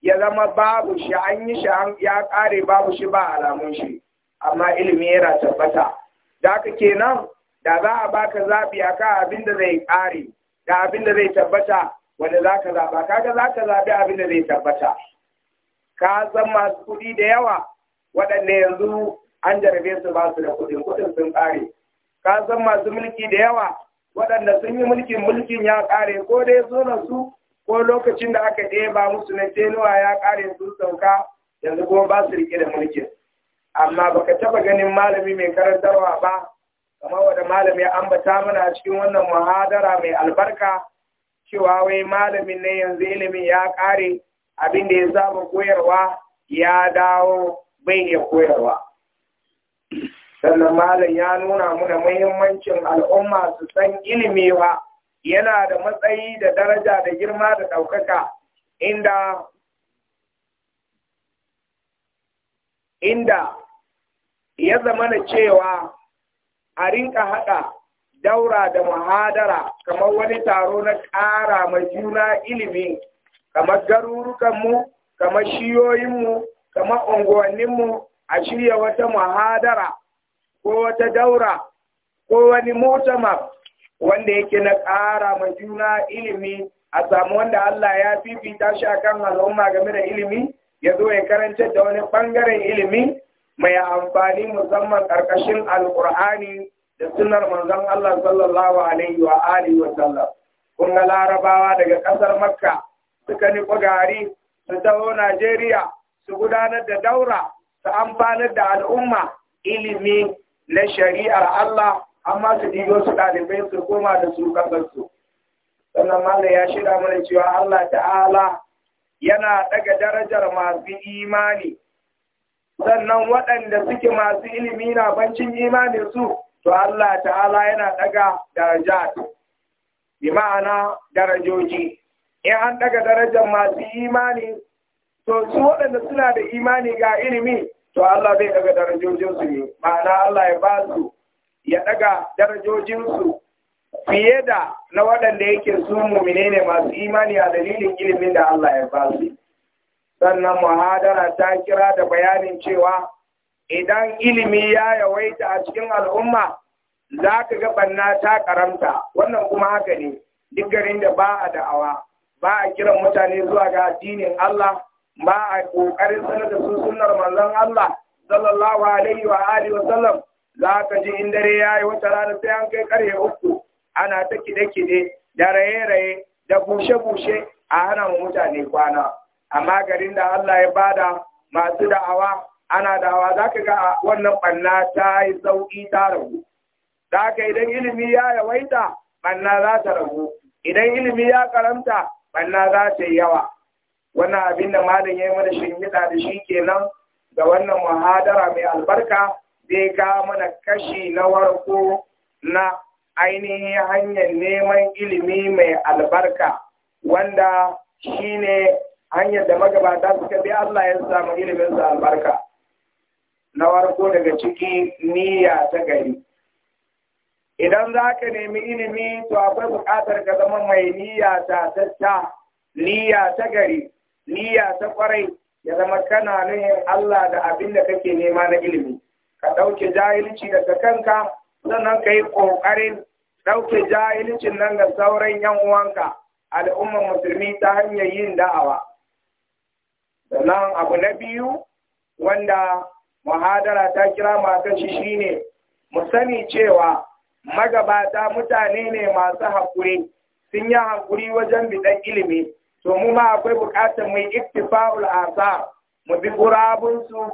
ya zama babu shi an yi shi ya kare babu shi ba alamun shi amma ilimi yana tabbata da haka kenan da za a baka zaɓi a ka abin da zai ƙare da abin da zai tabbata wanda za ka zaɓa kaga za ka zaɓi abin da zai tabbata ka san masu kuɗi da yawa waɗanda yanzu an jarabe su ba su da kuɗin kuɗin sun ƙare ka san masu mulki da yawa waɗanda sun yi mulkin mulkin ya ƙare ko dai zonan su ko lokacin da aka ɗeba musu na tenuwa ya ƙare sun sauka yanzu kuma ba su riƙe da mulkin amma baka taba ganin malami mai karantarwa ba kamar wanda malami ya ambata mana a cikin wannan muhadara mai albarka cewa wai malamin ne yanzu ilimin ya kare abin da ya saba koyarwa ya dawo bai iya koyarwa sannan malam ya nuna muna muhimmancin al'umma su san ilimi ba yana da matsayi da daraja da girma da ɗaukaka inda inda ya zamana cewa a rinka haɗa daura da muhadara kamar wani taro na ƙara ma juna ilimi kamar garurukanmu kamar shiyoyinmu kamar unguwanninmu a shirya wata muhadara ko wata daura ko wani motama wanda yake na ƙara ma juna ilimi a samu wanda Allah ya fifita shi a kan al'umma game da ilimi ya zo ya karanta da wani ɓangaren ilimi mai amfani musamman ƙarƙashin alƙur'ani da sunar manzon Allah sallallahu alaihi wa alihi wa sallam kun larabawa daga ƙasar makka suka nufi gari su taho najeriya su gudanar da daura su amfanar da al'umma ilimi na shari'ar Allah amma su ɗigo su ɗalibai su koma da su ƙasarsu sannan malam ya shirya mana cewa Allah ta'ala yana ɗaga darajar masu imani sannan waɗanda suke masu ilimi na bancin imanin su to Allah ta'ala yana daga darajat bi ma'ana darajoji in an daga darajar masu imani to su waɗanda suna da imani ga ilimi to Allah zai daga darajojinsu ne ma'ana Allah ya ba su ya daga darajojinsu fiye da na waɗanda yake su mumine ne masu imani a dalilin ilimin da Allah ya ba su sannan muhadara ta kira da bayanin cewa idan ilimi ya yawaita a cikin al'umma za ka ga banna ta karamta wannan kuma haka ne duk garin da ba a da'awa ba a kiran mutane zuwa ga addinin Allah ba a kokarin sanar da su sunnar manzon Allah sallallahu alaihi wa alihi wa sallam za ka ji in dare ya yi wata rana sai an kai karye uku ana ta kide-kide da raye-raye da bushe-bushe a hana mutane kwana. amma garin da Allah ya bada masu da'awa ana da'awa za ka ga wannan ɓanna ta yi sauƙi ta ragu za ka idan ilimi ya yawaita ɓanna za ta ragu idan ilimi ya karanta ɓanna za ta yawa wannan abin da malam ya yi mana shingida da shi kenan ga wannan muhadara mai albarka zai ga mana kashi na warko na ainihin hanyar neman ilimi mai albarka wanda shi ne. hanyar da magabata suka bi Allah ya samu ilimin sa albarka na warko daga ciki niyya ta gari idan za ka nemi ilimi to akwai buƙatar ka zama mai niyya ta tatta niyya ta gari niyya ta kwarai ya zama kana nuhin Allah da abin da kake nema na ilimi ka ɗauke jahilci daga kanka sannan ka yi ƙoƙarin ɗauke jahilcin nan ga sauran yan uwanka al'ummar musulmi ta hanyar yin da'awa sannan abu na biyu wanda muhadara ta kira masu shi shine mu sani cewa magabata mutane ne masu haƙuri sun yi haƙuri wajen bidan ilimi to mu ma akwai buƙatar mu yi iktifa'ul asa mu bi gurabunsu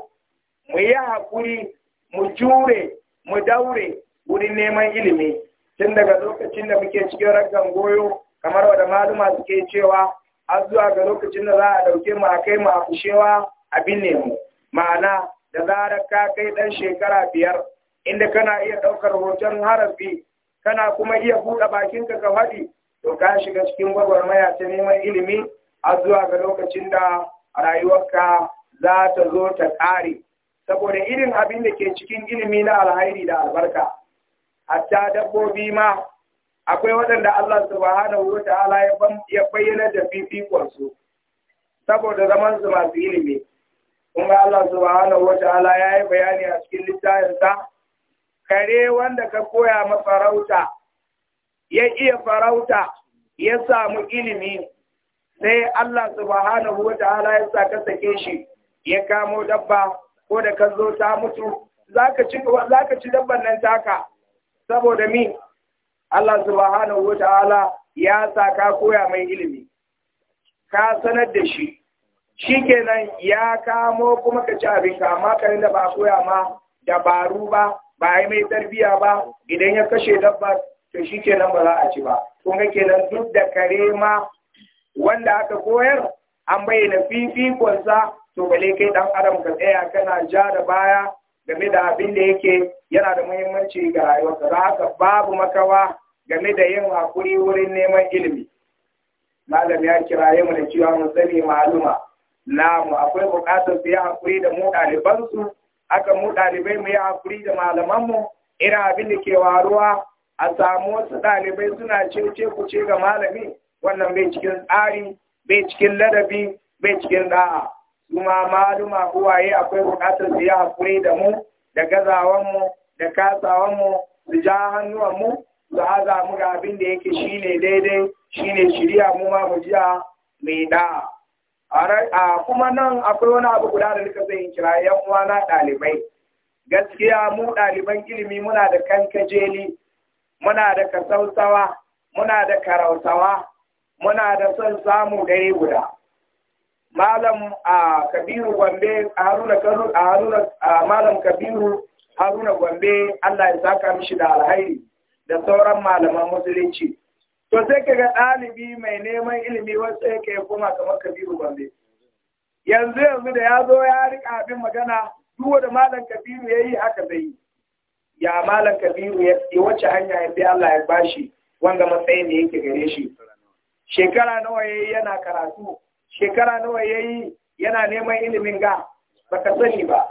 mu yi haƙuri mu jure mu daure wurin neman ilimi tun daga lokacin da muke cikin raggan goyo kamar wadda maluma suke cewa har zuwa ga lokacin da za a ɗauke mu a kai mu a fushewa a binne mu ma'ana da zarar ka kai ɗan shekara biyar inda kana iya ɗaukar hoton harafi kana kuma iya buɗe bakinka ka faɗi to ka shiga cikin gwagwarmaya ta neman ilimi har zuwa ga lokacin da rayuwarka za ta zo ta ƙare saboda irin abin da ke cikin ilimi na alhairi da albarka hatta dabbobi ma akwai waɗanda Allah subhanahu wa ta'ala ya bayyana da fifikonsu saboda zaman su masu ilimi kun ga Allah subhanahu wa ta'ala ya yi bayani a cikin littafinsa kare wanda ka koya ma farauta ya iya farauta ya samu ilimi sai Allah subhanahu wa ta'ala ya sa ka sake shi ya kamo dabba ko da ka zo ta mutu zaka ci dabban nan taka saboda mi Allah subhanahu wa ta'ala ya sa ka koya mai ilimi, ka sanar da shi, shi kenan ya kamo kuma ka ci abin kama-kare da ba koya ma dabaru ba, ba yi mai tarbiya ba, idan ya kashe dabbar, to shi kenan ba za a ci ba. Kuma kenan duk da kare ma wanda aka koyar, an bayyana fifikonsa, to bale kai ɗan adam ka tsaya kana ja da baya game da abin da yake yana da muhimmanci ga rayuwarka. Za haka babu makawa game da yin hakuri wurin neman ilimi malam ya kiraye mu da cewa mu sani maluma namu akwai buƙatar su yi hakuri da mu ɗalibansu aka mu ɗalibai mu yi hakuri da mu. ina abin da ke waruwa a samu wasu ɗalibai suna cece ku ce ga malami wannan bai cikin tsari bai cikin ladabi bai cikin da'a kuma maluma uwaye akwai buƙatar su yi hakuri da mu da gazawan gazawanmu da kasawan kasawanmu su ja hannuwanmu za a ga abin da yake shine daidai shine shirya mu ma mu jiya mai da a kuma nan akwai wani abu guda da nika zai kira yan uwa na ɗalibai gaskiya mu ɗaliban ilimi muna da kankajeli muna da kasautawa muna da karautawa muna da son samu gare guda malam a kabiru gombe a haruna a haruna malam kabiru haruna gombe Allah ya saka mishi da alhairi da sauran malaman musulunci to sai ka ga ɗalibi mai neman ilimi wasu ya ke koma kamar kabiru gombe yanzu yanzu da ya zo ya riƙa abin magana duk da malam kabiru ya yi haka zai yi. ya malam kabiru ya wace hanya ya bi Allah ya bashi wanda matsayin da yake gare shi shekara nawa ya yi yana karatu shekara nawa ya yi yana neman ilimin ga baka sani ba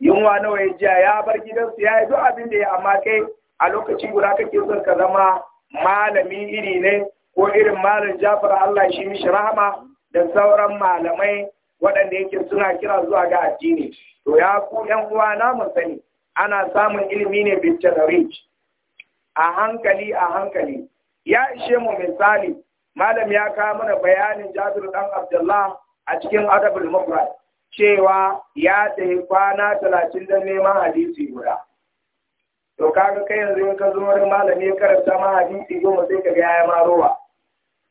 yunwa nawa ya jiya ya bar gidansu ya yi duk abin da ya amma kai a lokaci guda kake son ka zama malami iri ne ko irin malam Jafar Allah shi mishi rahama da sauran malamai waɗanda yake suna kira zuwa ga addini to ya ku yan uwa na mu sani ana samun ilimi ne bitarrich a hankali a hankali ya ishe mu misali malam ya kawo mana bayanin Jabir dan Abdullah a cikin Adabul Mufrad cewa ya tafi kwana talatin don neman hadisi guda. To kaga kai yanzu in ka zo wani malami ya karanta ma hadisi goma sai ka ga ya ma rowa.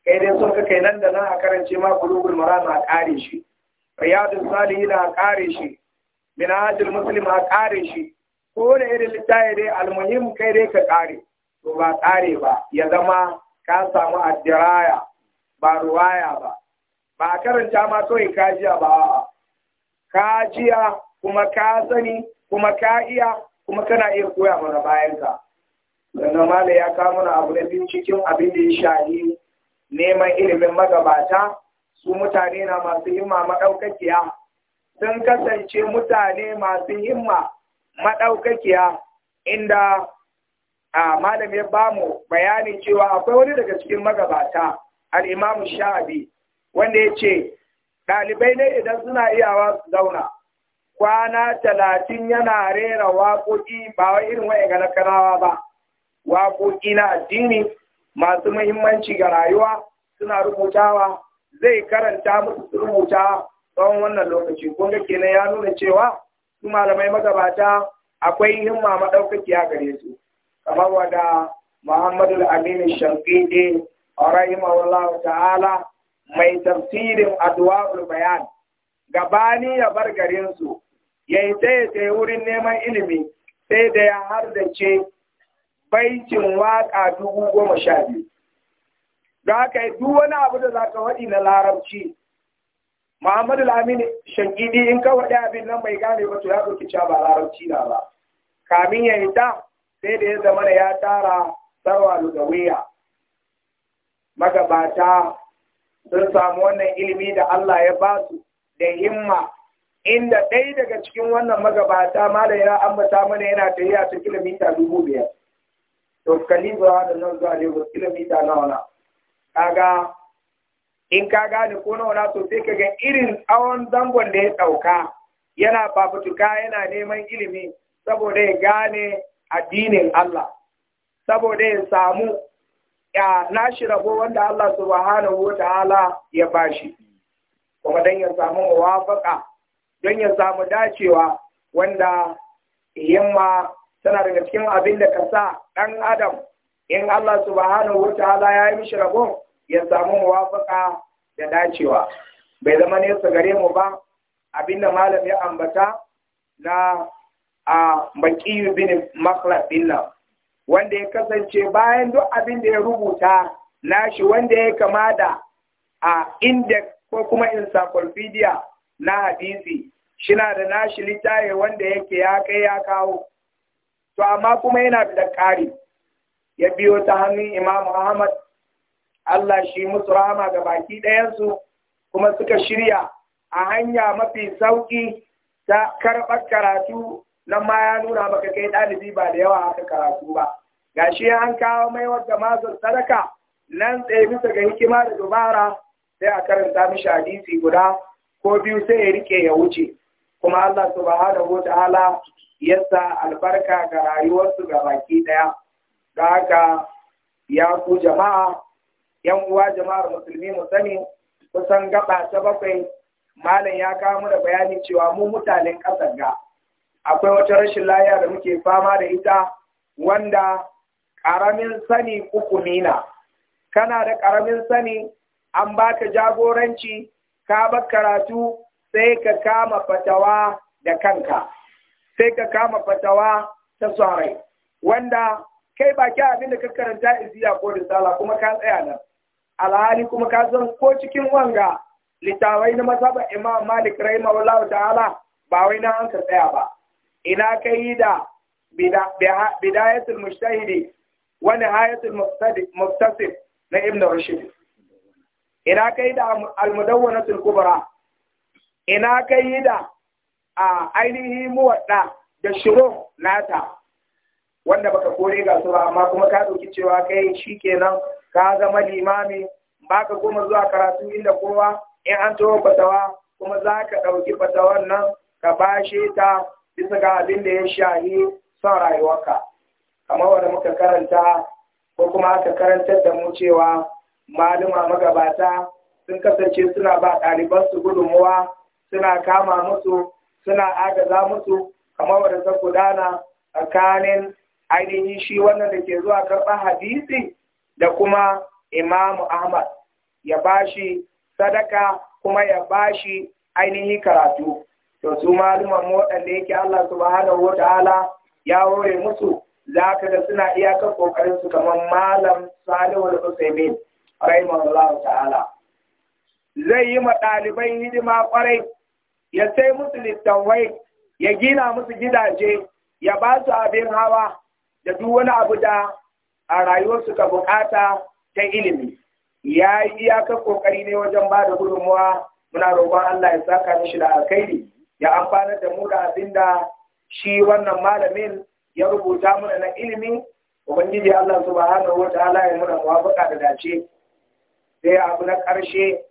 Kai dai sun ka kai nan da nan a karance ma bulugul mara a kare shi. Riyadus na a kare shi. Minhajul Muslim a kare shi. Ko da irin littafi dai almuhim kai dai ka kare. To ba kare ba ya zama ka samu addiraya ba ruwaya ba. Ba a karanta ma kawai kajiya ba a'a. ka jiya kuma ka sani kuma ka iya kuma kana iya koya mana bayanka wannan mala ya kawo mana abu na cikin abin da ya shahi neman ilimin magabata su mutane na masu himma maɗaukakiya sun kasance mutane masu himma maɗaukakiya inda a malam ya bamu bayanin cewa akwai wani daga cikin magabata al-imam sha'abi wanda ya ce ɗalibai ne idan suna iyawa su zauna kwana talatin yana rera waƙoƙi ba wa irin wa'in ga nakarawa ba waƙoƙi na addini masu muhimmanci ga rayuwa suna rubutawa zai karanta musu rubuta tsawon wannan lokaci kun ga kenan ya nuna cewa su malamai magabata akwai himma maɗaukaki a gare su kamar wada Muhammadu Aminu Shankidi rahimahullahu ta'ala mai tafsirin adwa'ul bayan gabani ya bar garin su yayi tsaye tsaye wurin neman ilimi sai da ya hardace baitin waka dubu goma sha biyu za ka yi duk wani abu da za ka waɗi na larabci Muhammadu Lamini Shangidi in ka waɗi abin nan bai gane ba to ya ɗauki cewa ba larabci na ba kamin ya yi ta sai da ya zama da ya tara sarwa lugawiya magabata sun samu wannan ilimi da Allah ya ba su da himma inda ɗaya daga cikin wannan magabata malam ya ambata mana yana tafiya ta kilomita dubu biyar to kalibra da nan zuwa lagos kilomita nawa na kaga in ka gane ko nawa na to sai ka ga irin tsawon zangon da ya ɗauka yana fafutuka yana neman ilimi saboda ya gane addinin Allah saboda ya samu nashi rabo wanda Allah subhanahu wa ta'ala ya bashi kuma dan ya samu muwafaka don ya samu dacewa wanda yamma tana daga cikin abin da ka sa ɗan adam in Allah subhanahu wa ta'ala ya yi mishi rabo ya samu muwafaka da dacewa bai zama ne su gare mu ba abin da malam ya ambata na a baki bin makhlad dinnan wanda ya kasance bayan duk abin da ya rubuta nashi wanda ya kama da a index ko kuma encyclopedia na hadisi na da nashi littaye wanda yake ya kai ya kawo to amma kuma yana da ƙari ya biyo ta hannun Imam Ahmad Allah shi musu rahama ga baki ɗayansu kuma suka shirya a hanya mafi sauƙi ta karɓar karatu nan ma ya nuna maka kai ɗalibi ba da yawa aka karatu ba gashi an kawo mai wata masu sadaka nan tsaye bisa ga hikima da dubara sai a karanta mishi hadisi guda ko biyu sai ya rike ya wuce kuma Allah su subhanahu wa hala. yasa albarka ga rayuwarsu ga baki daya ga haka ya ku jama'a yan uwa jama'ar musulmi mu sani kusan gaba ta bakwai malam ya kawo mu da bayani cewa mu mutanen ƙasar ga akwai wata rashin lahiya da muke fama da ita wanda ƙaramin sani uku kana da ƙaramin sani an baka jagoranci ka ba karatu sai ka kama fatawa da kanka sai ka kama fatawa ta sarai wanda kai ba ki abin da ka karanta iziya ko risala kuma ka tsaya nan alhali kuma ka san ko cikin wanga littawai na masaba imam malik rahimahullahu ta'ala ba wai nan an tsaya ba ina kai da bidayatul mujtahidi wa nihayatul muftasib na ibn rushd ina kai da al-mudawwanatul kubra ina kai da a ainihi muwadda da shiro nata wanda baka kore ga su amma kuma ka dauki cewa kai shikenan ka zama limami baka kuma zuwa karatu inda kowa in an tawo fatawa kuma za ka ɗauki fatawan nan ka bashe ta bisa ga abin da ya shahi son rayuwarka kamar wanda muka karanta ko kuma aka karantar da mu cewa malama magabata sun kasance suna ba ɗalibansu gudunmuwa suna kama musu suna agaza musu kamar wanda ta gudana tsakanin ainihin shi wannan da ke zuwa karɓa hadisi da kuma imamu ahmad ya bashi sadaka kuma ya bashi ainihin karatu to su maluman waɗanda yake Allah subhanahu wa ta'ala ya hore musu za ka da suna iyakar kokarin su kamar malam Salihu al-Usaimin rahimahullahu ta'ala zai yi ma ɗalibai hidima kwarai ya sai musu littawai ya gina musu gidaje ya ba su abin hawa da duk wani abu da a rayuwarsu ka buƙata ta ilimi ya yi iyakar ƙoƙari ne wajen ba da gudunmuwa muna roƙon Allah ya saka mishi da alkhairi ya amfana da mu da abin da shi wannan malamin ya rubuta mana na ilimi ubangiji Allah su subhanahu wataala ya muna muwafaqa da dace sai abu na ƙarshe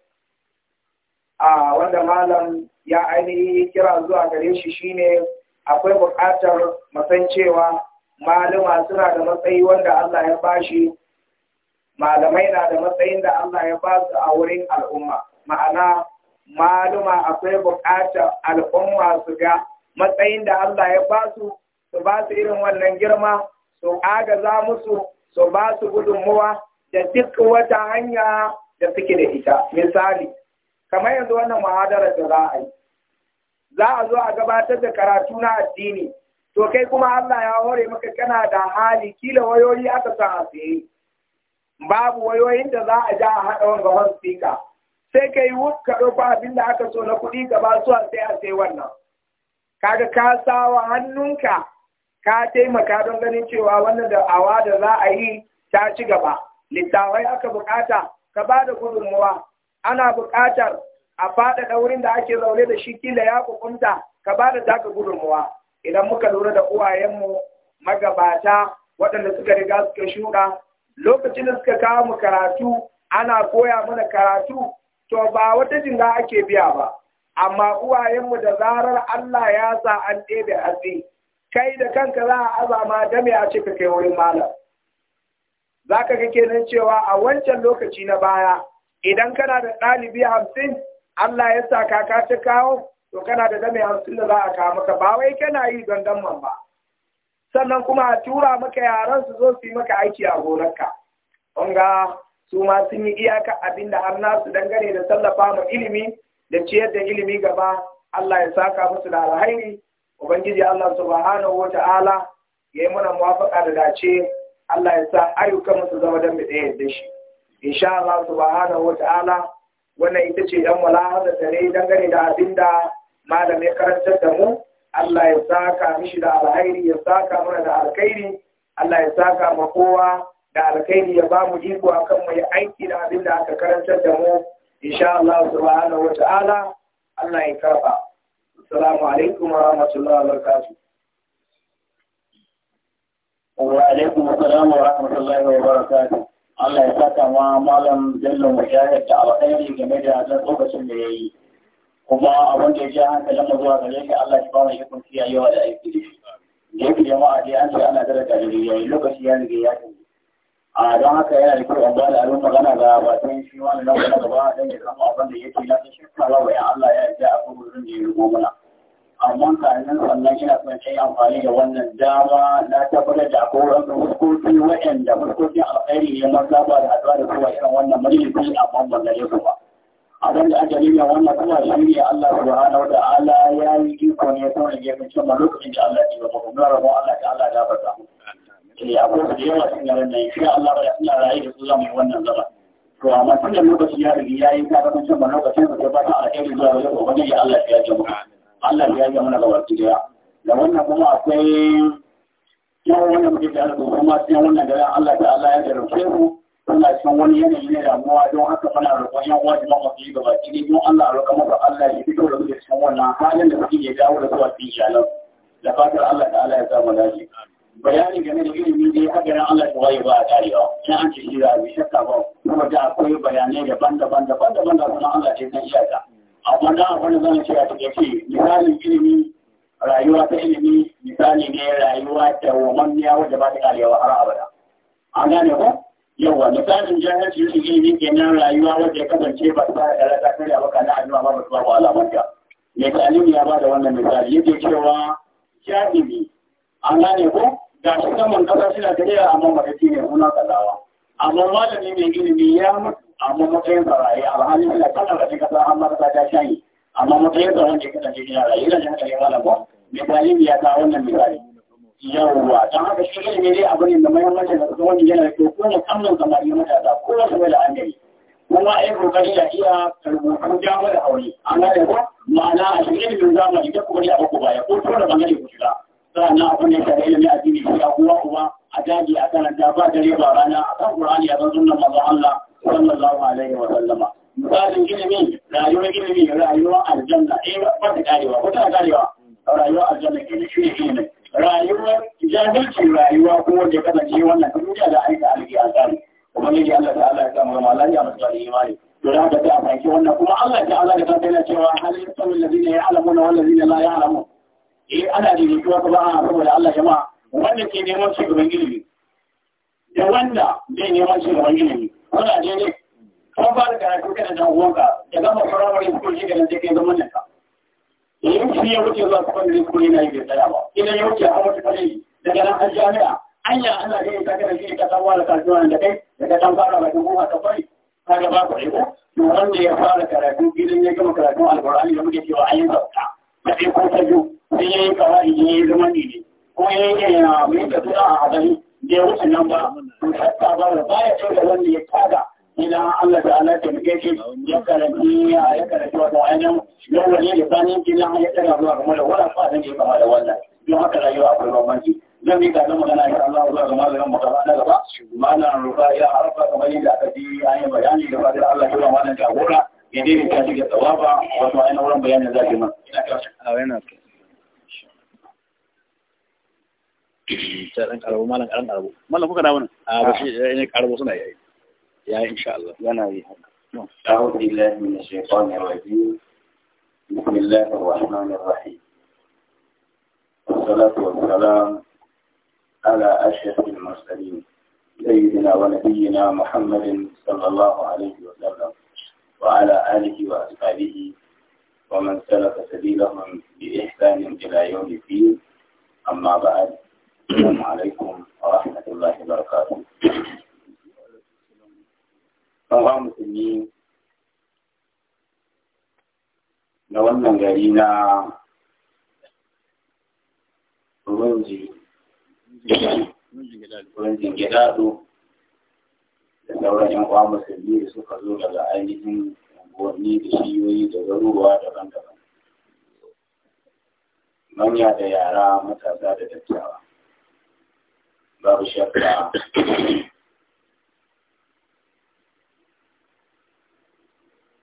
a wanda malam ya ainihi kira zuwa gare shi shine akwai buƙatar san cewa malama suna da matsayi wanda Allah ya bashi malamai na da matsayin da Allah ya ba su a wurin al'umma ma'ana maluma akwai buƙatar al'umma su ga matsayin da Allah ya ba su su ba su irin wannan girma su agaza musu su ba su gudunmuwa da duk wata hanya da suke da ita misali kamar yanzu wannan muhadarar da za a yi za a zo a gabatar da karatu na addini to kai kuma Allah ya hore maka kana da hali kila wayoyi aka san a babu wayoyin da za a ja a haɗa wanga speaker sai ka yi wuka ka ɗauko abin da aka so na kuɗi ka ba su sai a sai wannan kaga ka sawa hannunka ka taimaka don ganin cewa wannan da awa da za a yi ta ci gaba littawai aka bukata ka ba da gudunmuwa ana bukatar a faɗaɗa wurin da ake zaune da shi kila ya kukunta ka ba da taka gudunmuwa idan muka lura da uwayenmu magabata waɗanda suka riga suka shuɗa lokacin da suka kawo mu karatu ana koya mana karatu to ba wata jinga ake biya ba amma uwayenmu da zarar Allah ya sa an ɗebe hatsi kai da kanka za a azama dame a ce ka kai wurin malam za ka ga kenan cewa a wancan lokaci na baya idan kana da ɗalibi hamsin Allah ya sa ka ta kawo to kana da dame hamsin da za a kawo maka ba wai kana yi don damman ba sannan kuma a tura maka yaran su zo su yi maka aiki a gonarka. Kun su ma sun yi iyaka abinda da har nasu dangane da tallafa mu ilimi da ciyar da ilimi gaba Allah ya saka musu da alhairi ubangiji Allah subhanahu wata'ala ya yi mana muwafaka da dace Allah ya sa ayyukan musu zama dan bide yadda shi insha Allah subhanahu wata'ala wannan ita ce dan mulahaza da tare dangane da abinda da malamai karantar da mu Allah ya saka mishi da alhairi ya saka mana da alkhairi Allah ya saka ma kowa da alkhairi ya ba mu iko akan mu yi aiki da abin da aka karantar da mu insha Allah subhanahu wa ta'ala Allah ya karba assalamu alaikum wa rahmatullahi wa barakatuh wa alaikum assalam wa rahmatullahi wa barakatuh Allah ya saka ma malam Jallo Mujahid da alkhairi game da dan lokacin da yayi kuma abin da ya ji hankalin mu zuwa gare shi Allah ya ba mu ikon kiyayewa da aiki da shi. Da yake jama'a dai an ce ana daraja da yayi lokaci ya rige ya tafi. a don haka yana da kyau an bada abin magana ga batun shi wani nan wani gaba don ya samu abin da yake na shi kala wa Allah ya ja a kuma wurin da ya rubo mana amma kanin sannan ina son yi amfani da wannan dama na tabbatar da akwai wani fuskoki waɗanda fuskokin alkhairi ne maza ba da haɗuwa da kowa irin wannan majalisi amma ban gare su ba abin da aka nuna wannan kuma shi ne Allah subhanahu wa ta'ala ya yi iko ne kawai ya kace ma lokacin da Allah ya yi ba mu Allah ta Allah ya bata mu akwai su da yawa cikin garin nan insha Allah ba da Allah rayu da su za wannan zama to amma tun da lokaci ya riga yayi ka ga mutum ba lokacin da ba ta alheri zuwa wajen ubangiji Allah ya ji mu Allah ya ji mana gaba ki da da wannan kuma akwai yawan wannan muke da alƙur'ani kuma cikin wannan garin Allah ta Allah ya jarumce mu suna cikin wani yanayi ne damuwa don haka muna roƙon yan uwa jama'a masu yi gaba ɗaya don Allah roƙa masa Allah ya fito da muke cikin wannan halin da muke suke dawo da su a cikin iyalan da fatar Allah ta'ala ya samu dace. bayanin game da ilimi dai haka nan Allah ta waye ba a karewa na an ce shi da abin shakka ba kuma da akwai bayanai daban-daban daban-daban da kuma Allah ce san shakka amma na abin da zan ce a ce, misalin ilimi rayuwa ta ilimi misali ne rayuwa ta wamanniya wadda ba ta karewa har abada an gane ko yawa misalin jahilci yake ilimi kenan rayuwa wadda ya kasance ba ta da ta kare ba kana annuwa ba ba ta ba alamanta misalin ya ba da wannan misali yake cewa jahili an gane ko ga shi saman kasa suna tafiya amma matafi ne suna kazawa amma malami mai ilimi ya mutu amma raye, tsaraye alhalin Allah kana da shi kasa amma kasa ta shayi amma matsayin tsaron da shi ya rayu da shi kada ya wala ba misali ya ta wannan misali yawwa don haka shi ilimi dai abin da muhimmanci da kuma yana da kyau ko musamman kamar yi matasa ko wasu mai la'amari kuma ai kokari ya iya rubutun jawo da aure an gane ko ma'ana a shi zamani da kuma ya abu baya ko tura bangare ku shiga sa'annan abin da tare ilimin addini sai ya kuwa uwa a daji a karanta ba dare ba rana a kan Qur'ani a zan manzon Allah sallallahu alaihi wa sallama misalin ilimi rayuwar ilimi rayuwar aljanna eh ba ta karewa ko ta karewa rayuwar aljanna ke shi ilimi rayuwar jahilci rayuwa ko wanda kasance wannan duniya da aika alƙiyasa kuma ne Allah ta'ala ya kama ma lafiya musulmi imani ولهذا تعرف أن كنا كما الله تعالى قد قال هل يستوي الذين يعلمون والذين eh ana daidaituwa ka ba ana saboda Allah ma wanda ke neman shi shugaban ilimi da wanda zai neman shi shugaban ilimi wanda ne? kan ba da karatu kana da uwanka da gama firamare school shi ganin sai kai zaman nan ka in shi ya wuce zuwa secondary school yana yi bai tsaya ba idan ya wuce a wata kare daga nan har jami'a anya ana da ita kana shi ka tawa da kasuwa da kai daga tan fara bakin kuma ka fari ka ga ba ku ne ko wanda ya fara karatu gidan ya gama karatu alqur'ani da muke cewa ayyuka da ɗaya ko ta biyu sai ya yi kawai ya yi zama ne ne ko ya yi ya mai da a hadari da ya wuce nan ba to shakka ba da baya ce da wanda ya kaga ina Allah da Allah ta muke shi ya karanci ya ya karanci wata ainihin yawan ne da sanin kila ya tsara zuwa game da wala fa da ne kama da wannan don haka rayuwa akwai bambanci zan yi kazan magana ya Allah zuwa ga malamin magana na gaba malam rufa ya harafa kamar yadda aka ji an yi bayani da fadar Allah ya wannan jagora idan ka shiga tsawaba wato ainihin wurin bayanin zaki ma ina kashi a yana ke ɗan karbo malam ƙaran karbo malam kuka dawo nan a ba shi ne karbo suna yayi yayi insha Allah yana yi haka أعوذ بالله من الشيطان الرجيم بسم الله الرحمن الرحيم والصلاة والسلام على أشرف المرسلين سيدنا ونبينا محمد صلى الله عليه وسلم وعلى آله وأصحابه ومن سلك سبيلهم بإحسان إلى يوم الدين أما بعد السلام عليكم ورحمة الله وبركاته Sauran musulmi na wannan gari na Runji, Runjin da sauran yan uwa musulmi da suka zo daga ainihin unguwanni da shiyoyi da garuruwa daban-daban manya da yara matasa da dattawa babu shakka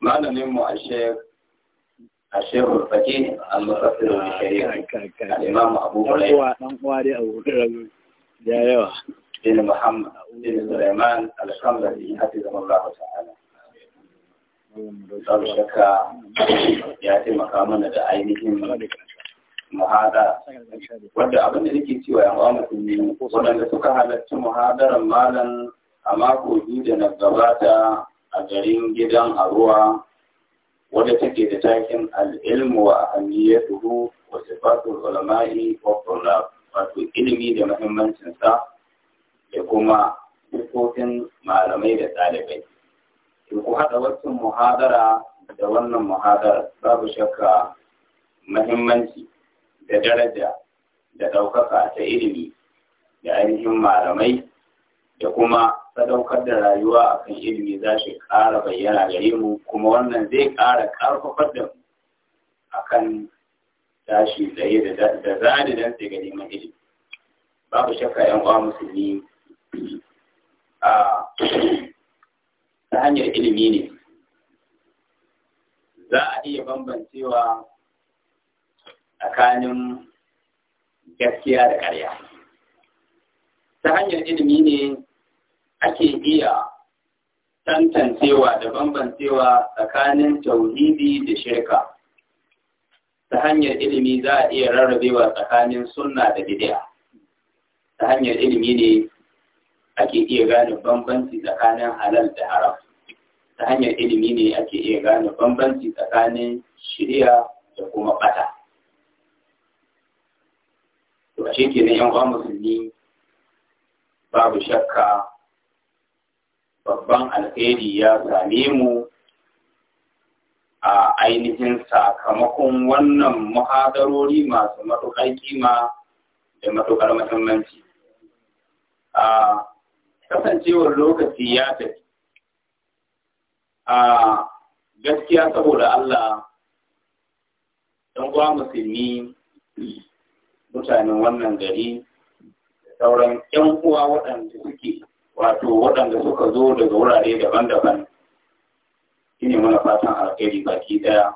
malamin mu a shek a shehu fake al-mufassir al-shari'a al-imam abu hurairah dan uwa dai abu ya yawa بن محمد بن سليمان الحمدلي حفظه الله تعالى babu shakka ya taimaka mana da ainihin muhada wadda abin da nake cewa yan uwa musulmi waɗanda suka halarci muhadaran malam a mako biyu da na gabata a garin gidan aruwa wadda take da takin al'ilmu wa ahamiyatuhu wa sifatul ulama'i wa wato ilimi da muhimmancinsa da kuma sifofin malamai da ɗalibai. In ku haɗa wasu muhadara da wannan muhadara babu shakka mahimmanci da daraja da ɗaukaka ta ilimi da ainihin malamai da kuma sadaukar da rayuwa akan ilimi za shi ƙara bayyana gare mu kuma wannan zai ƙara ƙarfafar da mu akan tashi tsaye da zani don sai ga neman babu shakka yan uwa musulmi ta hanyar ilimi ne za a iya bambancewa tsakanin gaskiya da ƙarya ta hanyar ilimi ne ake iya tantancewa da bambancewa tsakanin tauhidi da shirka ta hanyar ilimi za a iya rarrabewa tsakanin sunna da bidiya ta hanyar ilimi ne ake iya gane bambanci tsakanin halal da haram ta hanyar ilimi ne ake iya gane bambanci tsakanin shirya da kuma bata to ashe kenan yan musulmi babu shakka babban alheri ya same mu a ainihin sakamakon wannan muhadarori masu matuƙar kima da matuƙar muhimmanci. Ah, kasancewar lokaci ya tafi a gaskiya saboda Allah don kuwa musulmi mutanen wannan gari sauran yan uwa waɗanda suke wato waɗanda suka zo daga wurare daban-daban ne mana fatan alkhairi baki ɗaya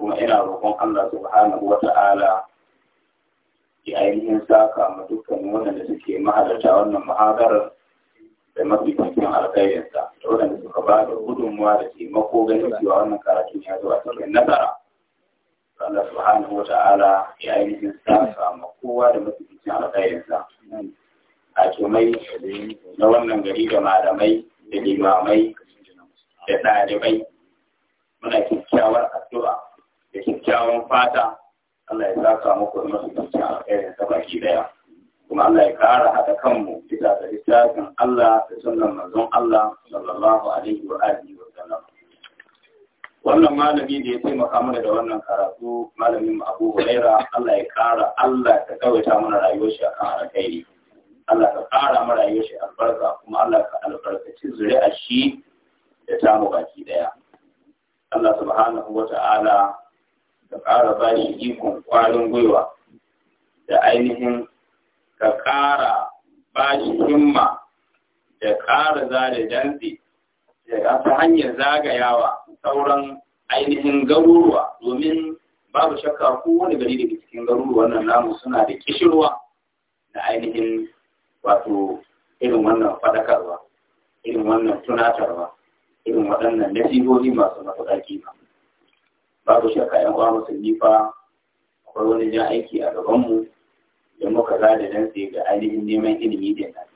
kuma ina roƙon Allah subhanahu ta'ala. ya ainihin saka ma dukkanin waɗanda suke mahalarta wannan muhadarar da mafi cikin alkhairinsa da waɗanda suka ba da gudunmuwa da taimako ganin cewa wannan karatun ya zo a cikin nasara. Allah subhanahu wa ta'ala ya ainihin saka ma kowa da mafi cikin alkhairinsa. A tumai na wannan gari da malamai da limamai da ɗalibai muna kyakkyawar addu'a da kyakkyawan fata Allah ya saka muku da masu cikin alkhairin ta baki daya kuma Allah ya kara haɗa kanmu bisa da littafin Allah da sunan manzon Allah sallallahu alaihi wa alihi wa sallam wannan malami da ya taimaka mana da wannan karatu malamin mu Abu Huraira Allah ya kara Allah ta kawaita mana rayuwar shi akan alkhairi Allah ka kara mana rayuwar shi albarka kuma Allah ka albarkaci zuri'a shi da tamu baki daya Allah subhanahu wa ta'ala ka ƙara ba shi ikon ƙwarin gwiwa da ainihin ka ƙara ba shi himma da ƙara zare dantse da ta hanyar zagayawa sauran ainihin garuruwa domin babu shakka ko wani gari daga cikin garuruwa nan namu suna da kishirwa na ainihin wato irin wannan faɗakarwa irin wannan tunatarwa irin waɗannan nasihohi masu ɗaki kima babu shakka yan uwa musulmi fa akwai wani jan aiki a gabanmu da muka za da nan sai ga ainihin neman ilimi da nan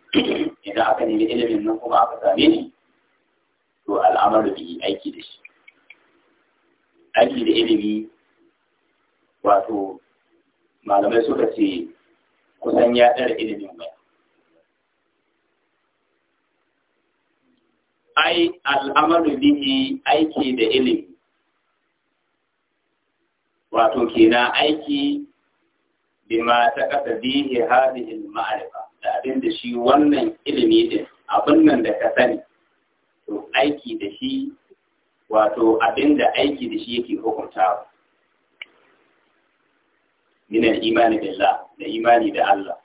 idan aka nemi ilimin nan kuma aka same ni, to al'amarin bi aiki da shi aiki da ilimi wato malamai suka ce kusan ya ɗara ilimin mai ai al'amarin bihi aiki da ilimi wato kenan aiki ma ta kasa bihi hadhihi al-ma'rifa da abin da shi wannan ilimi din abin nan da ka sani to aiki da shi wato abin da aiki da shi yake hukunta min al-imani billah da imani da Allah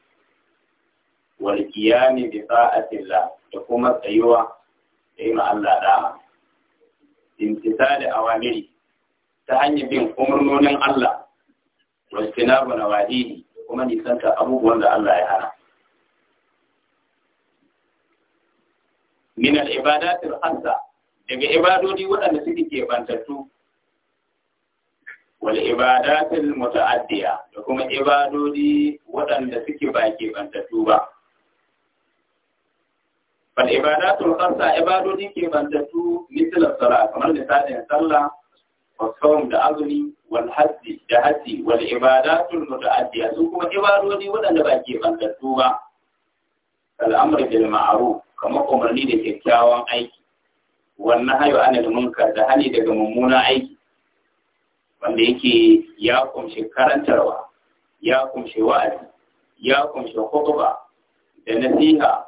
wal qiyam bi ta'atillah da kuma tsayuwa da yi Allah da'a intisali awamiri ta hanyar bin umarnonin Allah wasfina ba na wahihi kuma nisanta abubuwan da Allah ya hana. ibada al'ibadatir hasa daga ibadodi waɗanda suke ke bantattu, wal ibadatil muta'addiya da kuma ibadodi waɗanda suke ba ke bantattu ba. Fal ibadatul hasa ibadodi ke bantattu misalar sala kamar misalin sallah والصوم لأظمي والحج لحجي والعبادات المتعدية سوكما عبادوني ودن باكي من تتوبة الأمر بالمعروف كما أمرني لكتاوان أيكي والنهي عن المنكر ده هني ممونا mummuna aiki wanda yake ya kumshi karantarwa ya kumshi wa'azi ya kumshi khutba da nasiha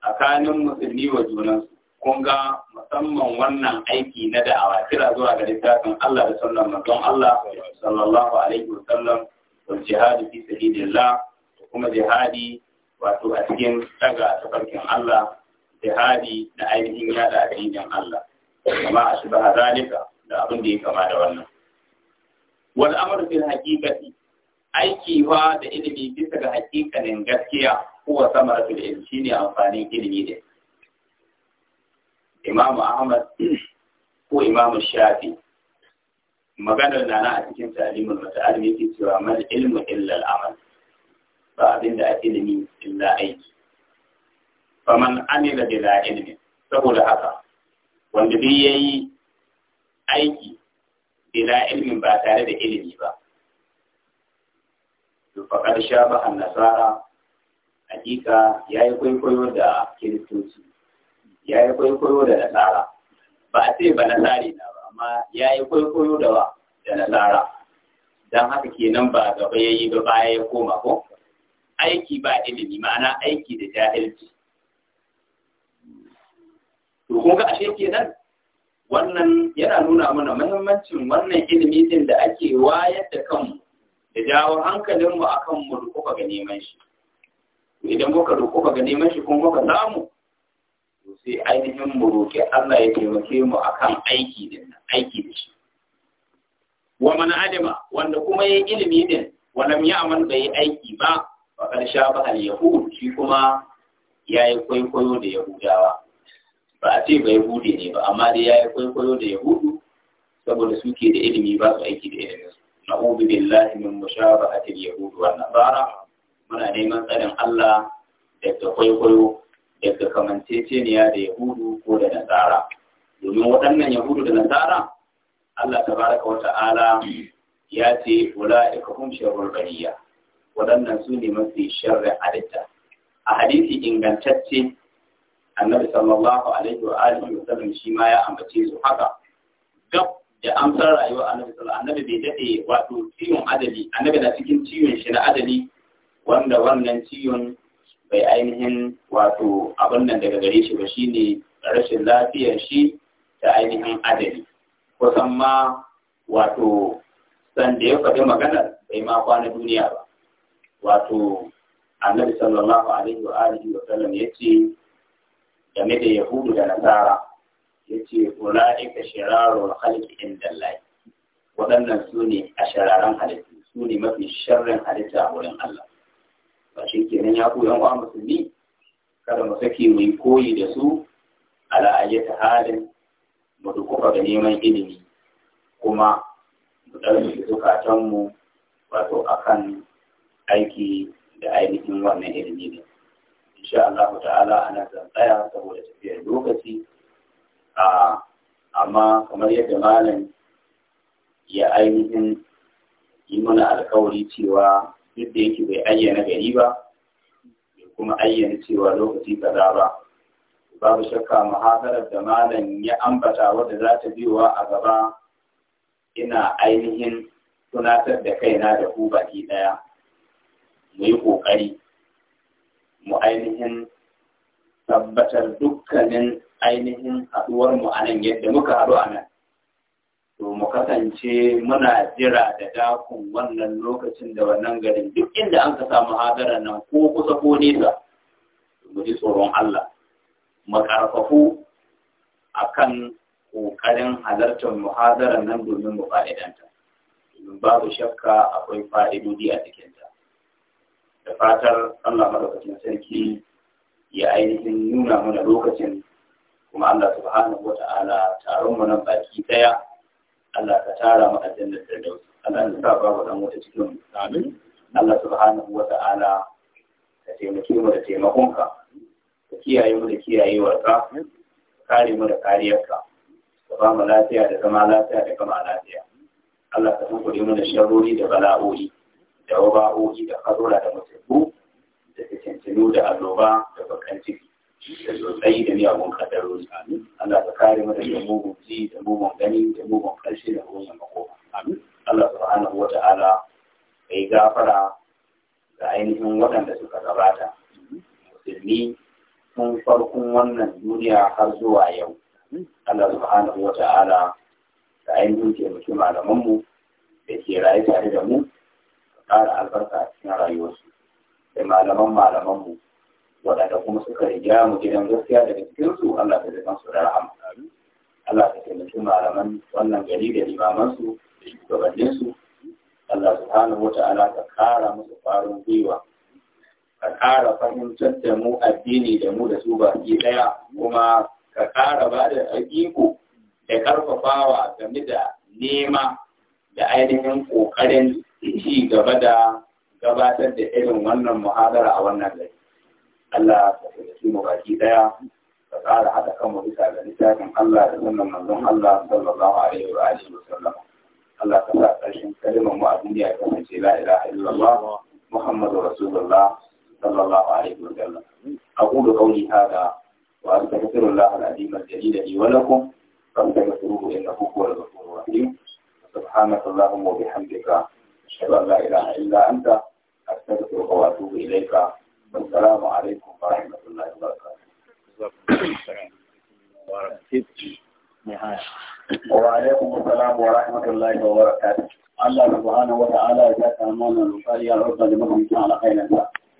tsakanin musulmi wa junansu kun ga musamman wannan aiki na da'awa kira zuwa ga littafin Allah da sallan manzon Allah sallallahu alaihi wa sallam, wal jihadi fi sabilillah kuma jihadi wato a cikin daga tafarkin Allah jihadi da ainihin yada addinin Allah kama a shiba zalika da abin da ya kama da wannan wal amru fil haqiqati aiki fa da ilimi bisa ga haƙiƙanin gaskiya ko samaratul ilmi shine amfanin ilimi ne imam ahmad ko imam shafi maganar na na a cikin talimin mata'alim yake cewa mal ilmu illa al'amal ba abin da ilimi illa aiki man amila la ilmi saboda haka wanda duk yayi aiki bila ilmi ba tare da ilimi ba to shaba an nasara hakika yayi kwaikwayo da kiristoci ya yi kwaikwayo da nasara ba a ce ba nasari na ba amma ya yi kwaikwayo da wa da nasara don haka kenan ba gaba ya yi ba baya ya koma ko aiki ba ilimi ma'ana aiki da jahilci to kun ga ashe kenan wannan yana nuna mana muhimmancin wannan ilimi din da ake wayar da kanmu da jawo hankalinmu akan mu dukuka ga neman shi idan muka dukuka ga neman shi kuma muka samu to sai ainihin mu roƙi Allah ya taimake mu akan aiki din aiki da shi wa man adama wanda kuma yayi ilimi din walam ya'mal bai aiki ba fa kan shaba al yahud shi kuma yayi kwaikwayo da yahudawa ba a ce ba yahudi ne ba amma dai yayi kwaikwayo da yahudu saboda suke da ilimi ba su aiki da ilimi su na'udhu billahi min mushabahati al yahud wa nasara muna neman tsarin Allah daga kwaikwayo ne ya da yahudu ko da nasara domin waɗannan yahudu da nasara Allah Ta baraka wa ta'ala ya ce ula'ika kafin sharrul bariya waɗannan su ne mafi shirin halitta a hadisi ingantacce annabi sallallahu alaihi wa alihi wa sallam shi ma ya ambace su haka gab da amsar rayuwa annabi sallallahu annabi bai daɗe wato ciwon adali annabi na cikin ciwon shi na adali wanda wannan ciwon bai ainihin wato abin nan daga gare shi ba shine rashin lafiyar shi da ainihin adali kusan ma wato san da ya faɗi maganar bai ma kwana duniya ba wato annabi sallallahu alaihi wa alihi wa sallam ya ce game da yahudu da nasara yace ulaika shirarul khalqi indallahi waɗannan su ne a shararan halittu su ne mafi sharrin halitta a wurin Allah ba shi kenan ya ku yan musulmi kada mu sake mu yi koyi da su ala ayyata halin mu dukufa da neman ilimi kuma mu ɗauki mu wato akan aiki da ainihin wannan ilimi ne insha Allah ta'ala ana zan tsaya saboda tafiyar lokaci a amma kamar yadda malam ya ainihin yi mana alkawari cewa Yadda yake bai ayyana gari ba bai kuma ayyana cewa lokaci kaza ba babu shakka muhasarar da malam ya ambata wadda za ta biyowa a gaba ina ainihin tunatar da kaina da ku baki ɗaya. mu yi ƙoƙari mu ainihin tabbatar dukkanin ainihin haɗuwar mu a nan yadda muka haɗu a nan to mu kasance muna jira da dakun wannan lokacin da wannan garin duk inda an ka samu hadarar nan ko kusa ko nesa mu ji tsoron Allah mu karfafu akan kokarin halartar muhadarar nan domin mu fa'idanta domin babu shakka akwai fa'idodi a cikinta da fatar Allah madaukakin sarki ya ainihin nuna mana lokacin kuma Allah subhanahu wa ta'ala taron mu nan baki daya Allah ta tara mu da Firdaus Allah ka sa babu dan wata cikin amin Allah subhanahu wa ta'ala ka taimake mu da taimakonka ka kiyaye mu da kiyayewarka ka kare mu da kariyarka ta ba mu lafiya da zama lafiya da kama lafiya Allah ka tunkure mu da sharori da bala'o'i da waba'o'i da karura da mutubu da fitintinu da alloba da bakan ciki da sosai da miyagun kadarun Allah ta kare mu daga mugun ji da mugun gani da mugun karshe da mugun mako Allah subhanahu gafara ga ainihin waɗanda suka gabata musulmi sun farkon wannan duniya har zuwa yau Allah subhanahu ta'ala. da ainihin taimaki malamanmu da ke raye tare da mu ƙara albarka cikin rayuwarsu da malaman malamanmu waɗanda kuma suka riga mu gidan gaskiya daga cikinsu Allah ta zama su rahama Allah ta taimaki malaman wannan gari da limamansu da shugabanninsu Allah hana wata ala ka ƙara musu farin gwiwa ka ƙara fahimtar da mu addini da mu da su baki ɗaya kuma ka ƙara ba da aiko da ƙarfafawa game da nema da ainihin ƙoƙarin ci gaba da gabatar da irin wannan muhadara a wannan gari. Allah ka taimaki mu baki daya ka ƙara haɗa kanmu bisa ga littafin Allah da sunan manzon Allah sallallahu alaihi wa alihi wa sallam Allah ka sa ƙarshen kalimar mu a duniya ya kasance la ilaha illallah Muhammadu rasulullah sallallahu alaihi wa sallam أقول قولي هذا سبحانك اللهم وبحمدك أشهد أن لا إله إلا أنت أستغفرك وأتوب إليك السلام عليكم ورحمة الله وبركاته وعليكم السلام ورحمة الله وبركاته الله سبحانه وتعالى جاءت أمانا وقال يا رب لمن على خير